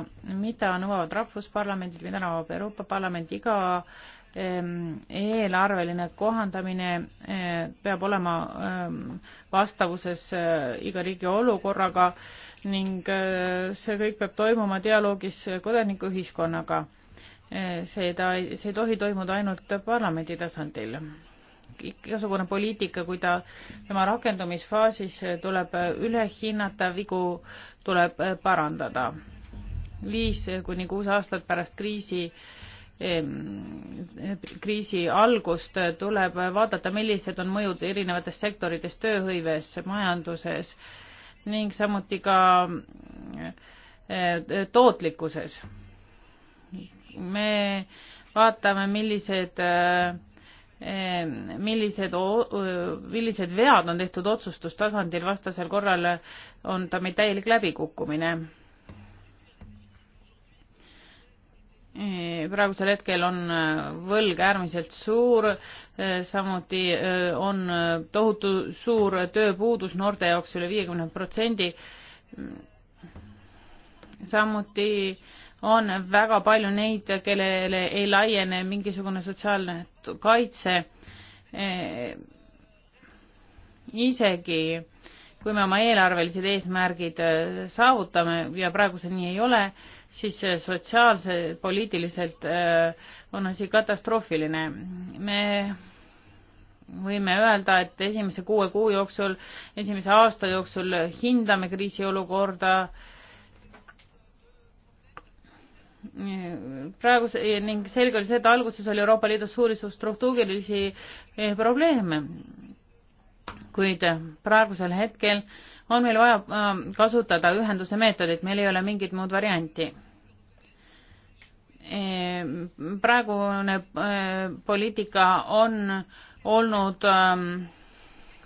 mida nõuavad rahvusparlamendid, mida nõuab Euroopa Parlament, iga äh, Ehm, eelarveline kohandamine eh, peab olema ehm, vastavuses eh, iga riigi olukorraga ning eh, see kõik peab toimuma dialoogis kodanikuühiskonnaga. seda, see ei tohi toimuda ainult parlamendi tasandil. igasugune poliitika, kui ta tema rakendumisfaasis tuleb üle hinnata, vigu tuleb parandada. viis kuni kuus aastat pärast kriisi äh, kriisi algust, tuleb vaadata, millised on mõjud erinevates sektorites, tööhõives, majanduses ning samuti ka eh, tootlikkuses. me vaatame, millised eh, millised, millised vead on tehtud otsustustasandil, vastasel korral on ta meil täielik läbikukkumine praegusel hetkel on äh, võlg äärmiselt suur, äh, samuti äh, on tohutu suur tööpuudus noorte jaoks üle viiekümne protsendi. samuti on väga palju neid, kellele ei laiene mingisugune sotsiaalne kaitse. isegi kui me oma eelarvelised eesmärgid saavutame ja praegu see nii ei ole, siis sotsiaalse, poliitiliselt äh, on asi katastroofiline. me võime öelda, et esimese kuue kuu jooksul, esimese aasta jooksul hindame kriisiolukorda praegu ning selge oli see, et alguses oli Euroopa Liidus suuri struktuurilisi eh, probleeme, kuid praegusel hetkel äh, on meil vaja äh, kasutada ühenduse meetodit, meil ei ole mingit muud varianti. E, praegune e, poliitika on olnud, ähm,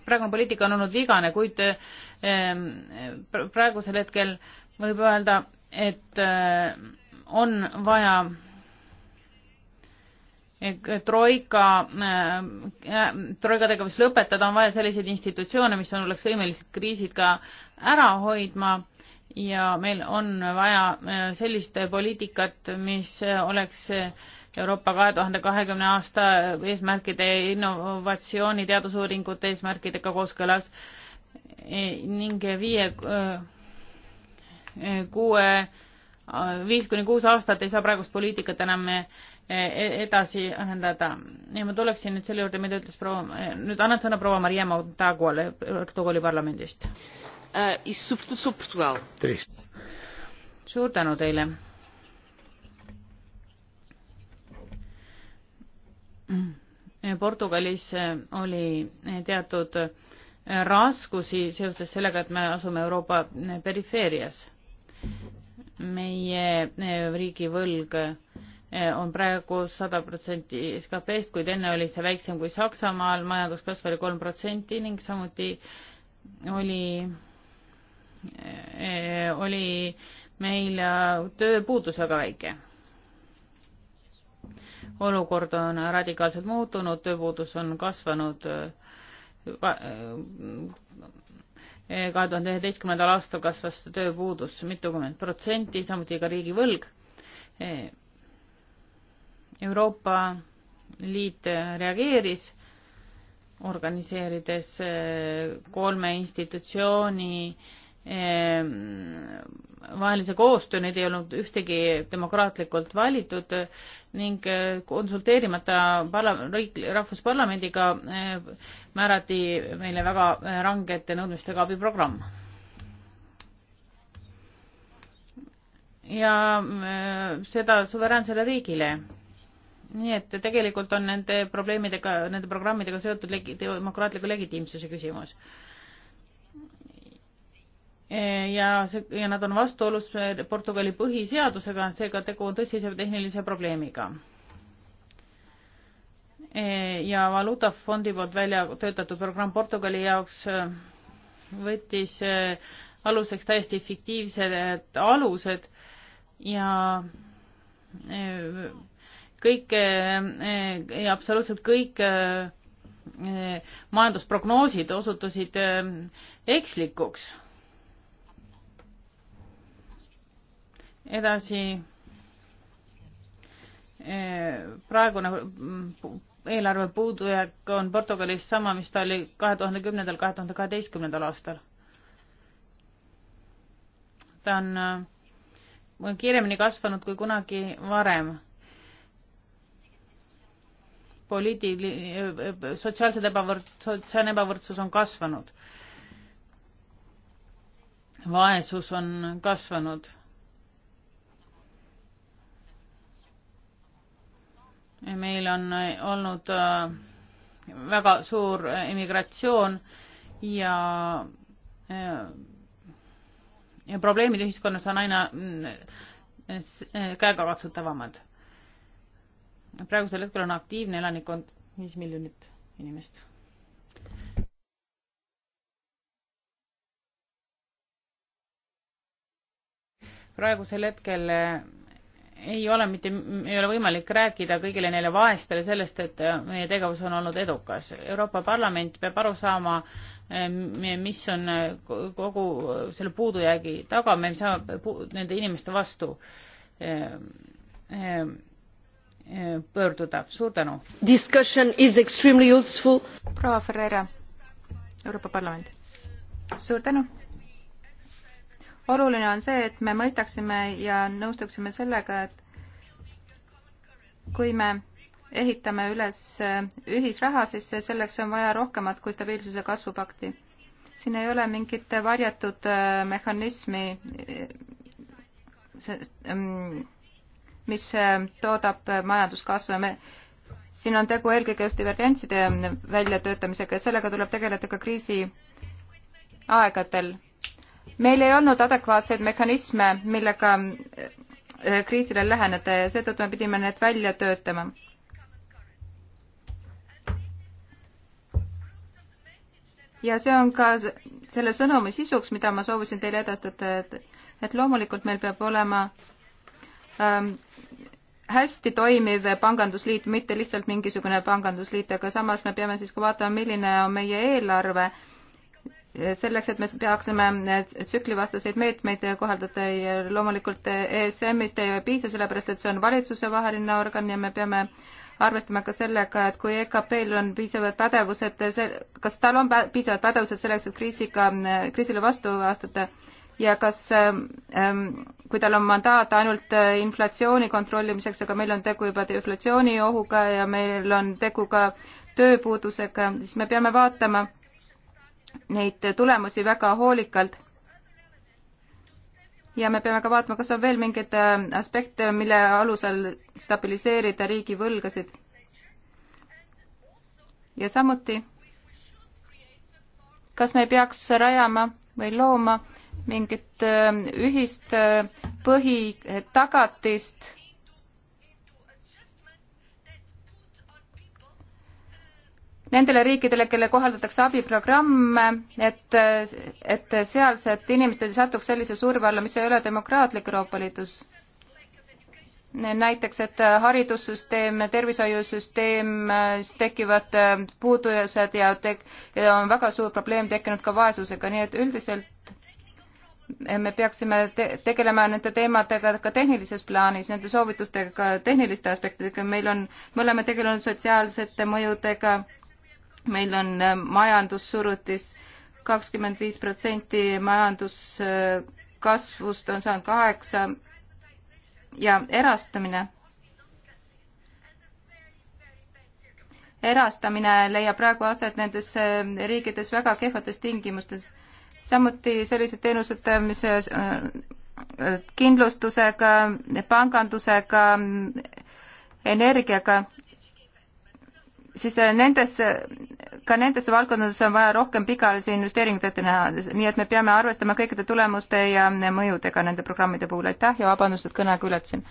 praegune poliitika on olnud vigane, kuid e, praegusel hetkel võib öelda, et äh, on vaja Eh, troika, eh, eh, troika tegevus lõpetada, on vaja selliseid institutsioone, mis on, oleks võimelised kriisid ka ära hoidma ja meil on vaja sellist poliitikat, mis oleks Euroopa kahe tuhande kahekümne aasta eesmärkide innovatsiooni teadusuuringute eesmärkidega kooskõlas ning viie, kuue, viis kuni kuus aastat ei saa praegust poliitikat enam E-, edasi arendada. ja ma tuleksin nüüd selle juurde, mida ütles proua, e, nüüd annan sõna proua Maria Montaguale Portugali parlamendist uh,. suur tänu teile. Portugalis oli teatud raskusi seoses sellega, et me asume Euroopa perifeerias. meie riigivõlg äh, Eh, on praegu sada protsenti SKP-st, kuid enne oli see väiksem kui Saksamaal, majanduskasv oli kolm protsenti ning samuti oli, eh, oli meil eh, tööpuudus väga väike. olukord on radikaalselt muutunud, tööpuudus on kasvanud kahe tuhande üheteistkümnendal aastal kasvas tööpuudus mitukümmend protsenti, samuti ka riigivõlg Euroopa Liit reageeris, organiseerides eh, kolme institutsiooni eh, vahelise koostöö, neid ei olnud ühtegi demokraatlikult valitud ning eh, konsulteerimata parla-, rahvusparlamendiga määrati meile väga rangete nõudmistega abiprogramm. ja seda suveräänsele riigile nii et tegelikult on nende probleemidega, nende programmidega seotud legi-, demokraatliku legitiimsuse küsimus. ja see, ja nad on vastuolus Portugali põhiseadusega, seega tegu on tõsise tehnilise probleemiga. ja Valuutafondi poolt välja töötatud programm Portugali jaoks äh, võttis äh, aluseks täiesti fiktiivsed äh, alused ja kõik ja eh, eh, absoluutselt kõik eh, majandusprognoosid osutusid ekslikuks. edasi, praegune nagu, mm, eelarve puudujääk on Portugalis sama, mis ta oli kahe tuhande kümnendal, kahe tuhande kaheteistkümnendal aastal. ta on kiiremini kasvanud kui kunagi varem poliitiline, sotsiaalsed ebavõrd-, sotsiaalne ebavõrdsus on kasvanud. vaesus on kasvanud. meil on olnud äh, väga suur äh, immigratsioon ja, äh, ja probleemid ühiskonnas on aina mm, käegakatsutavamad praegusel hetkel on aktiivne elanikkond viis miljonit inimest. praegusel hetkel eh, ei ole mitte, ei ole võimalik rääkida kõigile neile vaestele sellest, et eh, meie tegevus on olnud edukas. Euroopa Parlament peab aru saama, eh, mis on kogu selle puudujäägi taga, me ei saa nende inimeste vastu pöörduda. suur tänu. proua Ferreira, Euroopa Parlament. suur tänu. oluline on see, et me mõistaksime ja nõustuksime sellega, et kui me ehitame üles äh, ühisraha, siis selleks on vaja rohkemat kui stabiilsuse kasvupakti. siin ei ole mingit varjatud äh, mehhanismi, äh, sest ähm, mis äh, toodab äh, majanduskasvu. me, siin on tegu eelkõige just divergentside äh, väljatöötamisega ja sellega tuleb tegeleda ka kriisi aegadel. meil ei olnud adekvaatseid mehhanisme, millega kriisile läheneda ja seetõttu me pidime need välja töötama. ja see on ka selle sõnumi sisuks, mida ma soovisin teile edastada, et, et loomulikult meil peab olema ähm, hästi toimiv pangandusliit, mitte lihtsalt mingisugune pangandusliit, aga samas me peame siis ka vaatama, milline on meie eelarve selleks, et me peaksime tsüklivastaseid meetmeid kohaldada ja loomulikult ESM-ist ei piisa, sellepärast et see on valitsusevaheline organ ja me peame arvestama ka sellega, et kui EKP-l on piisavad pädevused, kas tal on piisavad pädevused selleks, et kriisiga, kriisile vastu astuda ja kas, ähm, ähm, kui tal on mandaat ainult äh, inflatsiooni kontrollimiseks, aga meil on tegu juba inflatsiooniohuga ja meil on tegu ka tööpuudusega, siis me peame vaatama neid tulemusi väga hoolikalt ja me peame ka vaatama, kas on veel mingeid äh, aspekte, mille alusel stabiliseerida riigi võlgasid. ja samuti, kas me ei peaks rajama või looma mingit äh, ühist äh, põhitagatist. Nendele riikidele, kelle kohaldatakse abiprogramme, et, et sealsed inimesed ei satuks sellise surve alla, mis ei ole demokraatlik Euroopa Liidus. näiteks, et haridussüsteem, tervishoiusüsteem, äh, siis tekivad puudujääsed ja, te, ja on väga suur probleem tekkinud ka vaesusega, nii et üldiselt me peaksime te tegelema nende teemadega ka tehnilises plaanis, nende soovitustega ka tehniliste aspektidega, meil on, me oleme tegelenud sotsiaalsete mõjudega, meil on äh, majandussurutis kakskümmend viis protsenti majanduskasvust on saanud kaheksa ja erastamine. erastamine leiab praegu aset nendes äh, riikides väga kehvates tingimustes samuti sellised teenused, mis äh, kindlustusega, pangandusega, energiaga, siis äh, nendes, ka nendes valdkondades on vaja rohkem pikaajalisi investeeringuid ette näha, nii et me peame arvestama kõikide tulemuste ja mõjudega nende programmide puhul, aitäh ja vabandust, et kõneaega ületasin.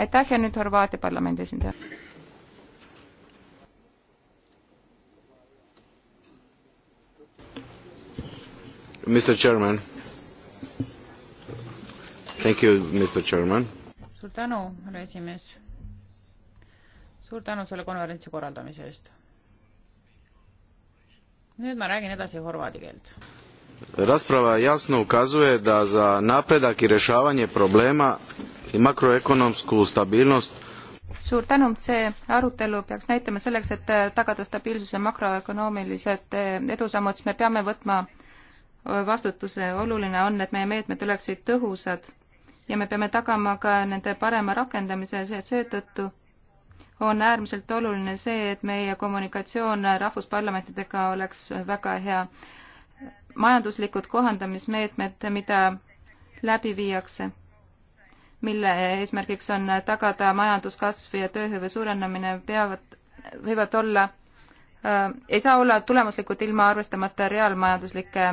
aitäh ja nüüd Horvaatia parlamendi esindaja. Mr Chairman. Thank you, Mr Chairman. suur tänu, härra esimees. suur tänu selle konverentsi korraldamise eest. nüüd ma räägin edasi horvaadi keelt rasprava jasno ukazuje da za napredak i rješavanje problema i makroekonomsku stabilnost suur tänu, see arutelu peaks näitama selleks, et tagada stabiilsuse makroökonoomilised edusammud, siis me peame võtma vastutuse. oluline on, et meie meetmed oleksid tõhusad ja me peame tagama ka nende parema rakendamise, seetõttu on äärmiselt oluline see, et meie kommunikatsioon rahvusparlamentidega oleks väga hea. majanduslikud kohandamismeetmed, mida läbi viiakse, mille eesmärgiks on tagada majanduskasv ja tööhõive suurenemine, peavad, võivad olla äh,, ei saa olla tulemuslikud ilma arvestamata reaalmajanduslike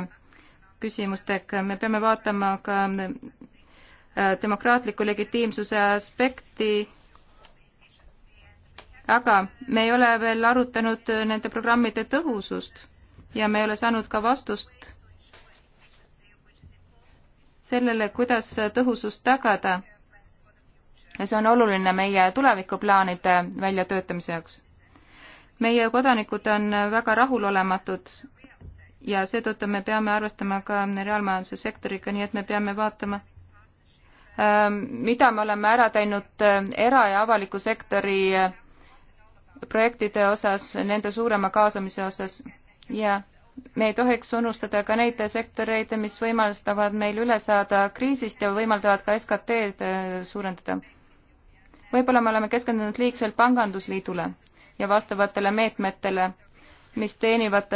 küsimustega, me peame vaatama ka äh, demokraatliku legitiimsuse aspekti, aga me ei ole veel arutanud äh, nende programmide tõhusust ja me ei ole saanud ka vastust sellele, kuidas äh, tõhusust tagada. ja see on oluline meie tulevikuplaanide väljatöötamise jaoks. meie kodanikud on väga rahulolematud ja seetõttu me peame arvestama ka reaalmajanduse sektoriga, nii et me peame vaatama, ähm, mida me oleme ära teinud äh, era- ja avaliku sektori äh, projektide osas, nende suurema kaasamise osas ja me ei tohiks unustada ka neid sektoreid, mis võimaldavad meil üle saada kriisist ja võimaldavad ka SKT-d äh, suurendada. võib-olla me oleme keskendunud liigselt pangandusliidule ja vastavatele meetmetele, mis teenivad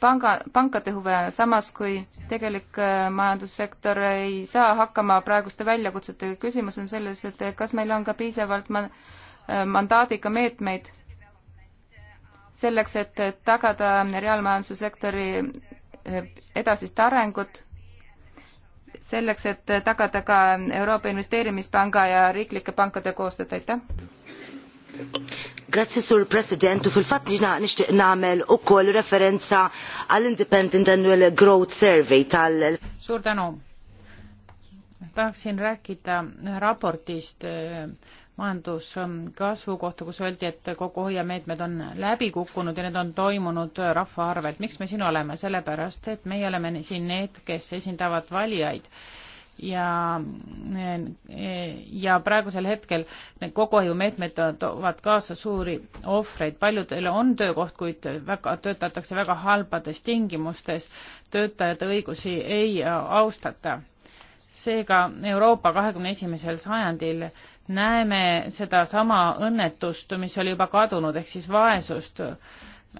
panga, pankade huve, samas kui tegelik äh, majandussektor ei saa hakkama praeguste väljakutsetega. küsimus on selles, et kas meil on ka piisavalt man-, äh, mandaadiga meetmeid selleks, et tagada reaalmajanduse sektori äh, edasist arengut, selleks, et tagada ka Euroopa Investeerimispanga ja riiklike pankade koostööd, aitäh! Grazzi sur President u fil-fatt li nixtieq nagħmel ukoll referenza għall Independent Annual Growth Survey tal Suur tänu. Tahaksin rääkida raportist eh, majanduskasvu eh, kohta, kus öeldi, et kokkuhoiameetmed on läbi kukkunud ja need on toimunud rahva arvelt. miks me siin oleme? sellepärast, et meie oleme siin need, kes esindavad valijaid ja, ja praegusel hetkel need kokkuhoiumeetmed toovad kaasa suuri ohvreid. paljudel on töökoht, kuid väga, töötatakse väga halbades tingimustes, töötajate õigusi ei austata. seega Euroopa kahekümne esimesel sajandil näeme sedasama õnnetust, mis oli juba kadunud, ehk siis vaesust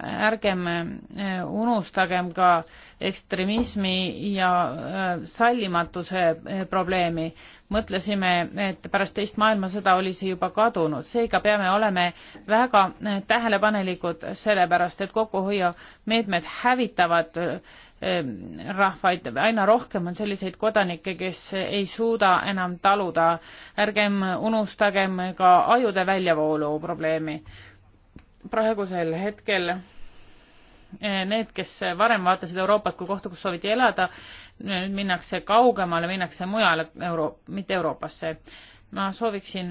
ärgem äh, unustagem ka ekstremismi ja äh, sallimatuse äh, probleemi. mõtlesime, et pärast teist maailmasõda oli see juba kadunud, seega peame olema väga tähelepanelikud, sellepärast et kokkuhoiumeetmed hävitavad rahvaid, aina rohkem on selliseid kodanikke, kes ei suuda enam taluda. ärgem unustagem ka ajude väljavoolu probleemi praegusel hetkel eh, need, kes varem vaatasid Euroopat kui kohta, kus sooviti elada, nüüd minnakse kaugemale, minnakse mujale Euro-, mitte Euroopasse. ma sooviksin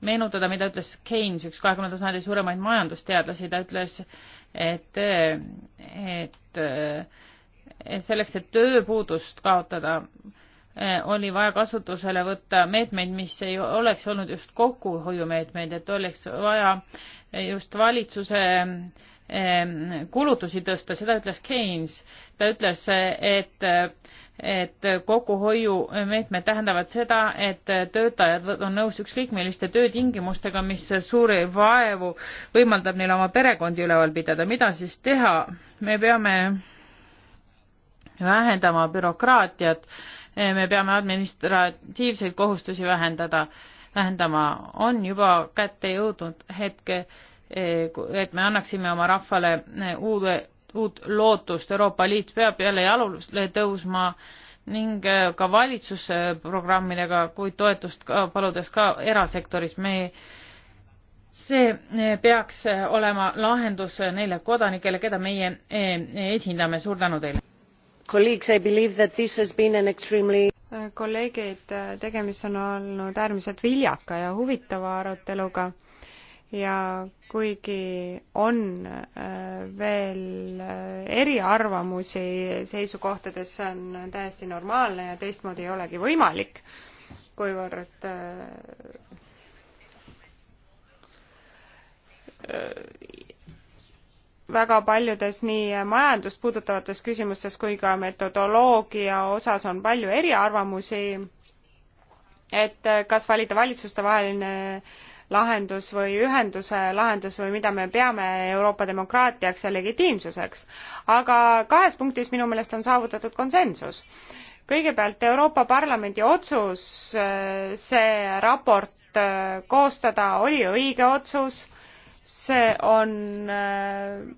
meenutada, mida ütles Keynes, üks kahekümnenda sajandi suuremaid majandusteadlasi, ta ütles, et, et, et selleks, et tööpuudust kaotada, Eh, oli vaja kasutusele võtta meetmeid, mis ei oleks olnud just kokkuhoiumeetmeid, et oleks vaja just valitsuse eh, kulutusi tõsta, seda ütles Keynes. ta ütles, et, et kokkuhoiumeetmed tähendavad seda, et töötajad on nõus ükskõik milliste töötingimustega, mis suuri vaevu võimaldab neil oma perekondi üleval pidada. mida siis teha? me peame vähendama bürokraatiat äh, Eh, me peame administratiivseid kohustusi vähendada, vähendama. on juba kätte jõudnud hetk, eh, et me annaksime oma rahvale eh, uude, uut lootust, Euroopa Liit peab jälle jalule tõusma ning ka valitsusprogrammidega, kuid toetust ka paludes ka erasektoris, me see peaks olema lahendus neile kodanikele, keda meie esindame, suur tänu teile! Extremely... Äh, kolleegid äh, tegemist on olnud äärmiselt viljaka ja huvitava aruteluga ja kuigi on äh, veel eriarvamusi seisukohtades see on täiesti normaalne ja teistmoodi ei olegi võimalik kuivõrd väga paljudes nii majandust puudutavates küsimustes kui ka metodoloogia osas on palju eriarvamusi, et kas valida valitsustevaheline lahendus või ühenduse lahendus või mida me peame Euroopa demokraatiaks ja legitiimsuseks. aga kahes punktis minu meelest on saavutatud konsensus. kõigepealt Euroopa Parlamendi otsus see raport äh, koostada oli õige otsus see on äh,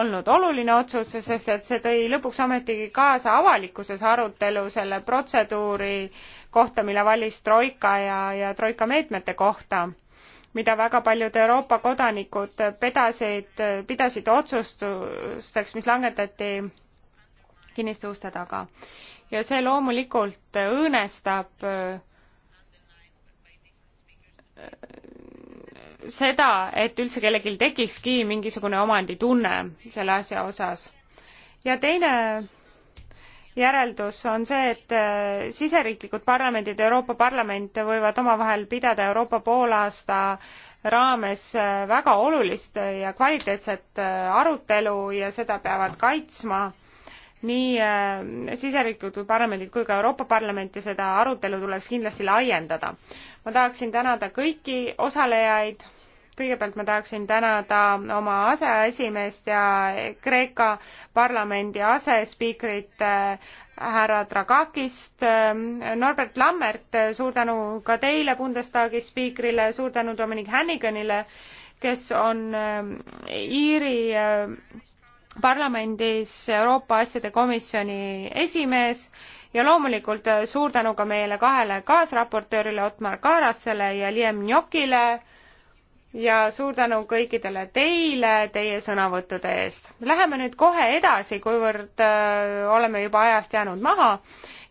olnud oluline otsus, sest et see tõi lõpuks ometigi kaasa avalikkuses arutelu selle protseduuri kohta, mille valis Troika ja, ja Troika meetmete kohta, mida väga paljud Euroopa kodanikud pedasid, pidasid otsustusteks, mis langetati kinniste uste taga. ja see loomulikult õõnestab äh, seda, et üldse kellelgi tekikski mingisugune omanditunne selle asja osas. ja teine järeldus on see, et äh, siseriiklikud parlamendid, Euroopa Parlament võivad omavahel pidada Euroopa poolaasta raames äh, väga olulist ja kvaliteetset äh, arutelu ja seda peavad kaitsma nii äh, siseriiklikud parlamendid kui ka Euroopa Parlament ja seda arutelu tuleks kindlasti laiendada. ma tahaksin tänada kõiki osalejaid, kõigepealt ma tahaksin tänada oma aseesimeest ja Kreeka parlamendi asespiikrit äh, härra Dragakist, äh, Norbert Lammert, suur tänu ka teile, Bundestagi spiikrile, suur tänu Dominic Hanniganile, kes on Iiri parlamendis Euroopa asjade komisjoni esimees ja loomulikult äh, suur tänu ka meile kahele kaasraportöörile Otmar Kaarasele ja Liam Njokile ja suur tänu kõikidele teile teie sõnavõttude eest. Läheme nüüd kohe edasi, kuivõrd äh, oleme juba ajast jäänud maha.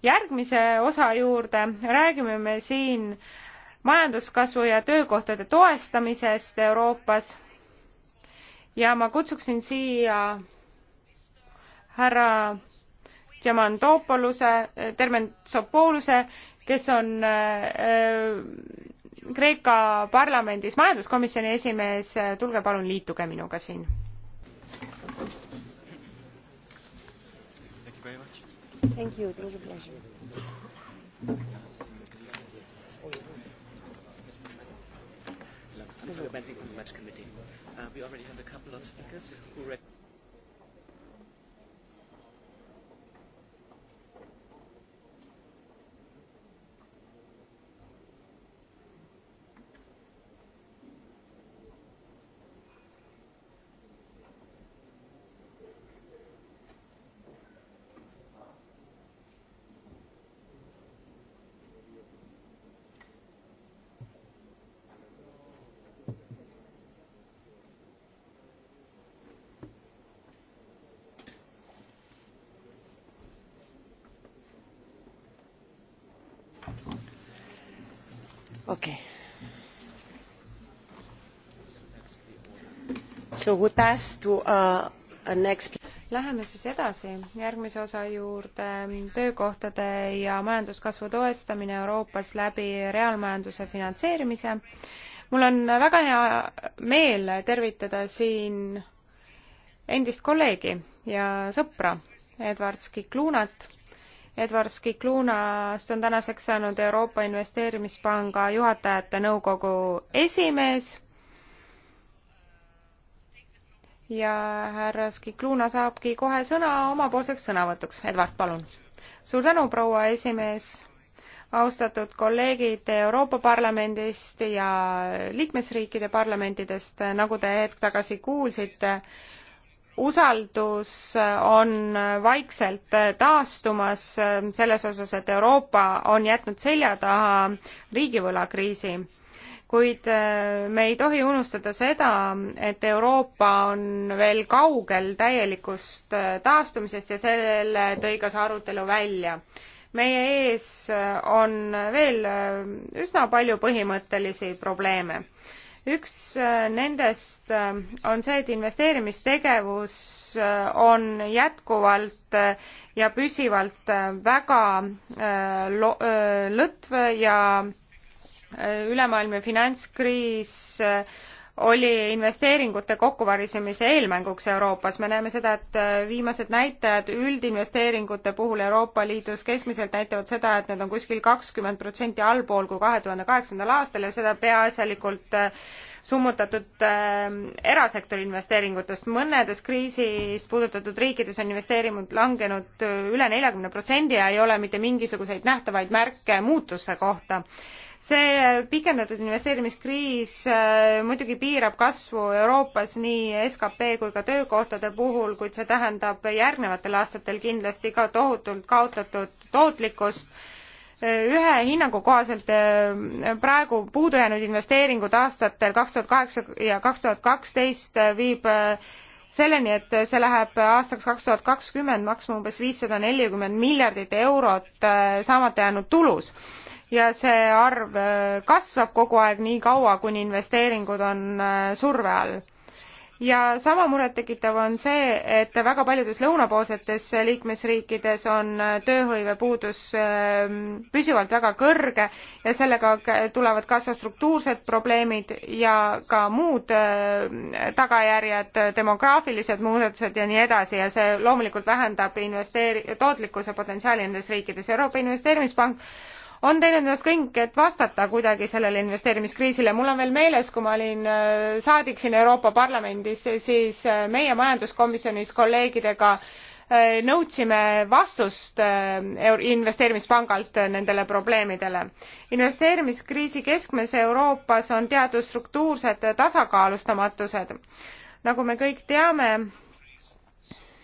järgmise osa juurde räägime me siin majanduskasvu ja töökohtade toestamisest Euroopas. ja ma kutsuksin siia härra Diamantopoluse, Termentsopooluse, kes on äh, Kreeka parlamendis majanduskomisjoni esimees, tulge palun liituge minuga siin. Thank you. It was a pleasure. Much committee. Uh, we already have a couple of speakers who. Okay. So we pass to uh, a next. Läheme siis edasi järgmise osa juurde, töökohtade ja majanduskasvu toestamine Euroopas läbi reaalmajanduse finantseerimise. mul on väga hea meel tervitada siin endist kolleegi ja sõpra Edward Skiklunat Edward Skiklunast on tänaseks saanud Euroopa Investeerimispanga juhatajate nõukogu esimees ja härra Skikluna saabki kohe sõna omapoolseks sõnavõtuks. Edward, palun. suur tänu, proua esimees, austatud kolleegid Euroopa Parlamendist ja liikmesriikide parlamentidest, nagu te hetk tagasi kuulsite, usaldus on vaikselt taastumas selles osas, et Euroopa on jätnud selja taha riigivõlakriisi. kuid äh, me ei tohi unustada seda, et Euroopa on veel kaugel täielikust äh, taastumisest ja selle tõi ka see arutelu välja meie ees on veel äh, üsna palju põhimõttelisi probleeme üks äh, nendest äh, on see, et investeerimistegevus äh, on jätkuvalt ja püsivalt väga lõtv ja ülemaailmne finantskriis oli investeeringute kokkuvarisemise eelmänguks Euroopas. me näeme seda, et äh, viimased näitajad üldinvesteeringute puhul Euroopa Liidus keskmiselt näitavad seda, et need on kuskil kakskümmend protsenti allpool kui kahe tuhande kaheksandal aastal ja seda peaasjalikult äh, summutatud ähm, erasektori investeeringutest. mõnedes kriisist puudutatud riikides on investeeringud langenud äh, üle neljakümne protsendi ja ei ole mitte mingisuguseid nähtavaid märke muutuse kohta see äh, pikendatud investeerimiskriis äh, muidugi piirab kasvu Euroopas nii skp kui ka töökohtade puhul, kuid see tähendab järgnevatel aastatel kindlasti ka tohutult kaotatud tootlikkust. Äh, ühe hinnangu kohaselt praegu puudujäänud investeeringud aastatel kaks tuhat kaheksa ja kaks tuhat kaksteist viib selleni, et see läheb aastaks kaks tuhat kakskümmend maksma umbes viissada nelikümmend miljardit eurot äh, saamata jäänud tulus. ja see arv äh, kasvab kogu aeg nii kaua, kuni investeeringud on äh, surve all ja sama murettekitav on see, et väga paljudes lõunapoolsetes liikmesriikides on äh, tööhõive puudus ähm, püsivalt väga kõrge ja sellega tulevad kaasa struktuursed probleemid ja ka muud äh, tagajärjed, demograafilised muudatused ja nii edasi ja see loomulikult vähendab investeeri-, tootlikkuse potentsiaali nendes riikides. Euroopa Investeerimispank on teinud ennast kõik, et vastata kuidagi sellele investeerimiskriisile. mul on veel meeles, kui ma olin äh, saadik siin Euroopa Parlamendis, siis äh, meie majanduskomisjonis kolleegidega äh, nõudsime vastust investeerimispangalt nendele probleemidele. investeerimiskriisi keskmes Euroopas on teatud struktuursed tasakaalustamatused. nagu me kõik teame,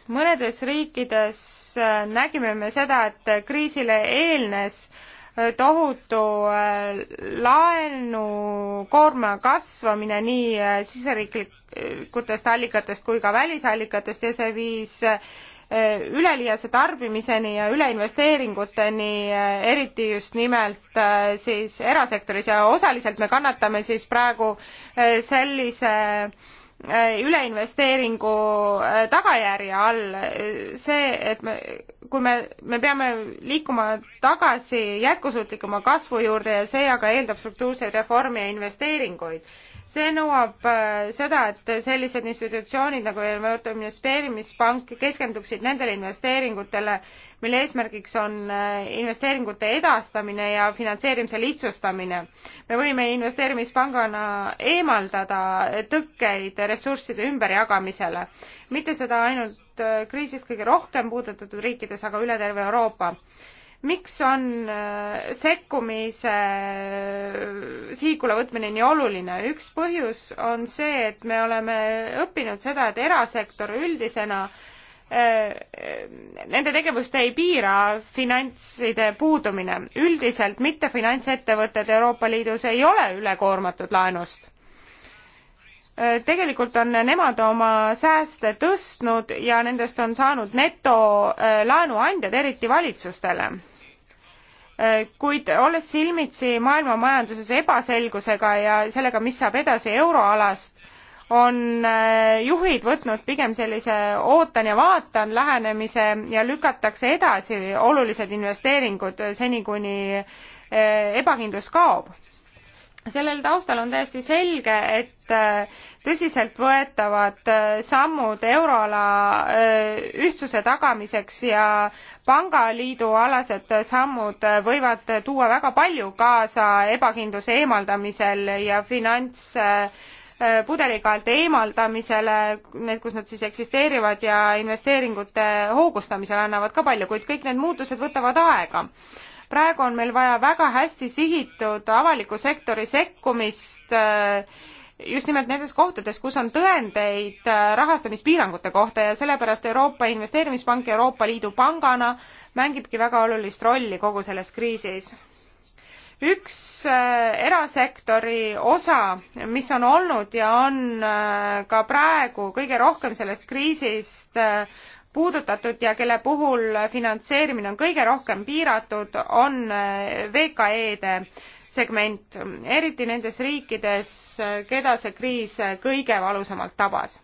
mõnedes riikides nägime me seda, et kriisile eelnes äh, tohutu äh, laenukoorma kasvamine nii äh, siseriiklikutest allikatest kui ka välisallikatest ja see viis äh, üleliiase tarbimiseni ja üleinvesteeringuteni, eriti just nimelt siis erasektoris ja osaliselt me kannatame siis praegu sellise Äh, üleinvesteeringu äh, tagajärje all äh, see, et me, kui me, me peame liikuma tagasi jätkusuutlikuma kasvu juurde ja see aga eeldab struktuurseid reforme ja investeeringuid see nõuab äh, seda, et sellised institutsioonid nagu investeerimispank keskenduksid nendele investeeringutele, mille eesmärgiks on äh, investeeringute edastamine ja finantseerimise lihtsustamine. me võime investeerimispangana eemaldada tõkkeid ressursside ümberjagamisele, mitte seda ainult äh, kriisist kõige rohkem puudutatud riikides, aga üle terve Euroopa miks on äh, sekkumise äh, sihikule võtmine nii oluline? üks põhjus on see, et me oleme õppinud seda, et erasektor üldisena äh, Nende tegevust ei piira finantside puudumine. üldiselt mitte finantsettevõtted Euroopa Liidus ei ole ülekoormatud laenust tegelikult on nemad oma sääste tõstnud ja nendest on saanud netolaenuandjad eriti valitsustele Äh, kuid olles silmitsi maailma majanduses ebaselgusega ja sellega, mis saab edasi euroalast, on äh, juhid võtnud pigem sellise ootan ja vaatan lähenemise ja lükatakse edasi olulised investeeringud seni, kuni äh, ebakindlus kaob sellel taustal on täiesti selge, et äh, tõsiseltvõetavad äh, sammud euroala äh, ühtsuse tagamiseks ja pangaliidu alased sammud võivad tuua väga palju kaasa ebakindluse eemaldamisel ja finants pudelikaelte eemaldamisele, need, kus nad siis eksisteerivad ja investeeringute hoogustamisele annavad ka palju, kuid kõik need muutused võtavad aega praegu on meil vaja väga hästi sihitud avaliku sektori sekkumist äh, just nimelt nendes kohtades, kus on tõendeid äh, rahastamispiirangute kohta ja sellepärast Euroopa Investeerimispank Euroopa Liidu pangana mängibki väga olulist rolli kogu selles kriisis üks äh, erasektori osa, mis on olnud ja on ka praegu kõige rohkem sellest kriisist puudutatud ja kelle puhul finantseerimine on kõige rohkem piiratud, on äh, VKE-de segment, eriti nendes riikides, keda see kriis äh, kõige valusamalt tabas.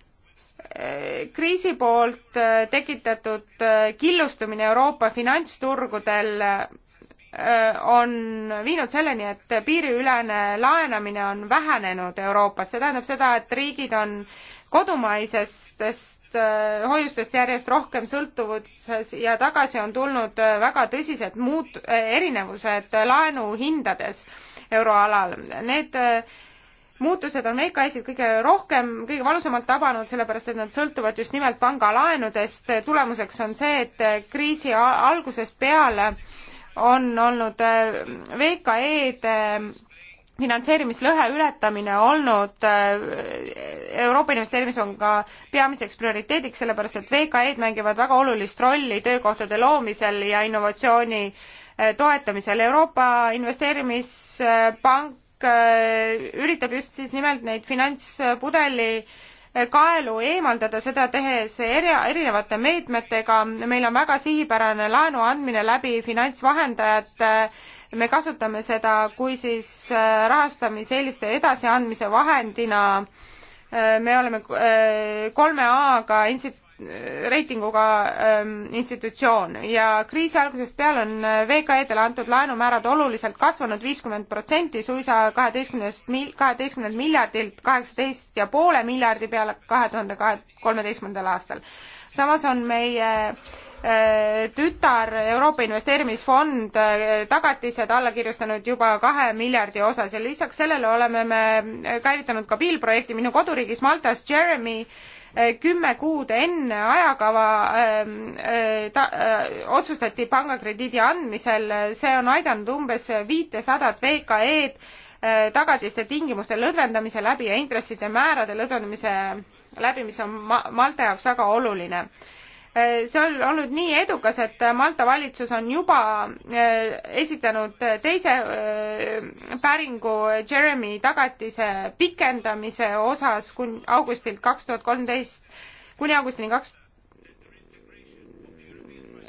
Äh, kriisi poolt tekitatud killustumine Euroopa finantsturgudel on viinud selleni, et piiriülene laenamine on vähenenud Euroopas, see tähendab seda, et riigid on kodumaisestest Äh, hoiustest järjest rohkem sõltuvuses ja tagasi on tulnud äh, väga tõsised muut-, äh, erinevused laenuhindades euroalal. Need muutused on VKS-id kõige rohkem, kõige valusamalt tabanud, sellepärast et nad sõltuvad just nimelt pangalaenudest. tulemuseks on see, et kriisi algusest peale on olnud VKE-de finantseerimislõhe ületamine olnud äh, Euroopa Investeerimispanga peamiseks prioriteediks, sellepärast et VKE-d mängivad väga olulist rolli töökohtade loomisel ja innovatsiooni äh, toetamisel. Euroopa Investeerimispank äh, üritab just siis nimelt neid finantspudeli kaelu eemaldada, seda tehes eri, erinevate meetmetega. meil on väga sihipärane laenu andmine läbi finantsvahendajate äh, me kasutame seda kui siis äh, rahastamiseeliste edasiandmise vahendina. Äh, me oleme äh, kolme A-ga instit-, reitinguga ähm, institutsioon ja kriisi algusest peale on VKE-dele antud laenumäärad oluliselt kasvanud viiskümmend protsenti suisa kaheteistkümnest mil-, kaheteistkümnelt miljardilt kaheksateist ja poole miljardi peale kahe tuhande kahe, kolmeteistkümnendal aastal samas on meie äh, tütar Euroopa Investeerimisfond äh, tagatised alla kirjustanud juba kahe miljardi osas ja lisaks sellele oleme me äh, käivitanud ka piilprojekti minu koduriigis Maltas Jeremy kümme kuud enne ajakava ähm, ta, öö, otsustati pangakrediidi andmisel, see on aidanud umbes viitesadat VKE-d tagatiste tingimuste lõdvendamise läbi ja intresside määrade lõdvendamise läbi, mis on ma Malta jaoks väga oluline äh, see on olnud nii edukas, et Malta valitsus on juba äh, esitanud teise äh, päringu Jeremy tagatise pikendamise osas kuni augustilt kaks tuhat kolmteist kuni augustini kaks,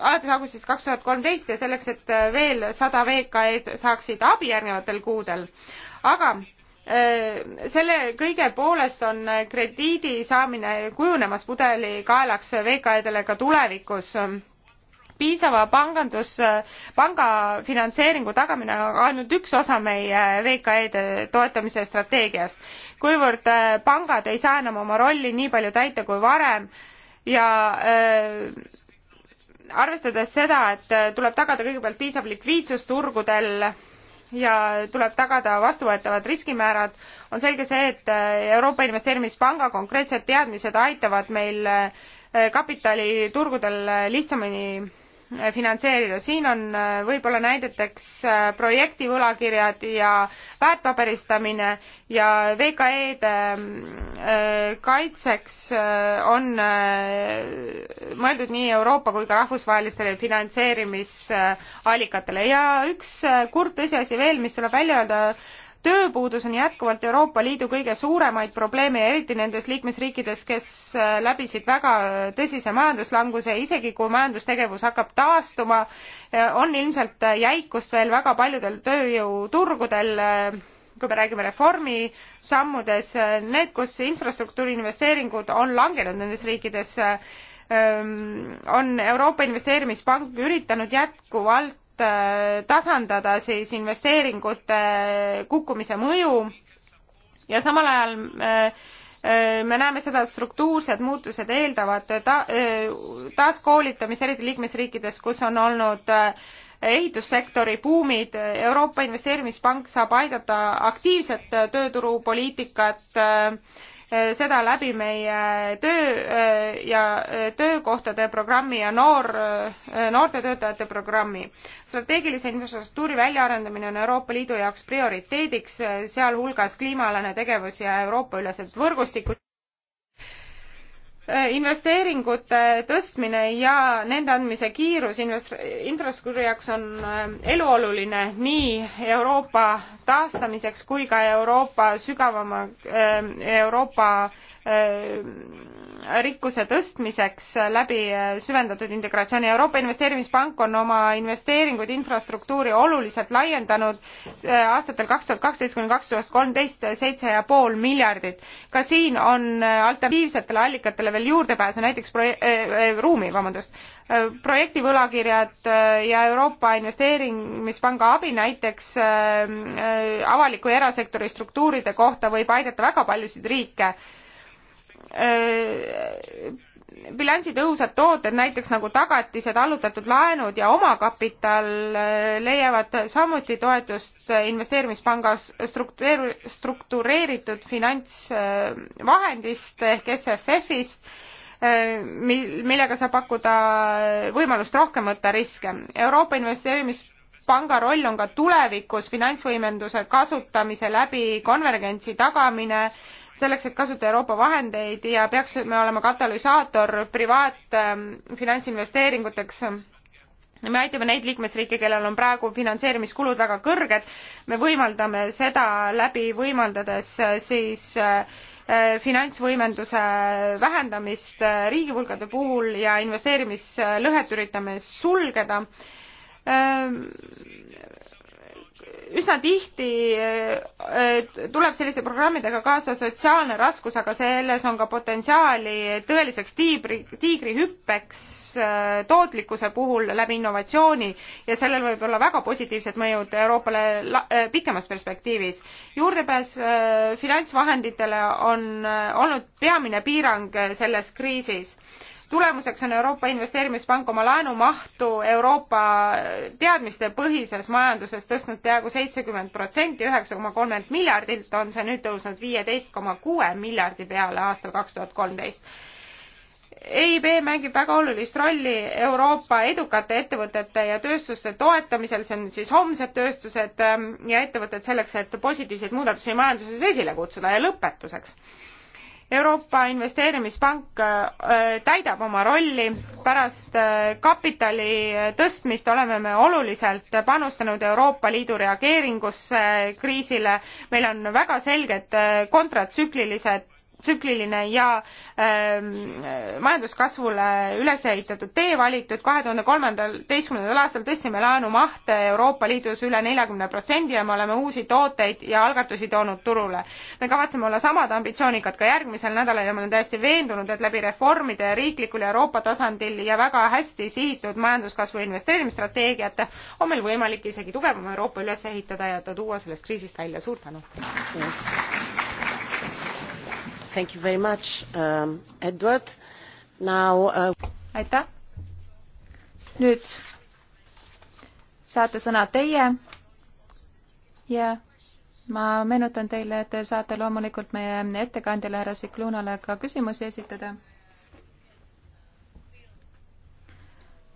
alates augustist kaks tuhat kolmteist ja selleks, et veel sada VKE-d saaksid abi järgnevatel kuudel. aga Äh, selle kõige poolest on äh, krediidi saamine kujunemas pudelikaelaks VKE-dele ka tulevikus. piisava pangandus, äh, panga finantseeringu tagamine on ainult üks osa meie VKE-de toetamise strateegiast. kuivõrd pangad ei saa enam oma rolli nii palju täita kui varem ja öö, arvestades seda, et tuleb tagada kõigepealt piisav likviidsus turgudel ja tuleb tagada vastuvõetavad riskimäärad, on selge see, et äh, Euroopa Investeerimispanga konkreetsed teadmised aitavad meil äh, kapitaliturgudel lihtsamini finantseerida. siin on äh, võib-olla näideteks äh, projekti võlakirjad ja väärtpaberistamine ja VKE-de mm, äh, kaitseks on mõeldud nii Euroopa kui ka rahvusvahelistele finantseerimisallikatele ja üks kurb tõsiasi veel, mis tuleb välja öelda, tööpuudus on jätkuvalt Euroopa Liidu kõige suuremaid probleeme ja eriti nendes liikmesriikides, kes äh, läbisid väga tõsise majanduslanguse, isegi kui majandustegevus hakkab taastuma, äh, on ilmselt äh, jäikust veel väga paljudel tööjõuturgudel kui me räägime reformisammudes, need, kus infrastruktuuri investeeringud on langenud nendes riikides, ähm, on Euroopa Investeerimispank üritanud jätkuvalt et äh, tasandada siis investeeringute kukkumise mõju ja samal ajal äh, äh, me näeme seda, et struktuursed muutused eeldavad ta-, taaskoolitamist, eriti liikmesriikides, kus on olnud ehitussektori buumid, Euroopa Investeerimispank saab aidata aktiivset tööturupoliitikat äh, Äh, seda läbi meie töö äh, ja äh, töökohtade programmi ja noor, noorte töötajate programmi. strateegilise infrastruktuuri väljaarendamine on Euroopa Liidu jaoks prioriteediks, sealhulgas kliimaalane tegevus ja Euroopa-ülesed võrgustikud Äh, investeeringute tõstmine ja nende andmise kiirus infrastruktuuri jaoks on äh, eluoluline nii Euroopa taastamiseks kui ka Euroopa sügavama äh, Euroopa Äh, rikkuse tõstmiseks läbi äh, süvendatud integratsiooni. Euroopa Investeerimispank on oma investeeringuid infrastruktuuri oluliselt laiendanud äh, aastatel kaks tuhat kaksteist kuni kaks tuhat kolmteist seitse ja pool miljardit. ka siin on alternatiivsetele allikatele veel juurdepääsu, näiteks proje- äh,, ruumi, vabandust, projekti võlakirjad ja Euroopa Investeerimispanga abi näiteks äh, avaliku ja erasektori struktuuride kohta võib aidata väga paljusid riike äh, Äh, bilansi tõhusad tooted, näiteks nagu tagatised, allutatud laenud ja omakapital äh, leiavad samuti toetust investeerimispanga struktureer-, struktureeritud finantsvahendist ehk SFF-ist, äh, mil-, millega saab pakkuda võimalust rohkem võtta riske. Euroopa investeerimis- panga roll on ka tulevikus finantsvõimenduse kasutamise läbi konvergentsi tagamine äh, selleks, et kasutada Euroopa vahendeid ja peaksime olema katalüsaator privaatfinantsinvesteeringuteks ähm, äh, me aitame neid liikmesriike, kellel on praegu finantseerimiskulud väga kõrged, me võimaldame seda läbi võimaldades äh, siis äh, äh, finantsvõimenduse vähendamist riigivõlgade puhul ja investeerimislõhet üritame sulgeda. Ähm, üsna tihti tuleb selliste programmidega kaasa sotsiaalne raskus, aga selles on ka potentsiaali tõeliseks tiibri, tiigrihüppeks äh, tootlikkuse puhul läbi innovatsiooni ja sellel võib olla väga positiivsed mõjud Euroopale äh, pikemas perspektiivis. juurdepääs äh, finantsvahenditele on olnud peamine piirang selles kriisis tulemuseks on Euroopa Investeerimispank oma laenumahtu Euroopa teadmistepõhises majanduses tõstnud peaaegu seitsekümmend protsenti, üheksa koma kolmelt miljardilt on see nüüd tõusnud viieteist koma kuue miljardi peale aastal kaks tuhat kolmteist. EIB mängib väga olulist rolli Euroopa edukate ettevõtete ja tööstuste toetamisel, see on nüüd siis homsed tööstused ähm, ja ettevõtted selleks, et positiivseid muudatusi majanduses esile kutsuda ja lõpetuseks Euroopa Investeerimispank äh, täidab oma rolli, pärast äh, kapitali äh, tõstmist oleme me oluliselt panustanud Euroopa Liidu reageeringusse kriisile, meil on väga selged kontratsüklilised tsükliline ja ähm, majanduskasvule üles ehitatud tee valitud. kahe tuhande kolmeteistkümnendal aastal tõstsime laenu mahte Euroopa Liidus üle neljakümne protsendi ja me oleme uusi tooteid ja algatusi toonud turule. me kavatseme olla samad ambitsioonikad ka järgmisel nädalal ja ma olen täiesti veendunud, et läbi reformide riiklikul ja Euroopa tasandil ja väga hästi sihitud majanduskasvu investeerimisstrateegiate on meil võimalik isegi tugevam Euroopa üles ehitada ja ta tuua sellest kriisist välja. suur tänu yes.! Thank you very much um,, Edward. Now uh... aitäh. nüüd saate sõna teie ja ma meenutan teile, et te saate loomulikult meie ettekandjale härra Siklunale ka küsimusi esitada.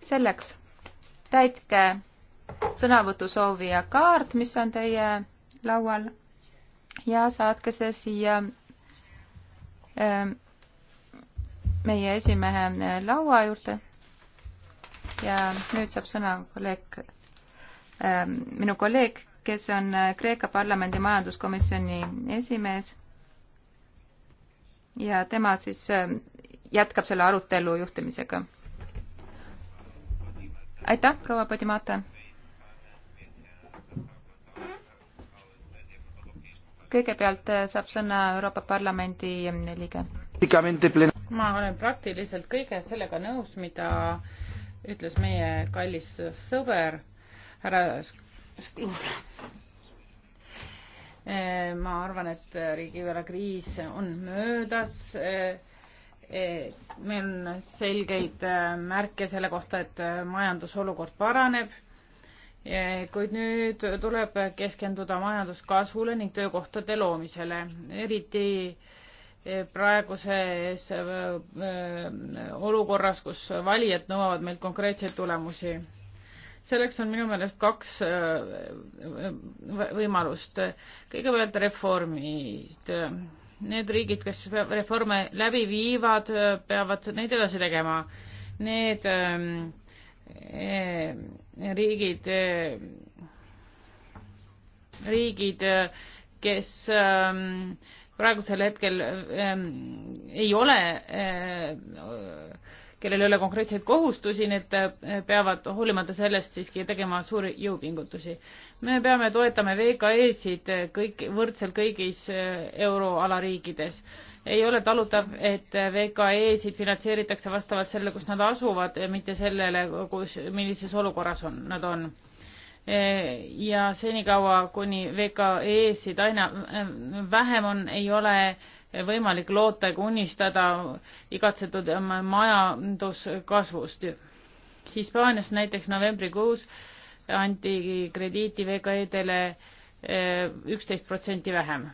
selleks täitke sõnavõtusoovija kaart, mis on teie laual ja saatke see siia Ehm, meie esimehe eh, laua juurde ja nüüd saab sõna kolleeg, ehm, minu kolleeg, kes on eh, Kreeka parlamendi majanduskomisjoni esimees ja tema siis ehm, jätkab selle arutelu juhtimisega. aitäh, proua Padimata! kõigepealt äh, saab sõna Euroopa Parlamendi ähm, liige. ma olen praktiliselt kõige sellega nõus, mida ütles meie kallis sõber härra Skluula. Äh, ma arvan, et riigivõlakriis on möödas äh, meil on selgeid märke selle kohta, et majandusolukord paraneb kuid nüüd tuleb keskenduda majanduskasvule ning töökohtade loomisele, eriti eh, praeguses eh, olukorras, kus valijad nõuavad meilt konkreetseid tulemusi. selleks on minu meelest kaks eh, võimalust. kõigepealt reformid. Need riigid, kes reforme läbi viivad, peavad neid edasi tegema. Need riigid, riigid, kes ähm, praegusel hetkel ähm, ei ole, äh, kellel ei ole konkreetseid kohustusi, need äh, peavad hoolimata sellest siiski tegema suuri jõupingutusi. me peame toetama VKE-sid kõik, võrdselt kõigis äh, euroala riikides ei ole talutav, et VKE-sid finantseeritakse vastavalt sellele, kus nad asuvad, mitte sellele, kus, millises olukorras on, nad on. ja senikaua, kuni VKE-sid aina vähem on, ei ole võimalik loota ega unistada igatsetud majanduskasvust. Hispaanias näiteks novembrikuus anti krediiti VKE-dele eh, üksteist protsenti vähem.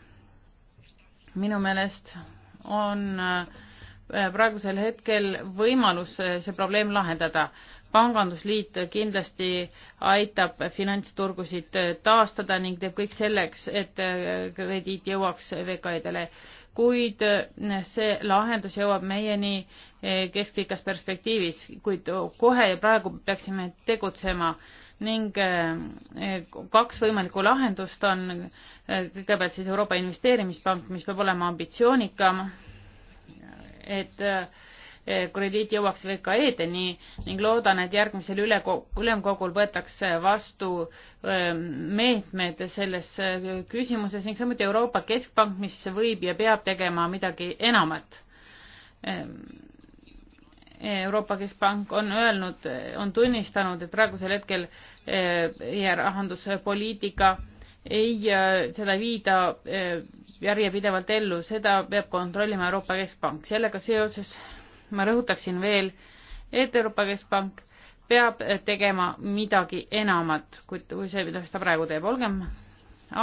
minu meelest on äh, praegusel hetkel võimalus äh, see probleem lahendada. pangandusliit kindlasti aitab finantsturgusid äh, taastada ning teeb kõik selleks, et krediit jõuaks VKE-dele. kuid see lahendus jõuab meieni keskpikas perspektiivis, kuid kohe ja praegu peaksime tegutsema ning eh, eh, kaks võimalikku lahendust on eh, kõigepealt siis Euroopa Investeerimispank, mis peab olema ambitsioonikam, et krediit jõuaks VKE-deni ning loodan, et järgmisel üle, ülemkogul võetakse vastu meetmed selles küsimuses ning samuti Euroopa Keskpank, mis võib ja peab tegema midagi enamat Euroopa Keskpank on öelnud, on tunnistanud, et praegusel hetkel eh, ja rahanduspoliitika ei, eh, seda ei viida eh, järjepidevalt ellu, seda peab kontrollima Euroopa Keskpank. sellega seoses ma rõhutaksin veel, et Euroopa Keskpank peab tegema midagi enamat, kui, kui see, mida ta praegu teeb. olgem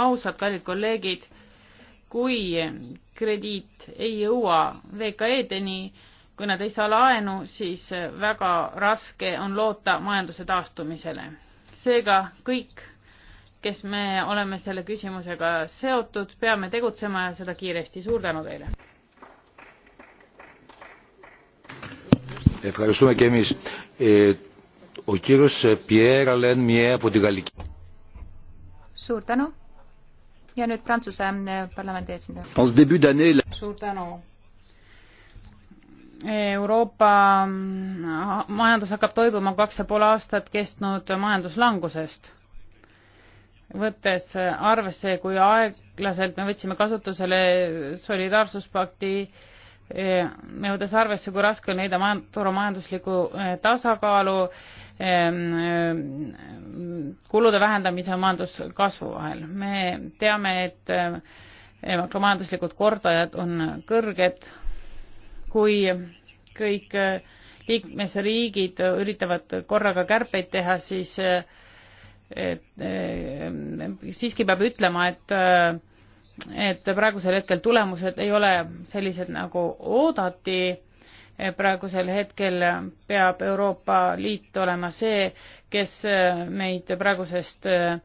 ausad, kallid kolleegid, kui krediit ei jõua VKE-deni, kui nad ei saa laenu, siis väga raske on loota majanduse taastumisele. seega kõik, kes me oleme selle küsimusega seotud, peame tegutsema ja seda kiiresti. suur tänu teile! Ευχαριστούμε και εμείς. Ε, ο κύριος Πιέρ Αλέν Μιέ από τη Γαλλική. Suur tänu. Ja nüüd Prantsuse parlamendi esindaja. Suur tänu Euroopa mm, majandus hakkab toibuma kaks ja pool aastat kestnud majanduslangusest. võttes arvesse, kui aeglaselt me võtsime kasutusele solidaarsuspakti, eh, võttes arvesse, kui raske on leida turumajanduslikku eh, tasakaalu eh, kulude vähendamise ja majanduskasvu vahel. me teame, et makromajanduslikud kordajad on kõrged kui kõik äh, liikmesriigid üritavad korraga kärpeid teha, siis äh, et, äh, siiski peab ütlema, et et praegusel hetkel tulemused ei ole sellised, nagu oodati. praegusel hetkel peab Euroopa Liit olema see, kes meid praegusest äh,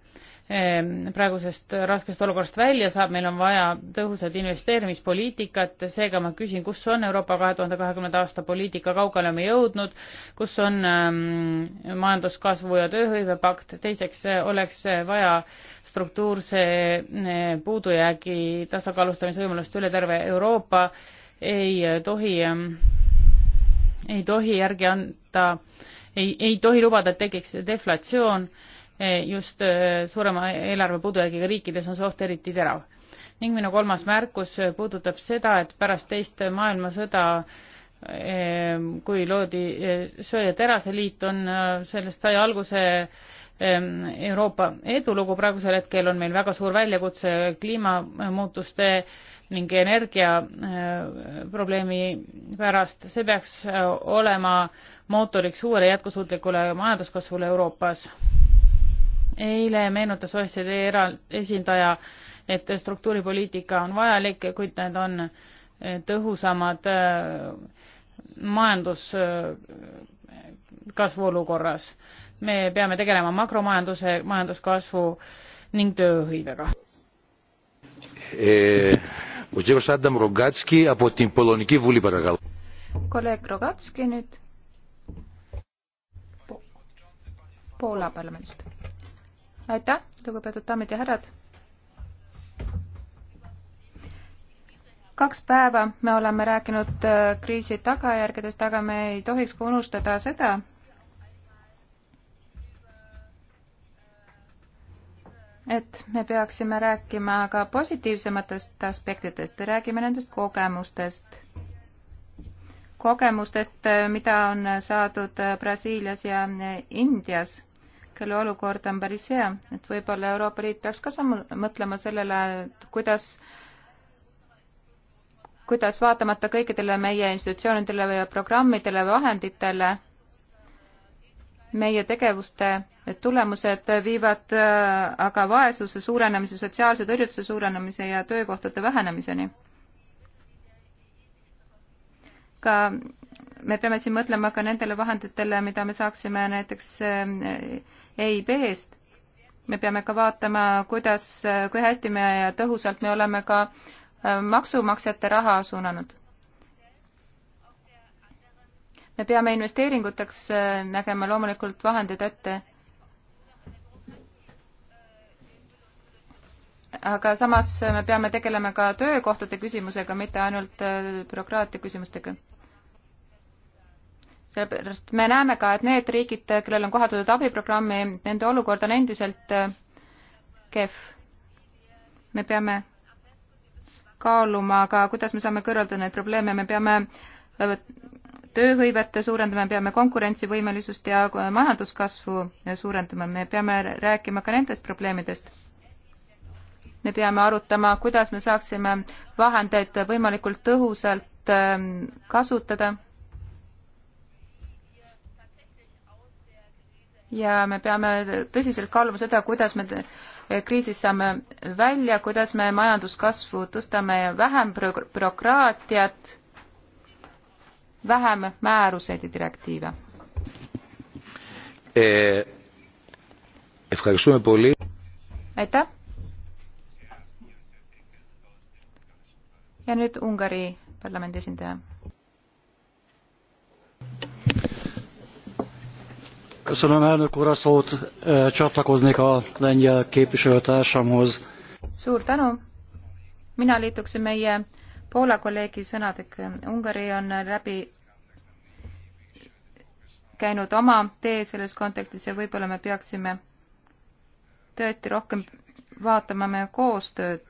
Ehm, praegusest raskest olukorrast välja saab, meil on vaja tõhusat investeerimispoliitikat, seega ma küsin, kus on Euroopa kahe tuhande kahekümnenda aasta poliitika, kaugele me jõudnud, kus on ähm, majanduskasvu ja tööhõivepakt, teiseks eh, oleks vaja struktuurse eh, puudujäägi tasakaalustamise võimalust üle terve Euroopa, ei eh, tohi ähm,, ei tohi järgi anda, ei, ei tohi lubada, et tekiks deflatsioon äh,, just äh, suurema eelarve puudujäägiga riikides on see oht eriti terav. ning minu kolmas märkus äh, puudutab seda, et pärast teist maailmasõda äh, kui loodi söe- ja teraseliit, on, sellest sai alguse ähm, Euroopa edulugu, praegusel hetkel on meil väga suur väljakutse kliimamuutuste ning energiaprobleemi pärast, see peaks olema mootoriks uuele jätkusuutlikule majanduskasvule Euroopas eile meenutas OECD eral-, esindaja, et struktuuripoliitika on vajalik, kuid need on eh, tõhusamad eh, majanduskasvu eh, olukorras. me peame tegelema makromajanduse, majanduskasvu ning tööhõivega eh,. Ο κύριος Άνταμ Ρογκάτσκι από την Πολωνική Βουλή παρακαλώ. Κολέγ Ρογκάτσκι, νιτ. Πολλά παραμελίστε aitäh, lugupeetud daamid ja härrad. kaks päeva me oleme rääkinud äh, kriisi tagajärgedest, aga me ei tohiks ka unustada seda, et me peaksime rääkima ka positiivsematest aspektidest, räägime nendest kogemustest. kogemustest, äh, mida on saadud äh, Brasiilias ja Indias kelle olukord on päris hea, et võib-olla Euroopa Liit peaks ka sama mõtlema sellele, et kuidas kuidas vaatamata kõikidele meie institutsioonidele ja programmidele, vahenditele, meie tegevuste tulemused viivad äh, aga vaesuse suurenemise, sotsiaalse tõrjutuse suurenemise ja töökohtade vähenemiseni. ka me peame siin mõtlema ka nendele vahenditele, mida me saaksime näiteks EIB-st. Eh, e me peame ka vaatama, kuidas, eh, kui hästi me ja tõhusalt me oleme ka eh, maksumaksjate raha suunanud. me peame investeeringuteks nägema loomulikult vahendid ette. aga samas me peame tegelema ka töökohtade küsimusega, mitte ainult bürokraatia küsimustega sellepärast me näeme ka, et need riigid, kellel on kohaldatud abiprogrammi, nende olukord on endiselt äh, kehv. me peame kaaluma ka, kuidas me saame kõrvaldada neid probleeme, me peame äh, tööhõivet suurendama, me peame konkurentsivõimelisust ja majanduskasvu äh, suurendama, me peame rääkima ka nendest probleemidest. me peame arutama, kuidas me saaksime vahendeid võimalikult tõhusalt kasutada ja me peame tõsiselt kaaluma seda, kuidas me kriisist saame välja, kuidas me majanduskasvu tõstame ja vähem bürokraatiat, vähem määruseid ja direktiive. Eh, aitäh. ja nüüd Ungari parlamendi esindaja. Köszönöm elnök úr a szót, csatlakoznék a lengyel képviselőtársamhoz. suur tänu, mina liituksin meie Poola kolleegi sõnadega, Ungari on läbi käinud oma tee selles kontekstis ja võib-olla me peaksime tõesti rohkem vaatama meie koostööd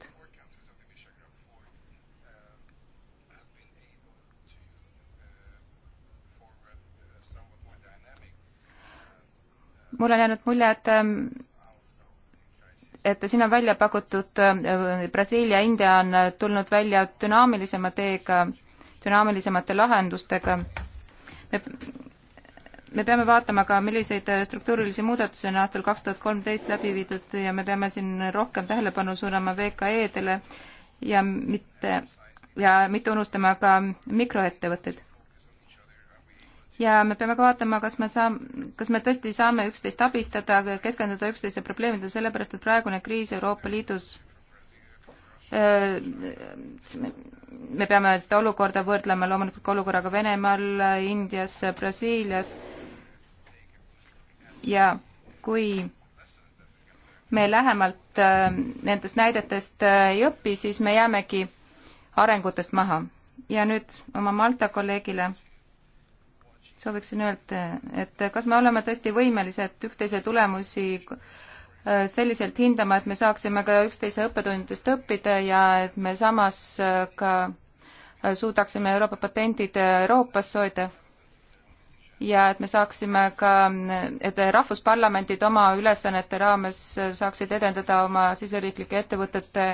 mul on jäänud mulje, et ähm, et siin on välja pakutud, äh, Brasiilia, India on äh, tulnud välja dünaamilisema teega, dünaamilisemate lahendustega. me, me peame vaatama ka, milliseid äh, struktuurilisi muudatusi on aastal kaks tuhat kolmteist läbi viidud ja me peame siin rohkem tähelepanu suunama VKE-dele ja mitte, ja mitte unustama ka mikroettevõtteid ja me peame ka vaatama, kas me saame, kas me tõesti saame üksteist abistada, keskenduda üksteise probleemidele, sellepärast et praegune kriis Euroopa Liidus me peame seda olukorda võrdlema loomulikult ka olukorraga Venemaal, Indias, Brasiilias ja kui me lähemalt nendest näidetest ei õpi, siis me jäämegi arengutest maha. ja nüüd oma Malta kolleegile sooviksin öelda, et kas me oleme tõesti võimelised üksteise tulemusi äh, selliselt hindama, et me saaksime ka üksteise õppetundidest õppida ja et me samas äh, ka äh, suudaksime Euroopa patendid Euroopas hoida ja et me saaksime ka, et rahvusparlamendid oma ülesannete raames saaksid edendada oma siseriiklike ettevõtete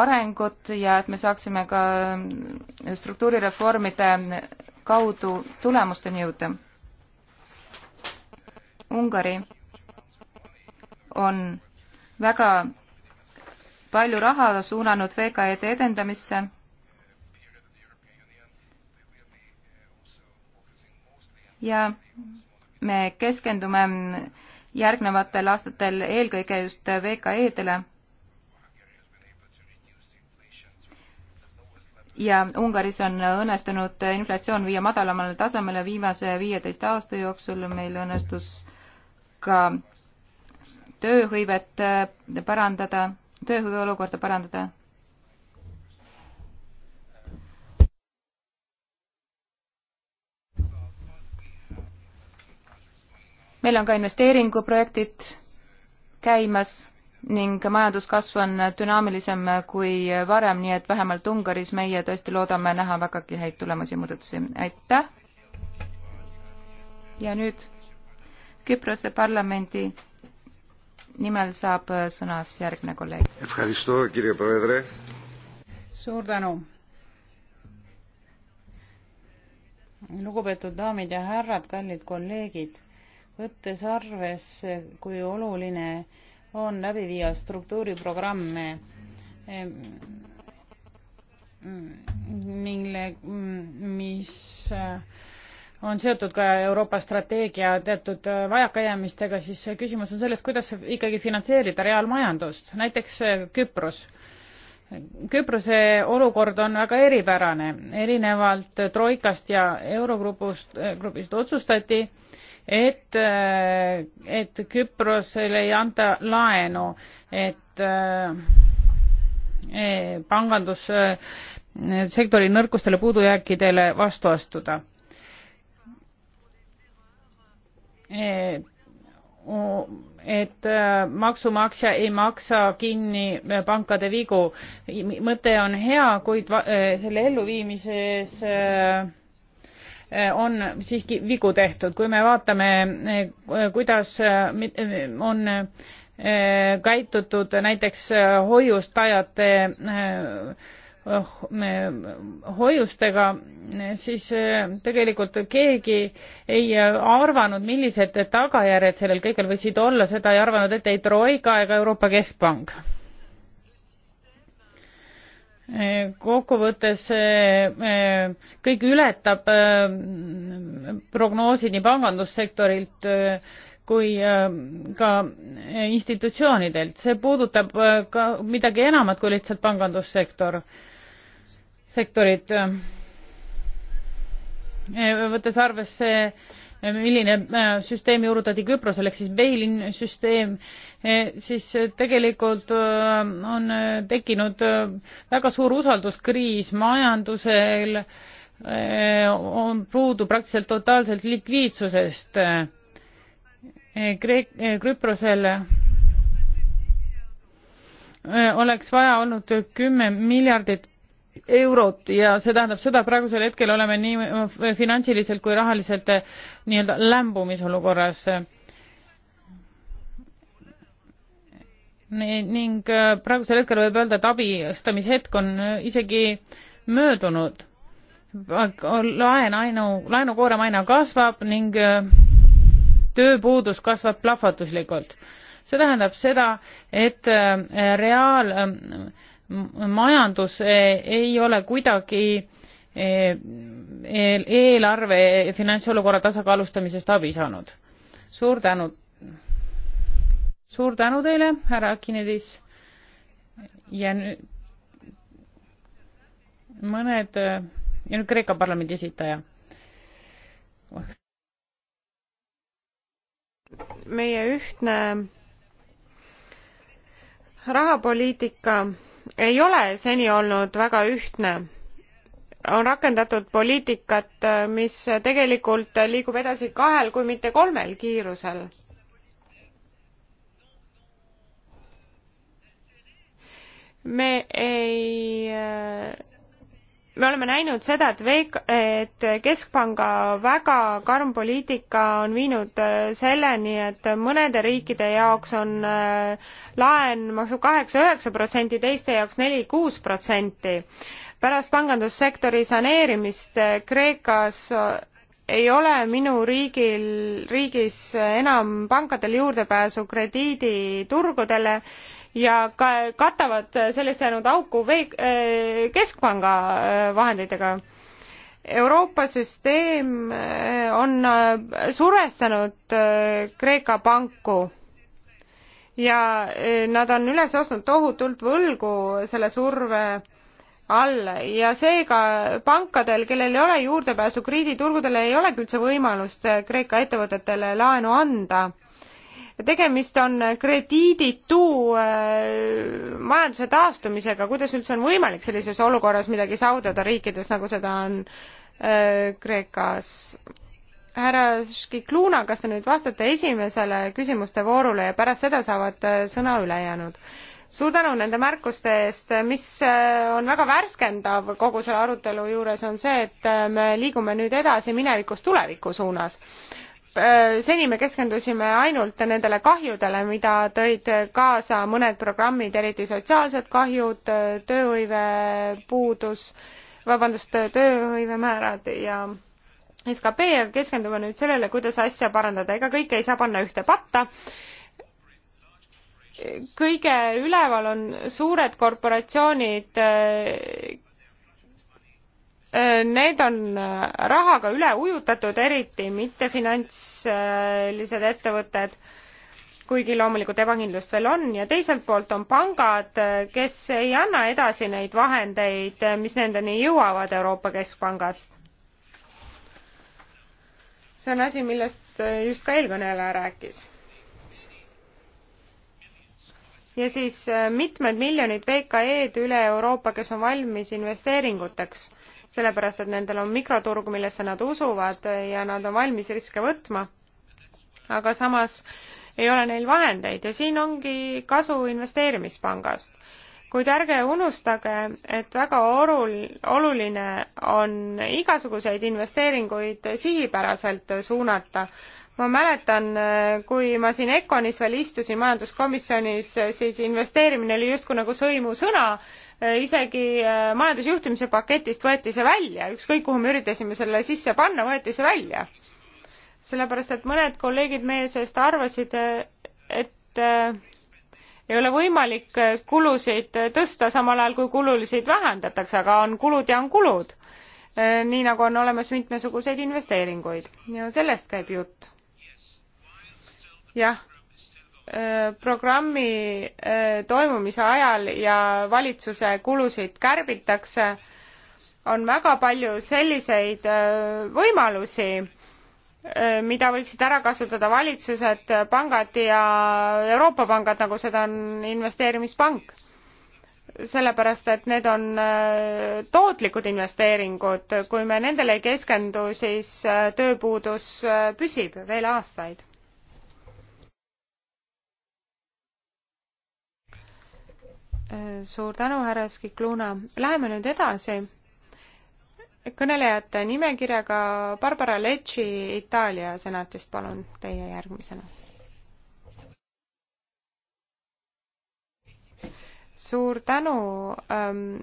arengut ja et me saaksime ka struktuurireformide kaudu tulemusteni jõuda. Ungari on väga palju raha suunanud VKE-de edendamisse ja me keskendume järgnevatel aastatel eelkõige just VKE-dele ja Ungaris on õnnestunud inflatsioon viia madalamale tasemele viimase viieteist aasta jooksul, meil õnnestus ka tööhõivet äh, parandada, tööhõive olukorda parandada. meil on ka investeeringuprojektid käimas ning majanduskasv on dünaamilisem kui varem, nii et vähemalt Ungaris meie tõesti loodame näha vägagi häid tulemusi ja muudatusi. aitäh! ja nüüd Küprose parlamendi nimel saab sõna siis järgmine kolleeg. suur tänu! lugupeetud daamid ja härrad, kallid kolleegid, võttes arvesse, kui oluline on läbi viia struktuuriprogramme mille, mis äh, on seotud ka Euroopa strateegia teatud äh, vajakajäämistega, siis küsimus on selles, kuidas ikkagi finantseerida reaalmajandust, näiteks äh, Küpros. Küprose olukord on väga eripärane, erinevalt Troikast ja Eurogrupust, grupist otsustati et, et Küprosele ei anta laenu, et eh, pangandussektori nõrkustele puudujääkidele vastu astuda. Eh, et eh, maksumaksja ei maksa kinni pankade vigu. mõte on hea, kuid selle elluviimises on siiski vigu tehtud, kui me vaatame, kuidas on eh, käitutud näiteks hoiustajate eh, hoiustega, siis eh, tegelikult keegi ei arvanud, millised tagajärjed sellel kõigel võisid olla, seda ei arvanud ette ei Troika ega Euroopa Keskpank kokkuvõttes eh, eh, kõik ületab eh, prognoosi nii pangandussektorilt kui ka institutsioonidelt. see puudutab ka midagi enamat kui lihtsalt pangandussektor, sektorit. võttes arvesse, milline süsteem juurutati Küprosel ehk siis bail-in süsteem, Eh, siis eh, tegelikult eh, on tekkinud väga suur usalduskriis majandusel, on puudu praktiliselt totaalselt likviidsusest. Kreek-, Küprosel oleks vaja olnud kümme miljardit eurot ja see tähendab seda, praegusel hetkel oleme nii finantsiliselt kui rahaliselt nii-öelda lämbumisolukorras ning äh, praegusel hetkel võib öelda, et abistamishetk on äh, isegi möödunud. laen ainu, laenukoorem aina kasvab ning äh, tööpuudus kasvab plahvatuslikult. see tähendab seda, et reaalmajandus ei ole kuidagi eelarve finantsolukorra tasakaalustamisest abi saanud. suur tänu suur tänu teile, härra Akinidis. ja nüüd mõned äh, ja nüüd Kreeka parlamendi esitaja. meie ühtne rahapoliitika ei ole seni olnud väga ühtne. on rakendatud poliitikat, äh, mis tegelikult liigub edasi kahel, kui mitte kolmel kiirusel me ei äh, me oleme näinud seda, et VK, et Keskpanga väga karm poliitika on viinud äh, selleni, et mõnede riikide jaoks on äh, laen maksab kaheksa-üheksa protsenti, teiste jaoks neli-kuus protsenti. pärast pangandussektori saneerimist Kreekas ei ole minu riigil, riigis enam pankadel juurdepääsu krediiditurgudele ja ka katavad sellest jäänud auku vee- eh, keskpanga eh, vahenditega Euroopa süsteem eh, on surestanud Kreeka panku ja nad on üles ostnud tohutult võlgu selle surve all ja seega pankadel, kellel ei ole juurdepääsu krediiditurgudele, ei olegi üldse võimalust Kreeka ettevõtetele laenu anda tegemist on äh, krediiditu äh, majanduse taastumisega, kuidas üldse on võimalik sellises olukorras midagi saavutada riikides, nagu seda on äh, Kreekas? härra Škikluna, kas te nüüd vastate esimesele küsimuste voorule ja pärast seda saavad sõna ülejäänud? suur tänu nende märkuste eest, mis on väga värskendav kogu selle arutelu juures, on see, et me liigume nüüd edasi minevikust tuleviku suunas Äh, seni me keskendusime ainult nendele kahjudele, mida tõid kaasa mõned programmid, eriti sotsiaalsed kahjud, tööhõive puudus, vabandust, tööhõivemäärad ja skp ja keskendume nüüd sellele, kuidas asja parandada, ega kõike ei saa panna ühte patta. kõige üleval on suured korporatsioonid Need on rahaga üle ujutatud, eriti mittefinantsilised ettevõtted, kuigi loomulikult ebakindlust veel on ja teiselt poolt on pangad, kes ei anna edasi neid vahendeid, mis nendeni jõuavad Euroopa Keskpangast. see on asi, millest just ka eelkõneleja rääkis ja siis mitmed miljonid VKE-d üle Euroopa, kes on valmis investeeringuteks sellepärast et nendel on mikroturg, millesse nad usuvad ja nad on valmis riske võtma. aga samas ei ole neil vahendeid ja siin ongi kasu investeerimispangast. kuid ärge unustage, et väga orul-, oluline on igasuguseid investeeringuid sihipäraselt suunata ma mäletan, kui ma siin Econis veel istusin majanduskomisjonis, siis investeerimine oli justkui nagu sõimusõna, isegi äh, majandusjuhtimise paketist võeti see välja, ükskõik kuhu me üritasime selle sisse panna, võeti see välja. sellepärast, et mõned kolleegid meie seest arvasid, et äh, ei ole võimalik kulusid tõsta samal ajal, kui kulusid vähendatakse, aga on kulud ja on kulud. Äh, nii nagu on olemas mitmesuguseid investeeringuid ja sellest käib jutt jah, äh, programmi äh, toimumise ajal ja valitsuse kulusid kärbitakse, on väga palju selliseid äh, võimalusi, mida võiksid ära kasutada valitsused, pangad ja Euroopa pangad, nagu seda on investeerimispank sellepärast, et need on tootlikud investeeringud, kui me nendele ei keskendu, siis tööpuudus püsib veel aastaid. suur tänu, härra Skikluna. Läheme nüüd edasi kõnelejate nimekirjaga Barbara Lecci Itaalia senatist, palun teie järgmisena. suur tänu ähm,,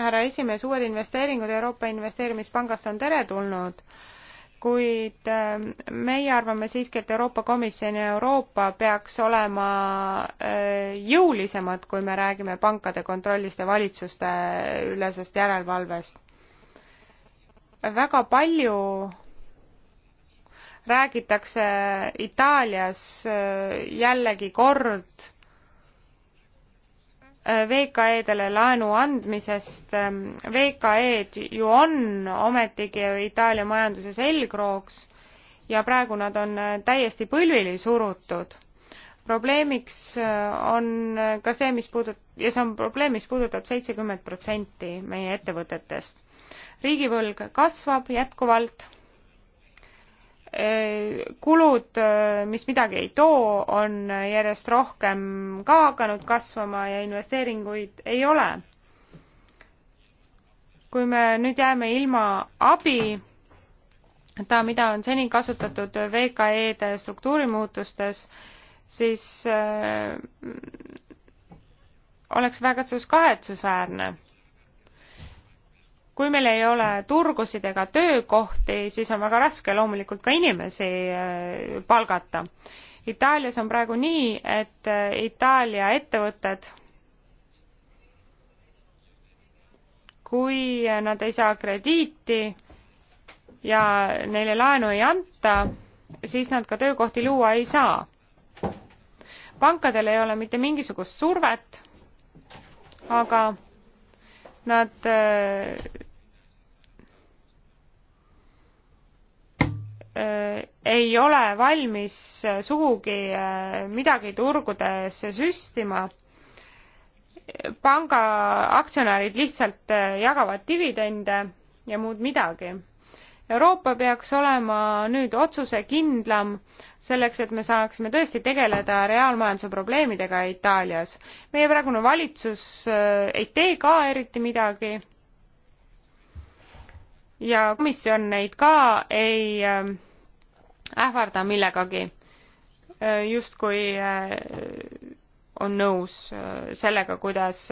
härra esimees, uued investeeringud Euroopa Investeerimispangast on teretulnud äh, kuid ähm, meie arvame siiski, et Euroopa Komisjon ja Euroopa peaks olema äh, jõulisemad, kui me räägime pankade kontrollist ja valitsuste ülesest järelevalvest. väga palju räägitakse Itaalias äh, jällegi kord VKE-dele laenu andmisest. VKE-d ju on ometigi Itaalia majanduse selgrooks ja praegu nad on täiesti põlvili surutud. probleemiks äh, on ka see, mis puudutab, ja see on probleem, mis puudutab seitsekümmend protsenti meie ettevõtetest. riigivõlg kasvab jätkuvalt kulud, mis midagi ei too, on järjest rohkem ka hakanud kasvama ja investeeringuid ei ole. kui me nüüd jääme ilma abi, ta, mida on seni kasutatud VKE-de struktuurimuutustes, siis äh, oleks väga kahetsusväärne kui meil ei ole turgusid ega töökohti, siis on väga raske loomulikult ka inimesi äh, palgata. Itaalias on praegu nii, et äh, Itaalia ettevõtted, kui nad ei saa krediiti ja neile laenu ei anta, siis nad ka töökohti luua ei saa. pankadel ei ole mitte mingisugust survet, aga nad äh, Äh, ei ole valmis äh, sugugi äh, midagi turgudesse süstima. panga aktsionärid lihtsalt jagavad dividende ja muud midagi. Euroopa peaks olema nüüd otsusekindlam selleks, et me saaksime tõesti tegeleda reaalmajanduse probleemidega Itaalias. meie praegune valitsus ei tee ka eriti midagi ja komisjon neid ka ei ähvarda millegagi, äh, justkui äh, on nõus äh, sellega, kuidas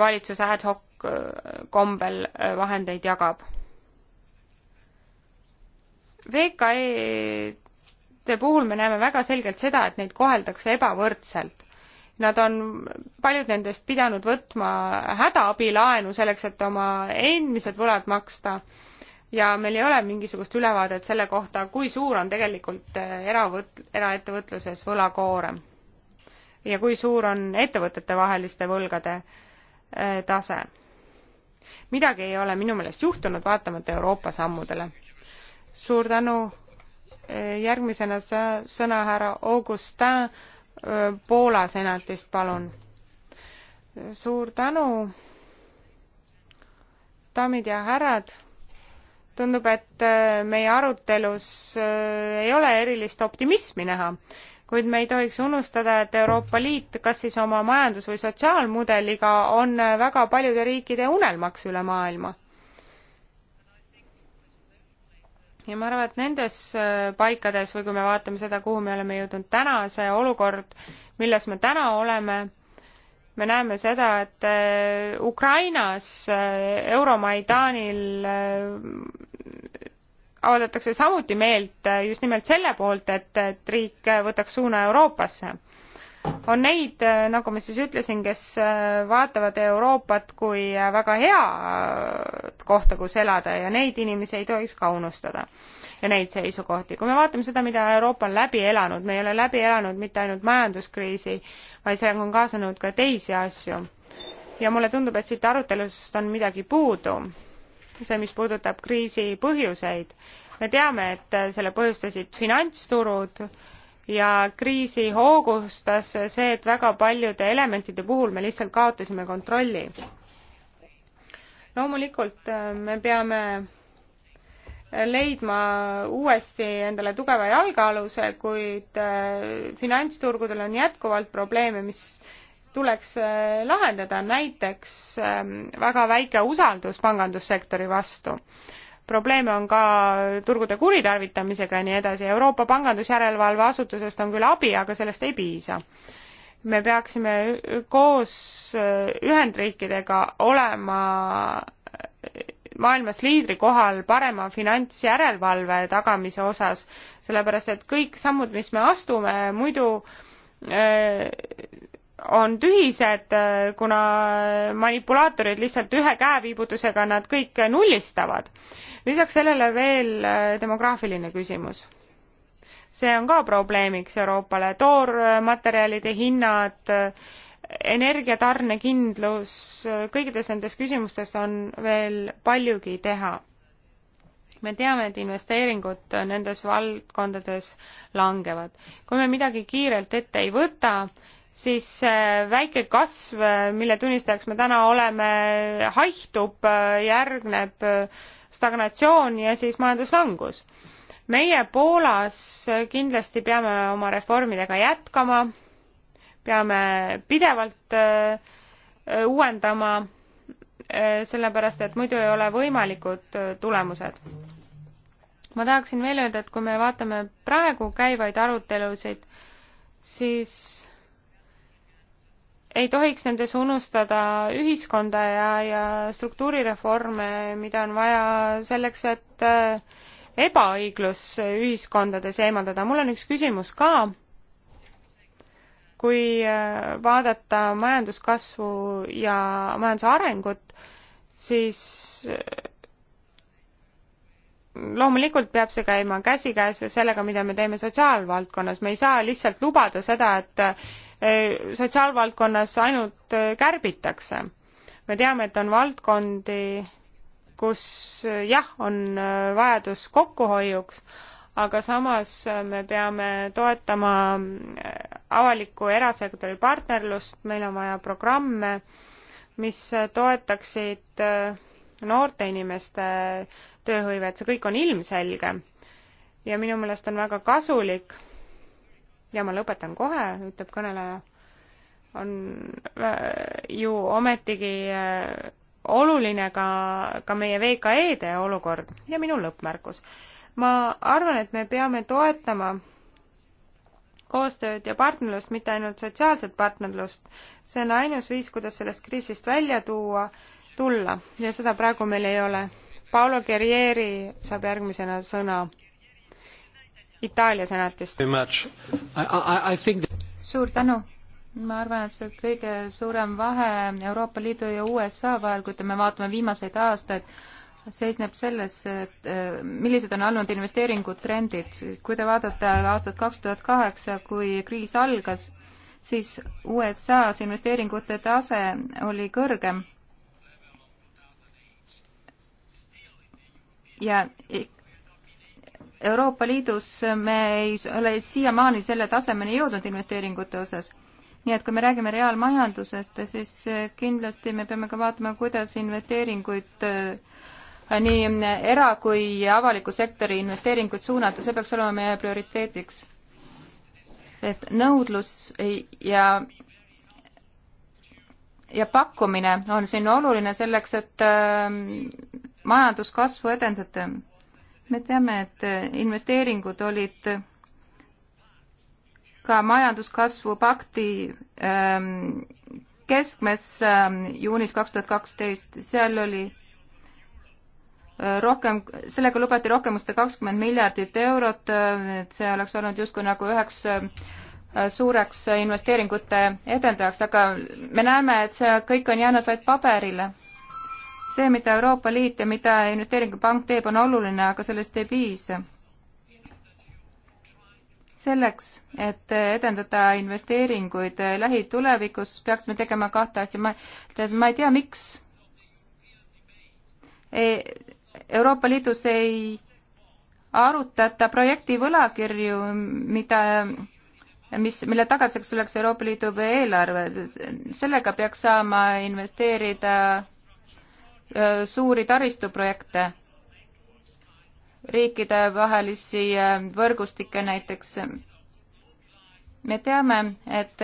valitsus ad hoc kombel vahendeid jagab. VKE-de puhul me näeme väga selgelt seda, et neid koheldakse ebavõrdselt nad on paljud nendest pidanud võtma hädaabilaenu selleks, et oma eelmised võlad maksta ja meil ei ole mingisugust ülevaadet selle kohta, kui suur on tegelikult eh, eravõt-, eraettevõtluses võlakoorem ja kui suur on ettevõtetevaheliste võlgade eh, tase. midagi ei ole minu meelest juhtunud, vaatamata Euroopa sammudele. suur tänu, eh, järgmisena sõna härra Augustin Poola senatist, palun. suur tänu, daamid ja härrad tundub, et äh, meie arutelus äh, ei ole erilist optimismi näha, kuid me ei tohiks unustada, et Euroopa Liit kas siis oma majandus- või sotsiaalmudeliga on äh, väga paljude riikide unelmaks üle maailma. ja ma arvan, et nendes paikades või kui me vaatame seda, kuhu me oleme jõudnud täna, see olukord, milles me täna oleme, me näeme seda, et äh, Ukrainas äh, Euromaidanil äh, avaldatakse samuti meelt just nimelt selle poolt, et, et riik võtaks suuna Euroopasse. on neid, nagu ma siis ütlesin, kes vaatavad Euroopat kui väga head kohta, kus elada ja neid inimesi ei tohiks ka unustada ja neid seisukohti. kui me vaatame seda, mida Euroopa on läbi elanud, me ei ole läbi elanud mitte ainult majanduskriisi, vaid sellega on kaasanud ka teisi asju. ja mulle tundub, et siit arutelust on midagi puudu, see, mis puudutab kriisi põhjuseid. me teame, et selle põhjustasid finantsturud, ja kriisi hoogustas see, et väga paljude elementide puhul me lihtsalt kaotasime kontrolli. loomulikult me peame leidma uuesti endale tugeva jalgealuse, kuid äh, finantsturgudel on jätkuvalt probleeme, mis tuleks äh, lahendada, näiteks ähm, väga väike usaldus pangandussektori vastu. probleeme on ka turgude kuritarvitamisega ja nii edasi, Euroopa pangandusjärelevalve asutusest on küll abi, aga sellest ei piisa me peaksime koos äh, Ühendriikidega olema maailmas liidrikohal parema finantsjärelevalve tagamise osas, sellepärast et kõik sammud, mis me astume, muidu öö, äh, on tühised, äh, kuna manipulaatorid lihtsalt ühe käeviibutusega nad kõik nullistavad. lisaks sellele veel äh, demograafiline küsimus. see on ka probleemiks Euroopale, toormaterjalide hinnad öö, energiatarnekindlus, kõikides nendes küsimustes on veel paljugi teha. me teame, et investeeringud nendes valdkondades langevad. kui me midagi kiirelt ette ei võta, siis väike kasv, mille tunnistajaks me täna oleme, haihtub, järgneb stagnatsioon ja siis majanduslangus. meie Poolas kindlasti peame oma reformidega jätkama peame pidevalt äh, äh, uuendama, äh, sellepärast et muidu ei ole võimalikud tulemused. ma tahaksin veel öelda, et kui me vaatame praegu käivaid arutelusid, siis ei tohiks nendes unustada ühiskonda ja, ja struktuurireforme, mida on vaja selleks, et ebaõiglus ühiskondades eemaldada. mul on üks küsimus ka kui äh, vaadata majanduskasvu ja majanduse arengut, siis äh, loomulikult peab see käima käsikäes sellega, mida me teeme sotsiaalvaldkonnas, me ei saa lihtsalt lubada seda, et äh, sotsiaalvaldkonnas ainult kärbitakse. me teame, et on valdkondi, kus jah, on vajadus kokkuhoiuks, aga samas äh, me peame toetama äh, avaliku erasektori partnerlust, meil on vaja programme, mis äh, toetaksid noorte inimeste tööhõivet, see kõik on ilmselge. ja minu meelest on väga kasulik ja ma lõpetan kohe, ütleb kõneleja, on ju ometigi oluline ka, ka meie VKE-de olukord ja minu lõppmärkus ma arvan, et me peame toetama koostööd ja partnerlust, mitte ainult sotsiaalset partnerlust. see on ainus viis, kuidas sellest kriisist välja tuua, tulla ja seda praegu meil ei ole. Paolo Guerrieri saab järgmisena sõna Itaalia senatist. suur tänu. ma arvan, et see kõige suurem vahe Euroopa Liidu ja USA vahel, kui me vaatame viimaseid aastaid, seisneb selles, et äh, millised on olnud investeeringutrendid. kui te vaatate aastat kaks tuhat kaheksa, kui kriis algas, siis USA-s investeeringute tase oli kõrgem ja e-, Euroopa Liidus me ei ole siiamaani selle tasemeni jõudnud investeeringute osas. nii et kui me räägime reaalmajandusest, siis kindlasti me peame ka vaatama, kuidas investeeringuid äh, nii era- kui avaliku sektori investeeringuid suunata, see peaks olema meie prioriteediks. et nõudlus ja ja pakkumine on siin oluline selleks, et äh, majanduskasvu edendada. me teame, et investeeringud olid ka majanduskasvu pakti ähm, keskmes ähm, juunis kaks tuhat kaksteist, seal oli rohkem, sellega lubati rohkem seda kakskümmend miljardit eurot, et see oleks olnud justkui nagu üheks äh, suureks investeeringute edendajaks, aga me näeme, et see kõik on jäänud vaid paberile. see, mida Euroopa Liit ja mida investeeringupank teeb, on oluline, aga sellest ei piisa. selleks, et edendada investeeringuid lähitulevikus, peaksime tegema kahte asja, ma, ma ei tea, miks ei, Euroopa Liidus ei arutata projekti võlakirju, mida, mis, mille tagatiseks oleks Euroopa Liidu eelarve, sellega peaks saama investeerida suuri taristuprojekte, riikidevahelisi võrgustikke näiteks. me teame, et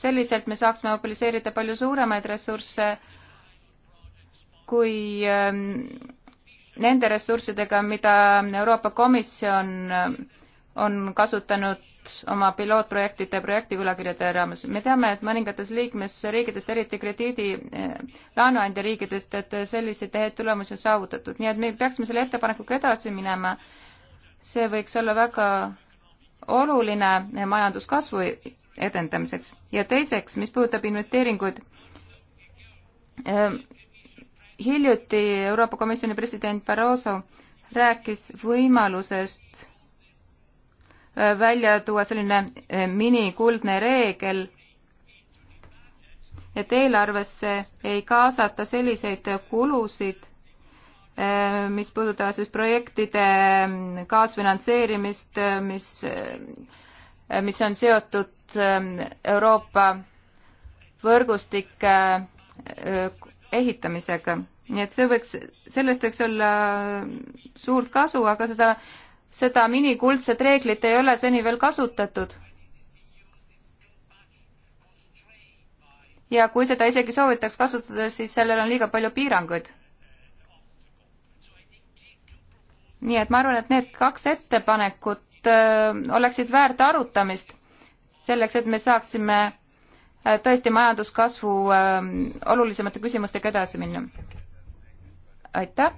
selliselt me saaksime mobiliseerida palju suuremaid ressursse kui nende ressurssidega, mida Euroopa Komisjon äh, on kasutanud oma pilootprojektide projektivõlakirjade raames. me teame, et mõningates liikmesriikidest, eriti krediidi äh, laenuandja riikidest, et selliseid häid tulemusi on saavutatud, nii et me peaksime selle ettepanekuga edasi minema. see võiks olla väga oluline majanduskasvu edendamiseks ja teiseks, mis puudutab investeeringuid, äh, hiljuti Euroopa Komisjoni president Barroso rääkis võimalusest äh, välja tuua selline äh, minikuldne reegel, et eelarvesse ei kaasata selliseid kulusid, äh, mis puudutavad siis projektide kaasfinantseerimist, mis, mis on seotud Euroopa võrgustike ehitamisega. nii et see võiks, sellest võiks olla suurt kasu, aga seda, seda minikuldset reeglit ei ole seni veel kasutatud. ja kui seda isegi soovitaks kasutada, siis sellel on liiga palju piiranguid. nii et ma arvan, et need kaks ettepanekut öö, äh, oleksid väärt arutamist selleks, et me saaksime Äh, tõesti majanduskasvu ähm, olulisemate küsimustega edasi minna. aitäh,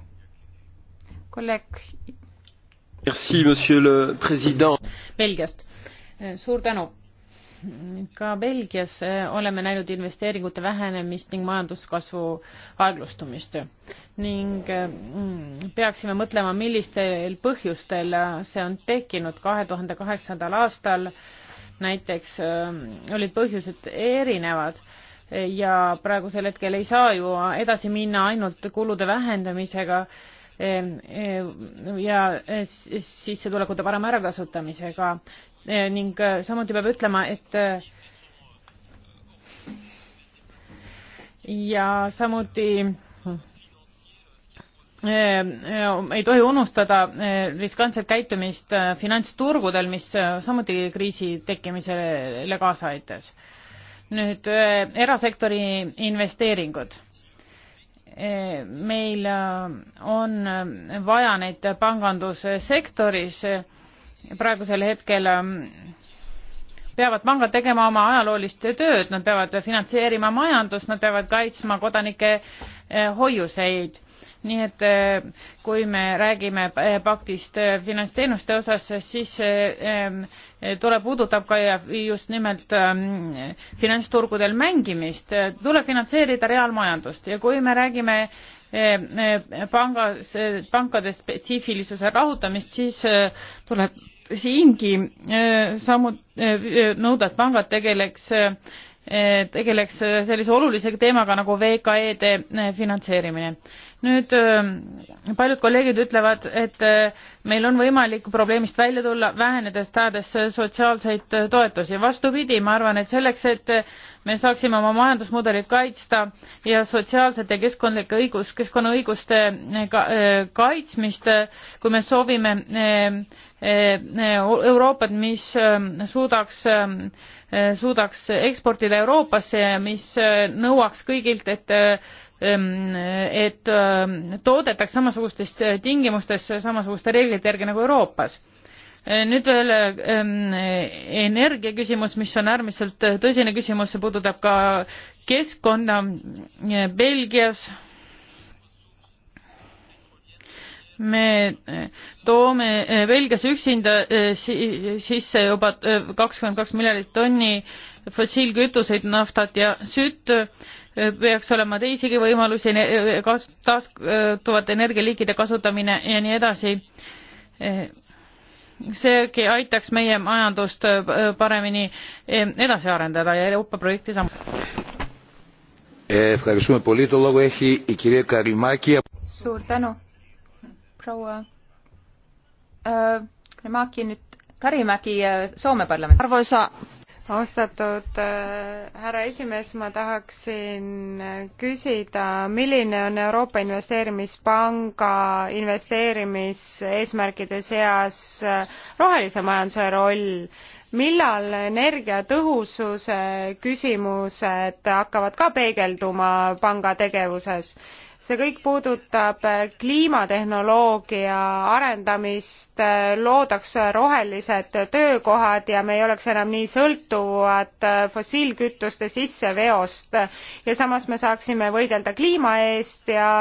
kolleeg. Merci, monsieur le president. Belgiast, äh, suur tänu. ka Belgias äh, oleme näinud investeeringute vähenemist ning majanduskasvu aeglustumist ning mm, peaksime mõtlema, millistel põhjustel see on tekkinud. kahe tuhande kaheksandal aastal näiteks ähm, olid põhjused erinevad ja praegusel hetkel ei saa ju edasi minna ainult kulude vähendamisega ähm, ähm, ja äh, sissetulekute parema ärakasutamisega äh, ning äh, samuti peab ütlema, et ja samuti Ehm, ei tohi unustada eh, riskantset käitumist eh, finantsturgudel, mis eh, samuti kriisi tekkimisele kaasa aitas. nüüd erasektori investeeringud. meil on vaja neid pangandussektoris, praegusel hetkel peavad pangad tegema oma ajaloolist tööd, nad peavad finantseerima majandust, nad peavad kaitsma kodanike hoiuseid nii et eh, kui me räägime eh, paktist eh, finantsteenuste osas, siis tuleb, puudutab ka just nimelt finantsturgudel mängimist, tuleb finantseerida reaalmajandust ja kui me räägime pangas, pankade spetsiifilisuse rahutamist, siis tuleb siingi samu, nõuda, et pangad tegeleks tegeleks sellise olulise teemaga nagu VKE-de finantseerimine nüüd ähm, paljud kolleegid ütlevad, et äh, meil on võimalik probleemist välja tulla, vähenedes, saades sotsiaalseid äh, toetusi. vastupidi, ma arvan, et selleks, et äh, me saaksime oma majandusmudelit kaitsta ja sotsiaalsete keskkondlike õigus, keskkonnaõiguste ka, kaitsmist, kui me soovime Euroopat, mis ähm, suudaks ähm, Äh, suudaks eksportida Euroopasse ja mis äh, nõuaks kõigilt, et äh, ähm, et toodetaks samasugustes tingimustes samasuguste reeglite järgi nagu Euroopas. nüüd veel ähm, energiaküsimus, mis on äärmiselt tõsine küsimus, see puudutab ka keskkonda Belgias me eh, toome eh, Belgias üksinda eh, sisse juba kakskümmend kaks miljardit tonni fossiilkütuseid, naftat ja sütt, peaks olema teisigi võimalusi, kas-, taastuvate energialiikide kasutamine ja nii edasi. seegi aitaks meie majandust paremini edasi arendada ja Euroopa projekti samuti. suur tänu proua äh, Karimaki nüüd, Karimägi äh, Soome parlamendi. arvoisa austatud äh, härra esimees, ma tahaksin äh, küsida, milline on Euroopa Investeerimispanga investeerimiseesmärkide seas rohelise majanduse roll? millal energiatõhususe küsimused hakkavad ka peegelduma panga tegevuses? see kõik puudutab äh, kliimatehnoloogia arendamist, äh, loodaks rohelised töökohad ja me ei oleks enam nii sõltuvad äh, fossiilkütuste sisseveost ja samas me saaksime võidelda kliima eest ja,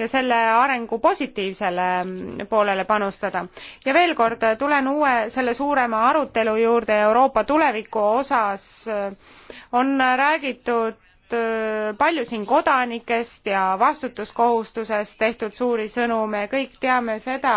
ja selle arengu positiivsele mm, poolele panustada. ja veel kord tulen uue, selle suurema arutelu juurde Euroopa tuleviku osas on räägitud olnud äh, palju siin kodanikest ja vastutuskohustusest tehtud suuri sõnu me kõik teame seda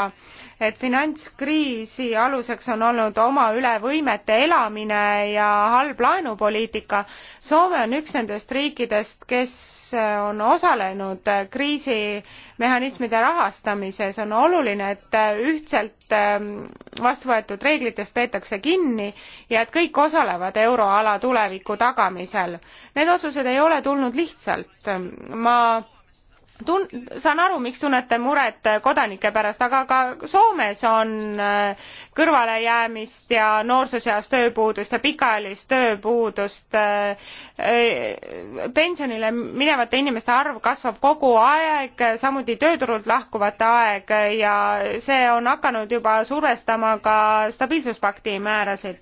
et finantskriisi aluseks on olnud oma üle võimete elamine ja halb laenupoliitika. Soome on üks nendest riikidest, kes on osalenud kriisimehhanismide rahastamises. on oluline, et ühtselt ähm, vastu võetud reeglitest peetakse kinni ja et kõik osalevad euroala tuleviku tagamisel. Need otsused ei ole tulnud lihtsalt. ma tun-, saan aru, miks tunnete muret kodanike pärast, aga ka Soomes on äh, kõrvalejäämist ja noorsooseas tööpuudust ja pikaajalist tööpuudust. Äh, äh, pensionile minevate inimeste arv kasvab kogu aeg, samuti tööturult lahkuvate aeg ja see on hakanud juba survestama ka stabiilsuspakti määrasid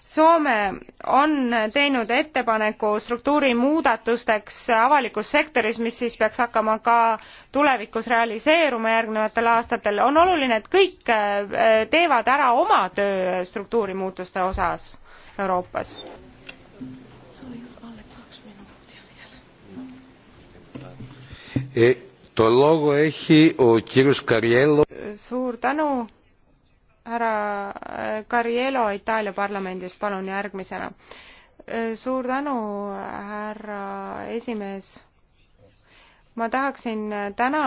Soome on teinud ettepaneku struktuurimuudatusteks avalikus sektoris, mis siis peaks hakkama ka tulevikus realiseeruma järgnevatel aastatel. on oluline, et kõik äh, teevad ära oma töö struktuurimuutuste osas Euroopas. suur tänu härra äh, Carriello Itaalia parlamendist, palun järgmisena. Äh, suur tänu, härra esimees. ma tahaksin äh, täna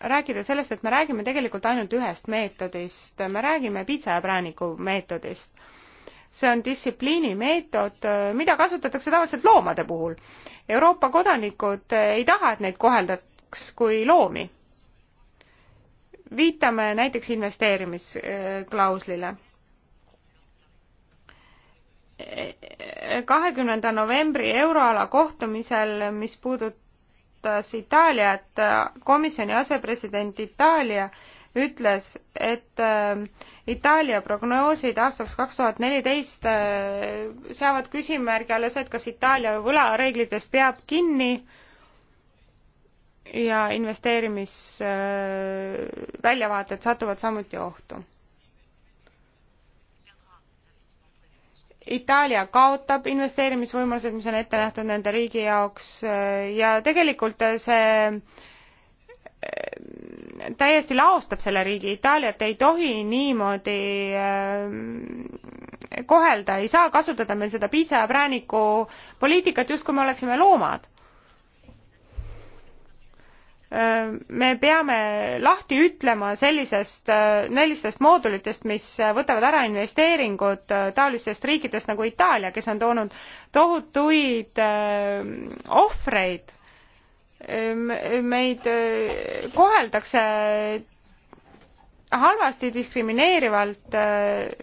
rääkida sellest, et me räägime tegelikult ainult ühest meetodist, me räägime piitsa ja prääniku meetodist. see on distsipliini meetod, mida kasutatakse tavaliselt loomade puhul. Euroopa kodanikud ei taha, et neid koheldaks kui loomi viitame näiteks investeerimisklauslile. kahekümnenda novembri euroala kohtumisel, mis puudutas Itaaliat, komisjoni asepresident Itaalia ütles, et äh, Itaalia prognoosid aastaks kaks tuhat neliteist äh, seavad küsimärgi alla see, et kas Itaalia võlareeglitest peab kinni äh, ja investeerimisväljavaated äh, satuvad samuti ohtu. Itaalia kaotab investeerimisvõimalused, mis on ette nähtud nende riigi jaoks äh, ja tegelikult see äh, täiesti laostab selle riigi, Itaaliat ei tohi niimoodi kohelda, ei saa kasutada meil seda piitsa ja prääniku poliitikat, justkui me oleksime loomad me peame lahti ütlema sellisest, sellistest moodulitest, mis võtavad ära investeeringud taolistest riikidest nagu Itaalia, kes on toonud tohutuid äh, ohvreid. Ehm, meid äh, koheldakse halvasti, diskrimineerivalt äh,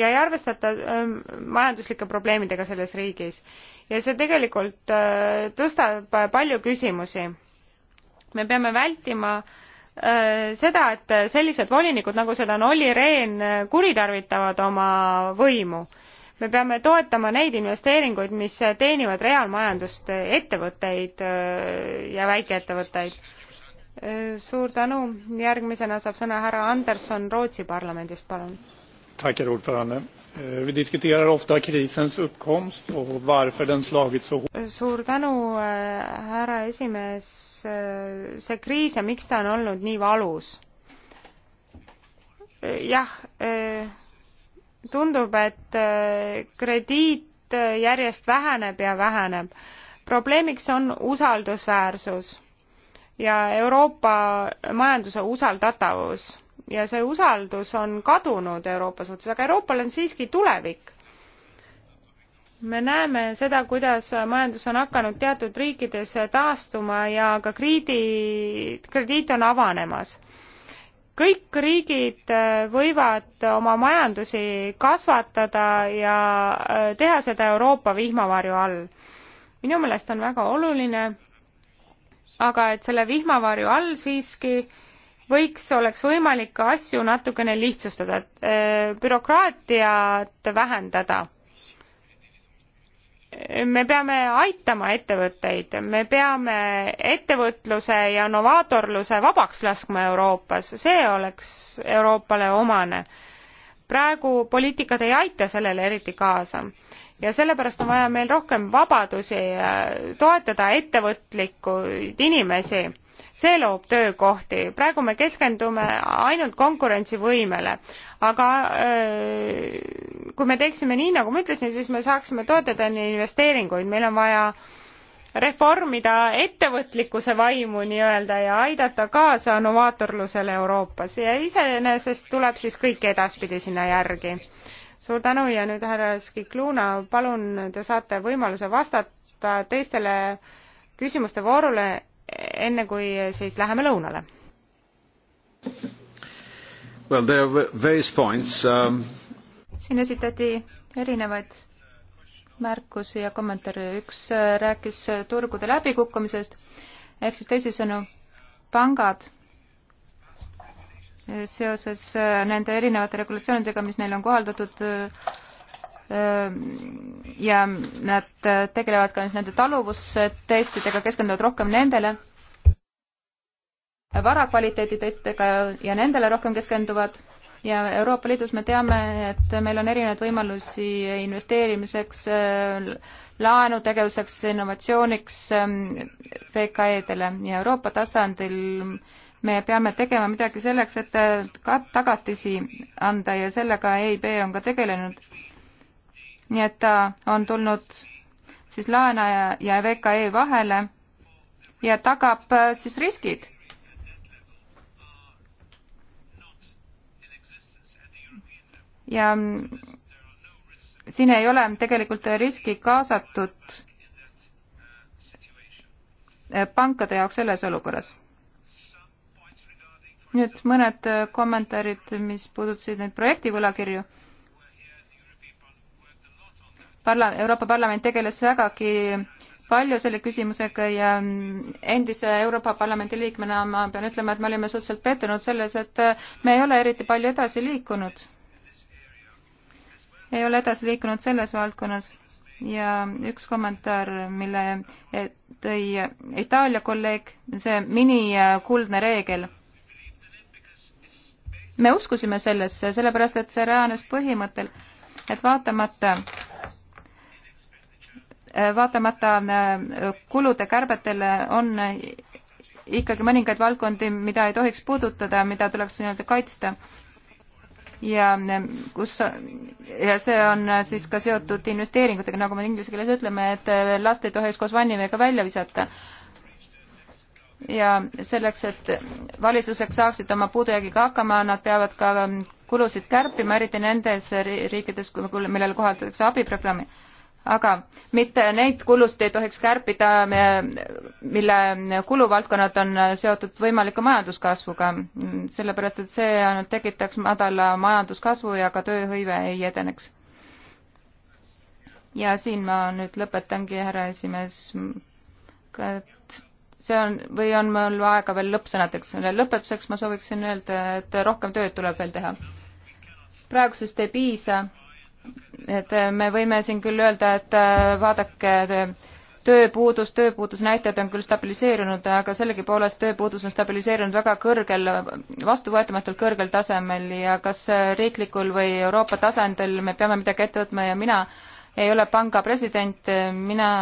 ja ei arvestata ähm, majanduslike probleemidega selles riigis. ja see tegelikult tõstab palju küsimusi me peame vältima äh, seda, et sellised volinikud, nagu seda on Olli Rehn, äh, kuritarvitavad oma võimu. me peame toetama neid investeeringuid, mis teenivad reaalmajandust, äh, ettevõtteid äh, ja väikeettevõtteid äh,. suur tänu, järgmisena saab sõna härra Anderson Rootsi parlamendist, palun. aitäh, juhataja Eh, vi diskuterar ofta krisens uppkomst och varför den slagit så hårt. Suur tänu, eh, härra esimees. Eh, see kriis ja miks ta on olnud nii valus? Jah, tundub, et krediit järjest väheneb ja väheneb. Probleemiks on usaldusväärsus ja Euroopa majanduse usaldatavus ja see usaldus on kadunud Euroopa suhtes, aga Euroopal on siiski tulevik. me näeme seda, kuidas majandus on hakanud teatud riikides taastuma ja ka kriidi, krediit on avanemas kõik riigid võivad oma majandusi kasvatada ja teha seda Euroopa vihmavarju all. minu meelest on väga oluline aga et selle vihmavarju all siiski äh, võiks, oleks võimalik asju natukene lihtsustada, äh, bürokraatiat vähendada. me peame aitama ettevõtteid, me peame ettevõtluse ja novaatorluse vabaks laskma Euroopas, see oleks Euroopale omane. praegu poliitikad ei aita sellele eriti kaasa ja sellepärast on vaja meil rohkem vabadusi, toetada ettevõtlikud inimesi see loob töökohti. praegu me keskendume ainult konkurentsivõimele, aga äh, kui me teeksime nii, nagu ma ütlesin, siis me saaksime toetada nii investeeringuid, meil on vaja reformida ettevõtlikkuse vaimu nii-öelda ja aidata kaasa novaatorlusele Euroopas ja iseenesest tuleb siis kõik edaspidi sinna järgi. suur tänu ja nüüd härra Skikluna, palun, te saate võimaluse vastata teistele küsimuste voorule enne kui siis läheme lõunale. Well, there are various points um.... siin esitati erinevaid märkusi ja kommentaare. üks äh, rääkis äh, turgude läbikukkumisest ehk siis teisisõnu pangad äh, seoses nende erinevate regulatsioonidega, mis neil on kohaldatud, ja nad tegelevad ka nende taluvustestidega, keskenduvad rohkem nendele, varakvaliteedi testidega ja nendele rohkem keskenduvad ja Euroopa Liidus me teame, et meil on erinevaid võimalusi investeerimiseks, laenutegevuseks, innovatsiooniks VKE-dele ja Euroopa tasandil me peame tegema midagi selleks, et ka tagatisi anda ja sellega EIB on ka tegelenud nii et ta on tulnud siis laenaja ja VKE vahele ja tagab äh, siis riskid. ja mm, siin ei ole tegelikult riski kaasatud äh, pankade jaoks selles olukorras. nüüd mõned äh, kommentaarid, mis puudutasid neid projektivõlakirju parla-, Euroopa Parlament tegeles vägagi palju selle küsimusega ja endise Euroopa Parlamendi liikmena ma pean ütlema, et me olime suhteliselt pettunud selles, et me ei ole eriti palju edasi liikunud. ei ole edasi liikunud selles valdkonnas ja üks kommentaar, mille tõi Itaalia kolleeg, see minikuldne reegel. me uskusime sellesse, sellepärast et see rajanes põhimõttel, et vaatamata Äh, vaatamata äh, kulude kärbetele on ikkagi mõningaid valdkondi, mida ei tohiks puudutada, mida tuleks nii-öelda kaitsta. ja äh, kus, ja see on siis ka seotud investeeringutega, nagu me inglise keeles ütleme, et last ei tohiks koos vanniveega välja visata. ja selleks, et valitsused saaksid oma puudujäägiga hakkama, nad peavad ka kulusid kärpima, eriti nendes riikides, millel kohaldatakse abiprogrammi aga mitte neid kulusid ei tohiks kärpida, mille kuluvaldkonnad on seotud võimaliku majanduskasvuga, sellepärast et see ainult tekitaks madala majanduskasvu ja ka tööhõive ei edeneks. ja siin ma nüüd lõpetangi, härra esimees, et see on, või on mul aega veel lõppsõnadeks, lõpetuseks ma sooviksin öelda, et rohkem tööd tuleb veel teha. praegusest ei piisa et äh, me võime siin küll öelda, et äh, vaadake, äh, tööpuudus, tööpuudusnäitajad on küll stabiliseerunud, aga sellegipoolest tööpuudus on stabiliseerunud väga kõrgel, vastuvõetamatult kõrgel tasemel ja kas riiklikul või Euroopa tasandil me peame midagi ette võtma ja mina ei ole panga president, mina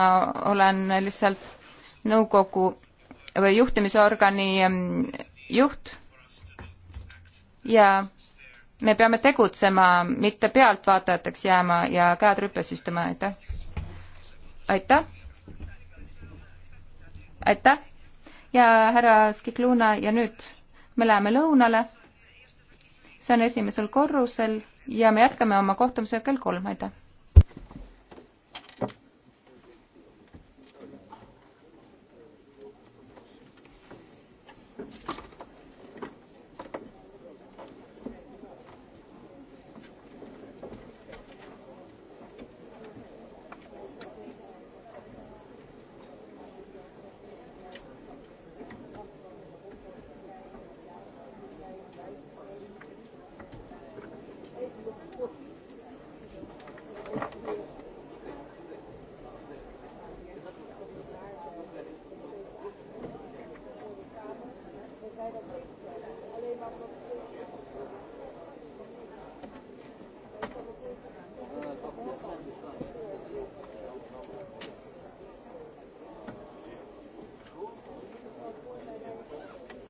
olen lihtsalt nõukogu või juhtimisorgani mm, juht ja me peame tegutsema, mitte pealtvaatajateks jääma ja käed rüpes istuma, aitäh. aitäh. aitäh ja härra Skikluna ja nüüd me läheme lõunale. see on esimesel korrusel ja me jätkame oma kohtumisega kell kolm, aitäh.